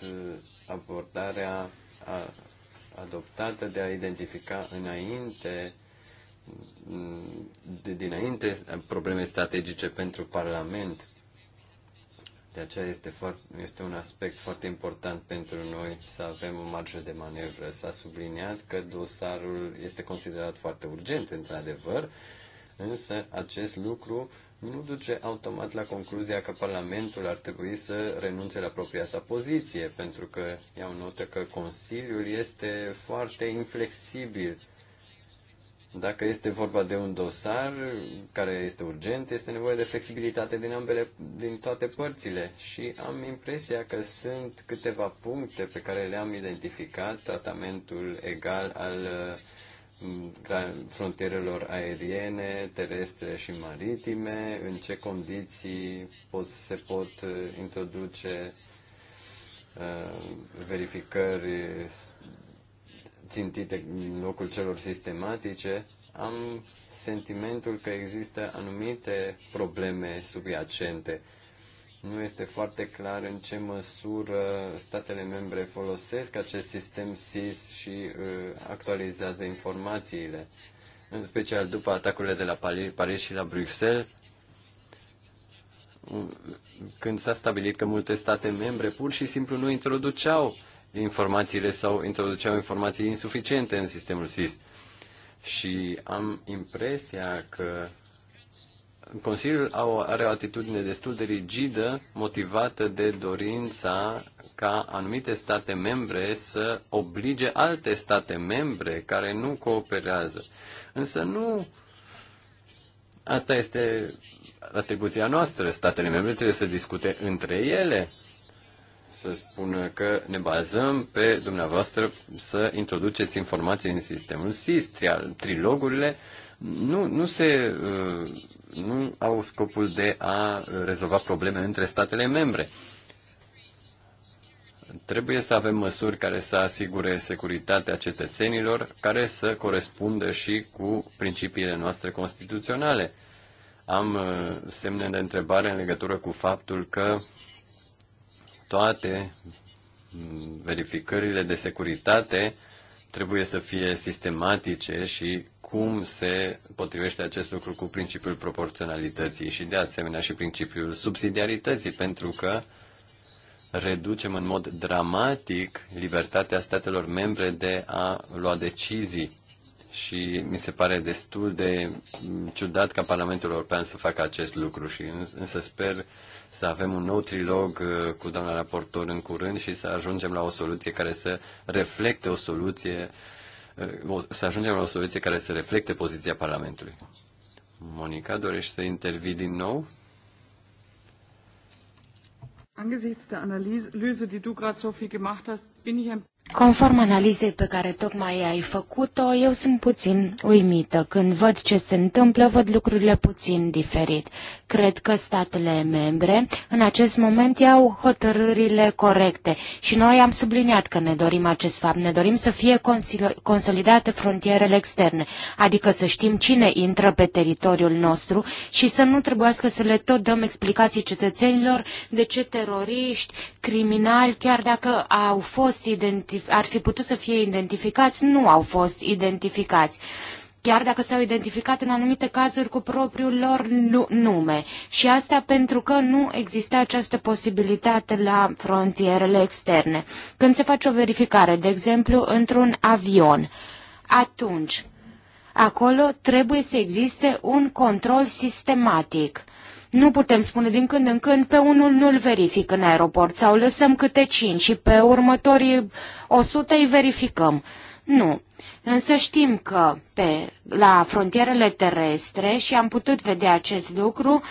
abordarea adoptată de a identifica înainte de dinainte probleme strategice pentru Parlament. De aceea este, foarte, este un aspect foarte important pentru noi să avem o marjă de manevră. S-a subliniat că dosarul este considerat foarte urgent, într-adevăr, însă acest lucru nu duce automat la concluzia că Parlamentul ar trebui să renunțe la propria sa poziție, pentru că iau notă că Consiliul este foarte inflexibil. Dacă este vorba de un dosar care este urgent, este nevoie de flexibilitate din ambele, din toate părțile și am impresia că sunt câteva puncte pe care le-am identificat, tratamentul egal al uh, frontierelor aeriene, terestre și maritime, în ce condiții pot, se pot introduce uh, verificări țintite în locul celor sistematice, am sentimentul că există anumite probleme subiacente nu este foarte clar în ce măsură statele membre folosesc acest sistem SIS și uh, actualizează informațiile, în special după atacurile de la Paris și la Bruxelles, când s-a stabilit că multe state membre pur și simplu nu introduceau informațiile sau introduceau informații insuficiente în sistemul SIS. Și am impresia că Consiliul are o atitudine destul de rigidă, motivată de dorința ca anumite state membre să oblige alte state membre care nu cooperează. Însă nu asta este atribuția noastră. Statele membre trebuie să discute între ele, să spună că ne bazăm pe dumneavoastră să introduceți informații în sistemul SIS. Trilogurile nu, nu se uh, nu au scopul de a rezolva probleme între statele membre. Trebuie să avem măsuri care să asigure securitatea cetățenilor, care să corespundă și cu principiile noastre constituționale. Am uh, semne de întrebare în legătură cu faptul că toate mm, verificările de securitate trebuie să fie sistematice și cum se potrivește acest lucru cu principiul proporționalității și de asemenea și principiul subsidiarității, pentru că reducem în mod dramatic libertatea statelor membre de a lua decizii. Și mi se pare destul de ciudat ca Parlamentul European să facă acest lucru și însă sper să avem un nou trilog uh, cu doamna raportor în curând și să ajungem la o soluție care să reflecte o soluție uh, Eh, să ajungem la o soluție care să reflecte poziția Parlamentului. Monica, dorește să intervii din nou? Angesichts der Analyse, die du gerade so viel gemacht hast, bin ich ein Conform analizei pe care tocmai ai făcut-o, eu sunt puțin uimită. Când văd ce se întâmplă, văd lucrurile puțin diferit. Cred că statele membre în acest moment iau hotărârile corecte și noi am subliniat că ne dorim acest fapt. Ne dorim să fie consolidate frontierele externe, adică să știm cine intră pe teritoriul nostru și să nu trebuiască să le tot dăm explicații cetățenilor de ce teroriști, criminali, chiar dacă au fost identificați ar fi putut să fie identificați, nu au fost identificați chiar dacă s-au identificat în anumite cazuri cu propriul lor nume. Și asta pentru că nu exista această posibilitate la frontierele externe. Când se face o verificare, de exemplu, într-un avion, atunci, acolo trebuie să existe un control sistematic nu putem spune din când în când, pe unul nu-l verific în aeroport sau lăsăm câte cinci și pe următorii 100 îi verificăm. Nu. Însă știm că pe, la frontierele terestre, și am putut vedea acest lucru,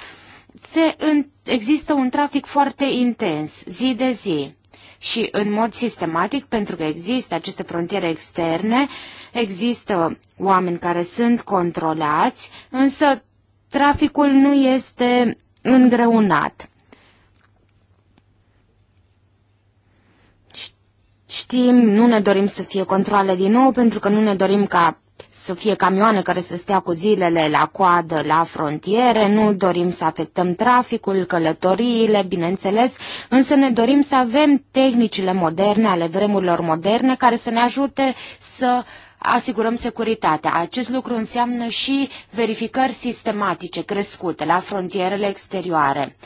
se, în, există un trafic foarte intens, zi de zi. Și în mod sistematic, pentru că există aceste frontiere externe, există oameni care sunt controlați, însă traficul nu este îngreunat. Știm, nu ne dorim să fie controle din nou, pentru că nu ne dorim ca să fie camioane care să stea cu zilele la coadă, la frontiere, nu dorim să afectăm traficul, călătoriile, bineînțeles, însă ne dorim să avem tehnicile moderne ale vremurilor moderne care să ne ajute să uh, asigurăm securitatea. Acest lucru înseamnă și verificări sistematice crescute la frontierele exterioare.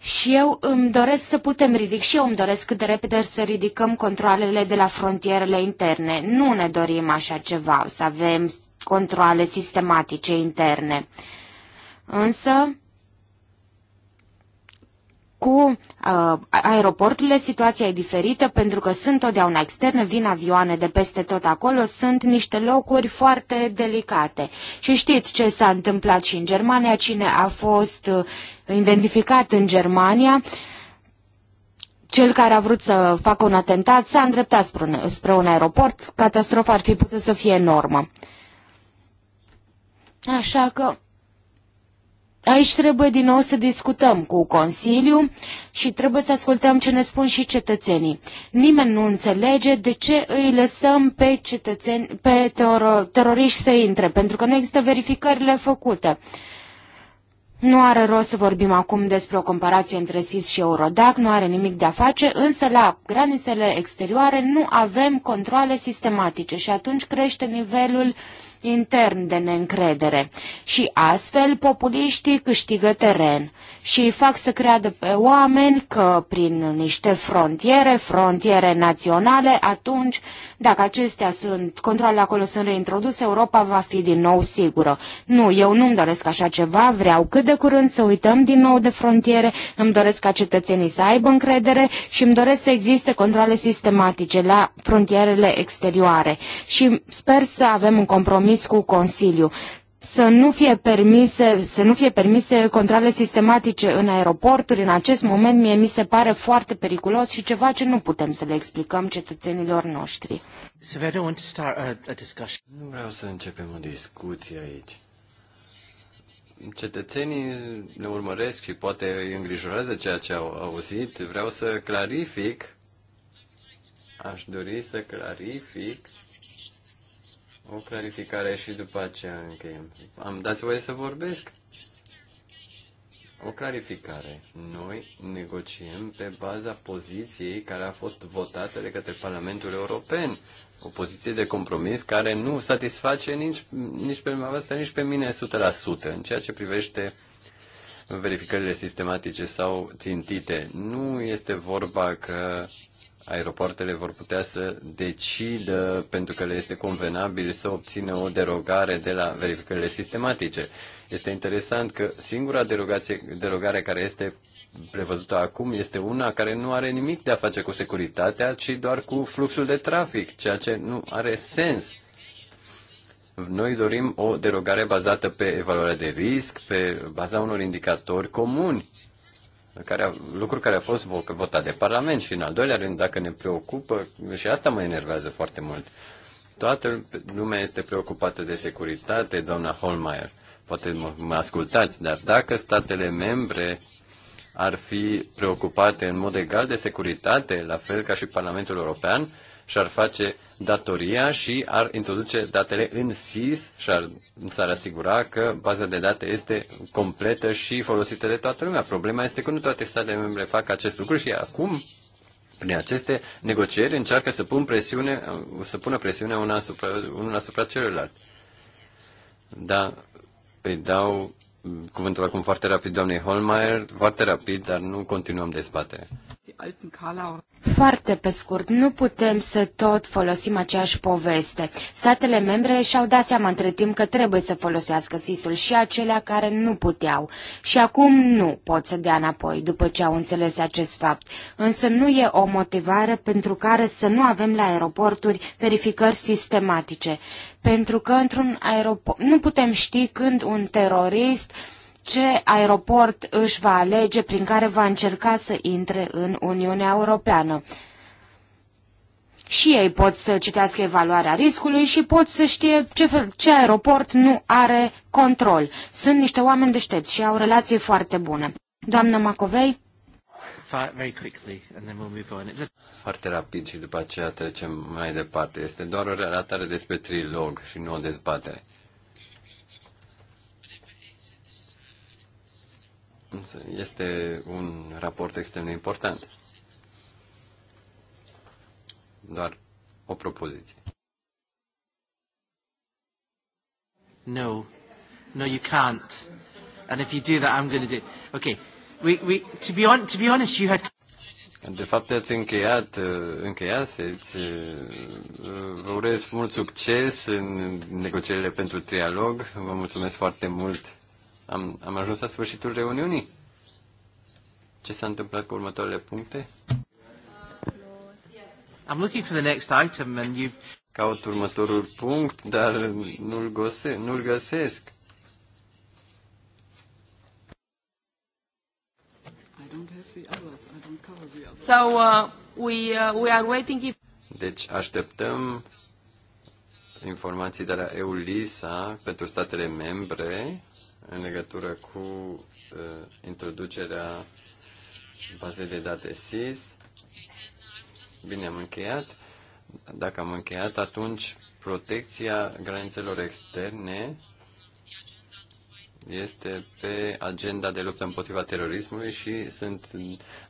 Și eu îmi doresc să putem ridic, și eu îmi doresc cât de repede să ridicăm controlele de la frontierele interne. Nu ne dorim așa ceva, să avem controle sistematice interne. Însă, cu uh, aeroporturile situația e diferită pentru că sunt totdeauna externe, vin avioane de peste tot acolo, sunt niște locuri foarte delicate. Și știți ce s-a întâmplat și în Germania, cine a fost uh, identificat în Germania. Cel care a vrut să facă un atentat s-a îndreptat spre un, spre un aeroport, catastrofa ar fi putut să fie enormă. Așa că Aici trebuie din nou să discutăm cu Consiliu și trebuie să ascultăm ce ne spun și cetățenii. Nimeni nu înțelege de ce îi lăsăm pe, cetățeni, pe teror, teroriști să intre, pentru că nu există verificările făcute. Uh, nu are rost să vorbim acum despre o comparație între SIS și Eurodac, nu are nimic de a face, însă la granițele exterioare nu avem controle sistematice și atunci crește nivelul intern de neîncredere. Și astfel populiștii câștigă teren și îi fac să creadă pe oameni că prin niște frontiere, frontiere naționale, atunci, dacă acestea sunt, controlele acolo sunt reintroduse, Europa va fi din nou sigură. Nu, eu nu-mi doresc așa ceva, vreau cât de curând să uităm din nou de frontiere, îmi doresc ca cetățenii să aibă încredere și îmi doresc să existe controle sistematice la frontierele exterioare. Și sper să avem un compromis cu Consiliu să nu fie permise, să nu fie permise controle sistematice în aeroporturi. În acest moment mie mi se pare foarte periculos și ceva ce nu putem să le explicăm cetățenilor noștri. Nu vreau să începem o discuție aici. Cetățenii ne urmăresc și poate îi îngrijorează ceea ce au auzit. Vreau să clarific, aș dori să clarific o clarificare și după aceea încheiem. Am dați voie să vorbesc? O clarificare. Noi negociem pe baza poziției care a fost votată de către Parlamentul European. O poziție de compromis care nu satisface nici, nici pe dumneavoastră, nici pe mine 100% în ceea ce privește verificările sistematice sau țintite. Nu este vorba că aeropoartele vor putea să decidă, pentru că le este convenabil, să obțină o derogare de la verificările sistematice. Este interesant că singura derogație, derogare care este prevăzută acum este una care nu are nimic de a face cu securitatea, ci doar cu fluxul de trafic, ceea ce nu are sens. Noi dorim o derogare bazată pe evaluarea de risc, pe baza unor indicatori comuni care a, lucru care a fost votat de Parlament și în al doilea rând, dacă ne preocupă, și asta mă enervează foarte mult, toată lumea este preocupată de securitate, doamna Holmeier. Poate mă, mă ascultați, dar dacă statele membre ar fi preocupate în mod egal de securitate, la fel ca și Parlamentul European, și-ar face datoria și ar introduce datele în SIS și ar, s-ar asigura că baza de date este completă și folosită de toată lumea. Problema este că nu toate statele membre fac acest lucru și acum prin aceste negocieri încearcă să, pun presiune, să pună presiune una asupra, unul asupra celuilalt. Da, îi dau cuvântul acum foarte rapid doamnei Holmeier, foarte rapid, dar nu continuăm dezbaterea. Foarte pe scurt, nu putem să tot folosim aceeași poveste. Statele membre și-au dat seama între timp că trebuie să folosească SIS-ul și acelea care nu puteau. Și acum nu pot să dea înapoi după ce au înțeles acest fapt. Însă nu e o motivare pentru care să nu avem la aeroporturi verificări sistematice pentru că într-un aeroport nu putem ști când un terorist ce aeroport își va alege prin care va încerca să intre în Uniunea Europeană. Și ei pot să citească evaluarea riscului și pot să știe ce, fel, ce aeroport nu are control. Sunt niște oameni deștepți și au relații foarte bune. Doamnă Macovei? Foarte rapid și după aceea trecem mai departe. Este doar o relatare despre trilog și nu o dezbatere. Este un raport extrem de important. Doar o propoziție. No. No, you can't. And if you do that, I'm going to do... Okay. We, we, to, be on, to be honest, you had... De fapt, ați încheiat, uh, încheiaseți. Uh, vă urez mult succes în negocierile pentru trialog. Vă mulțumesc foarte mult. Am, am ajuns la sfârșitul reuniunii. Ce s-a întâmplat cu următoarele puncte? I'm looking for the next item and you... Caut următorul punct, dar nu-l, găse- nu-l găsesc. So uh, we, uh, we are waiting if... Deci așteptăm informații de la EULISA pentru statele membre în legătură cu uh, introducerea bazei de date SIS. Bine, am încheiat. Dacă am încheiat, atunci protecția granițelor externe este pe agenda de luptă împotriva terorismului și sunt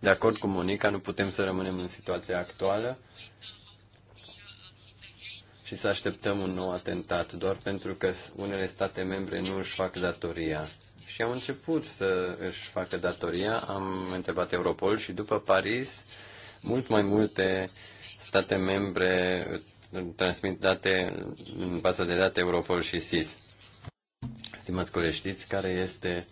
de acord cu Monica, nu putem să rămânem în situația actuală și să așteptăm un nou atentat, doar pentru că unele state membre nu își fac datoria. Și am început să își facă datoria, am întrebat Europol și după Paris, mult mai multe state membre transmit date în baza de date Europol și SIS stimați colegi, știți care este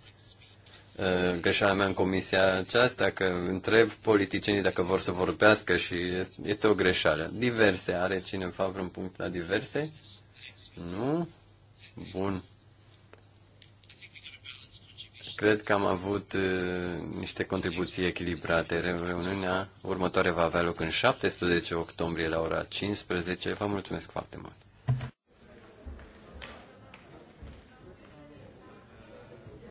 uh, greșeala mea în comisia aceasta, că întreb politicienii dacă vor să vorbească și este o greșeală. Diverse, are cineva vreun punct la diverse? Nu? Bun. Cred că am avut uh, niște contribuții echilibrate. Reuniunea următoare va avea loc în 17 octombrie la ora 15. Vă mulțumesc foarte mult!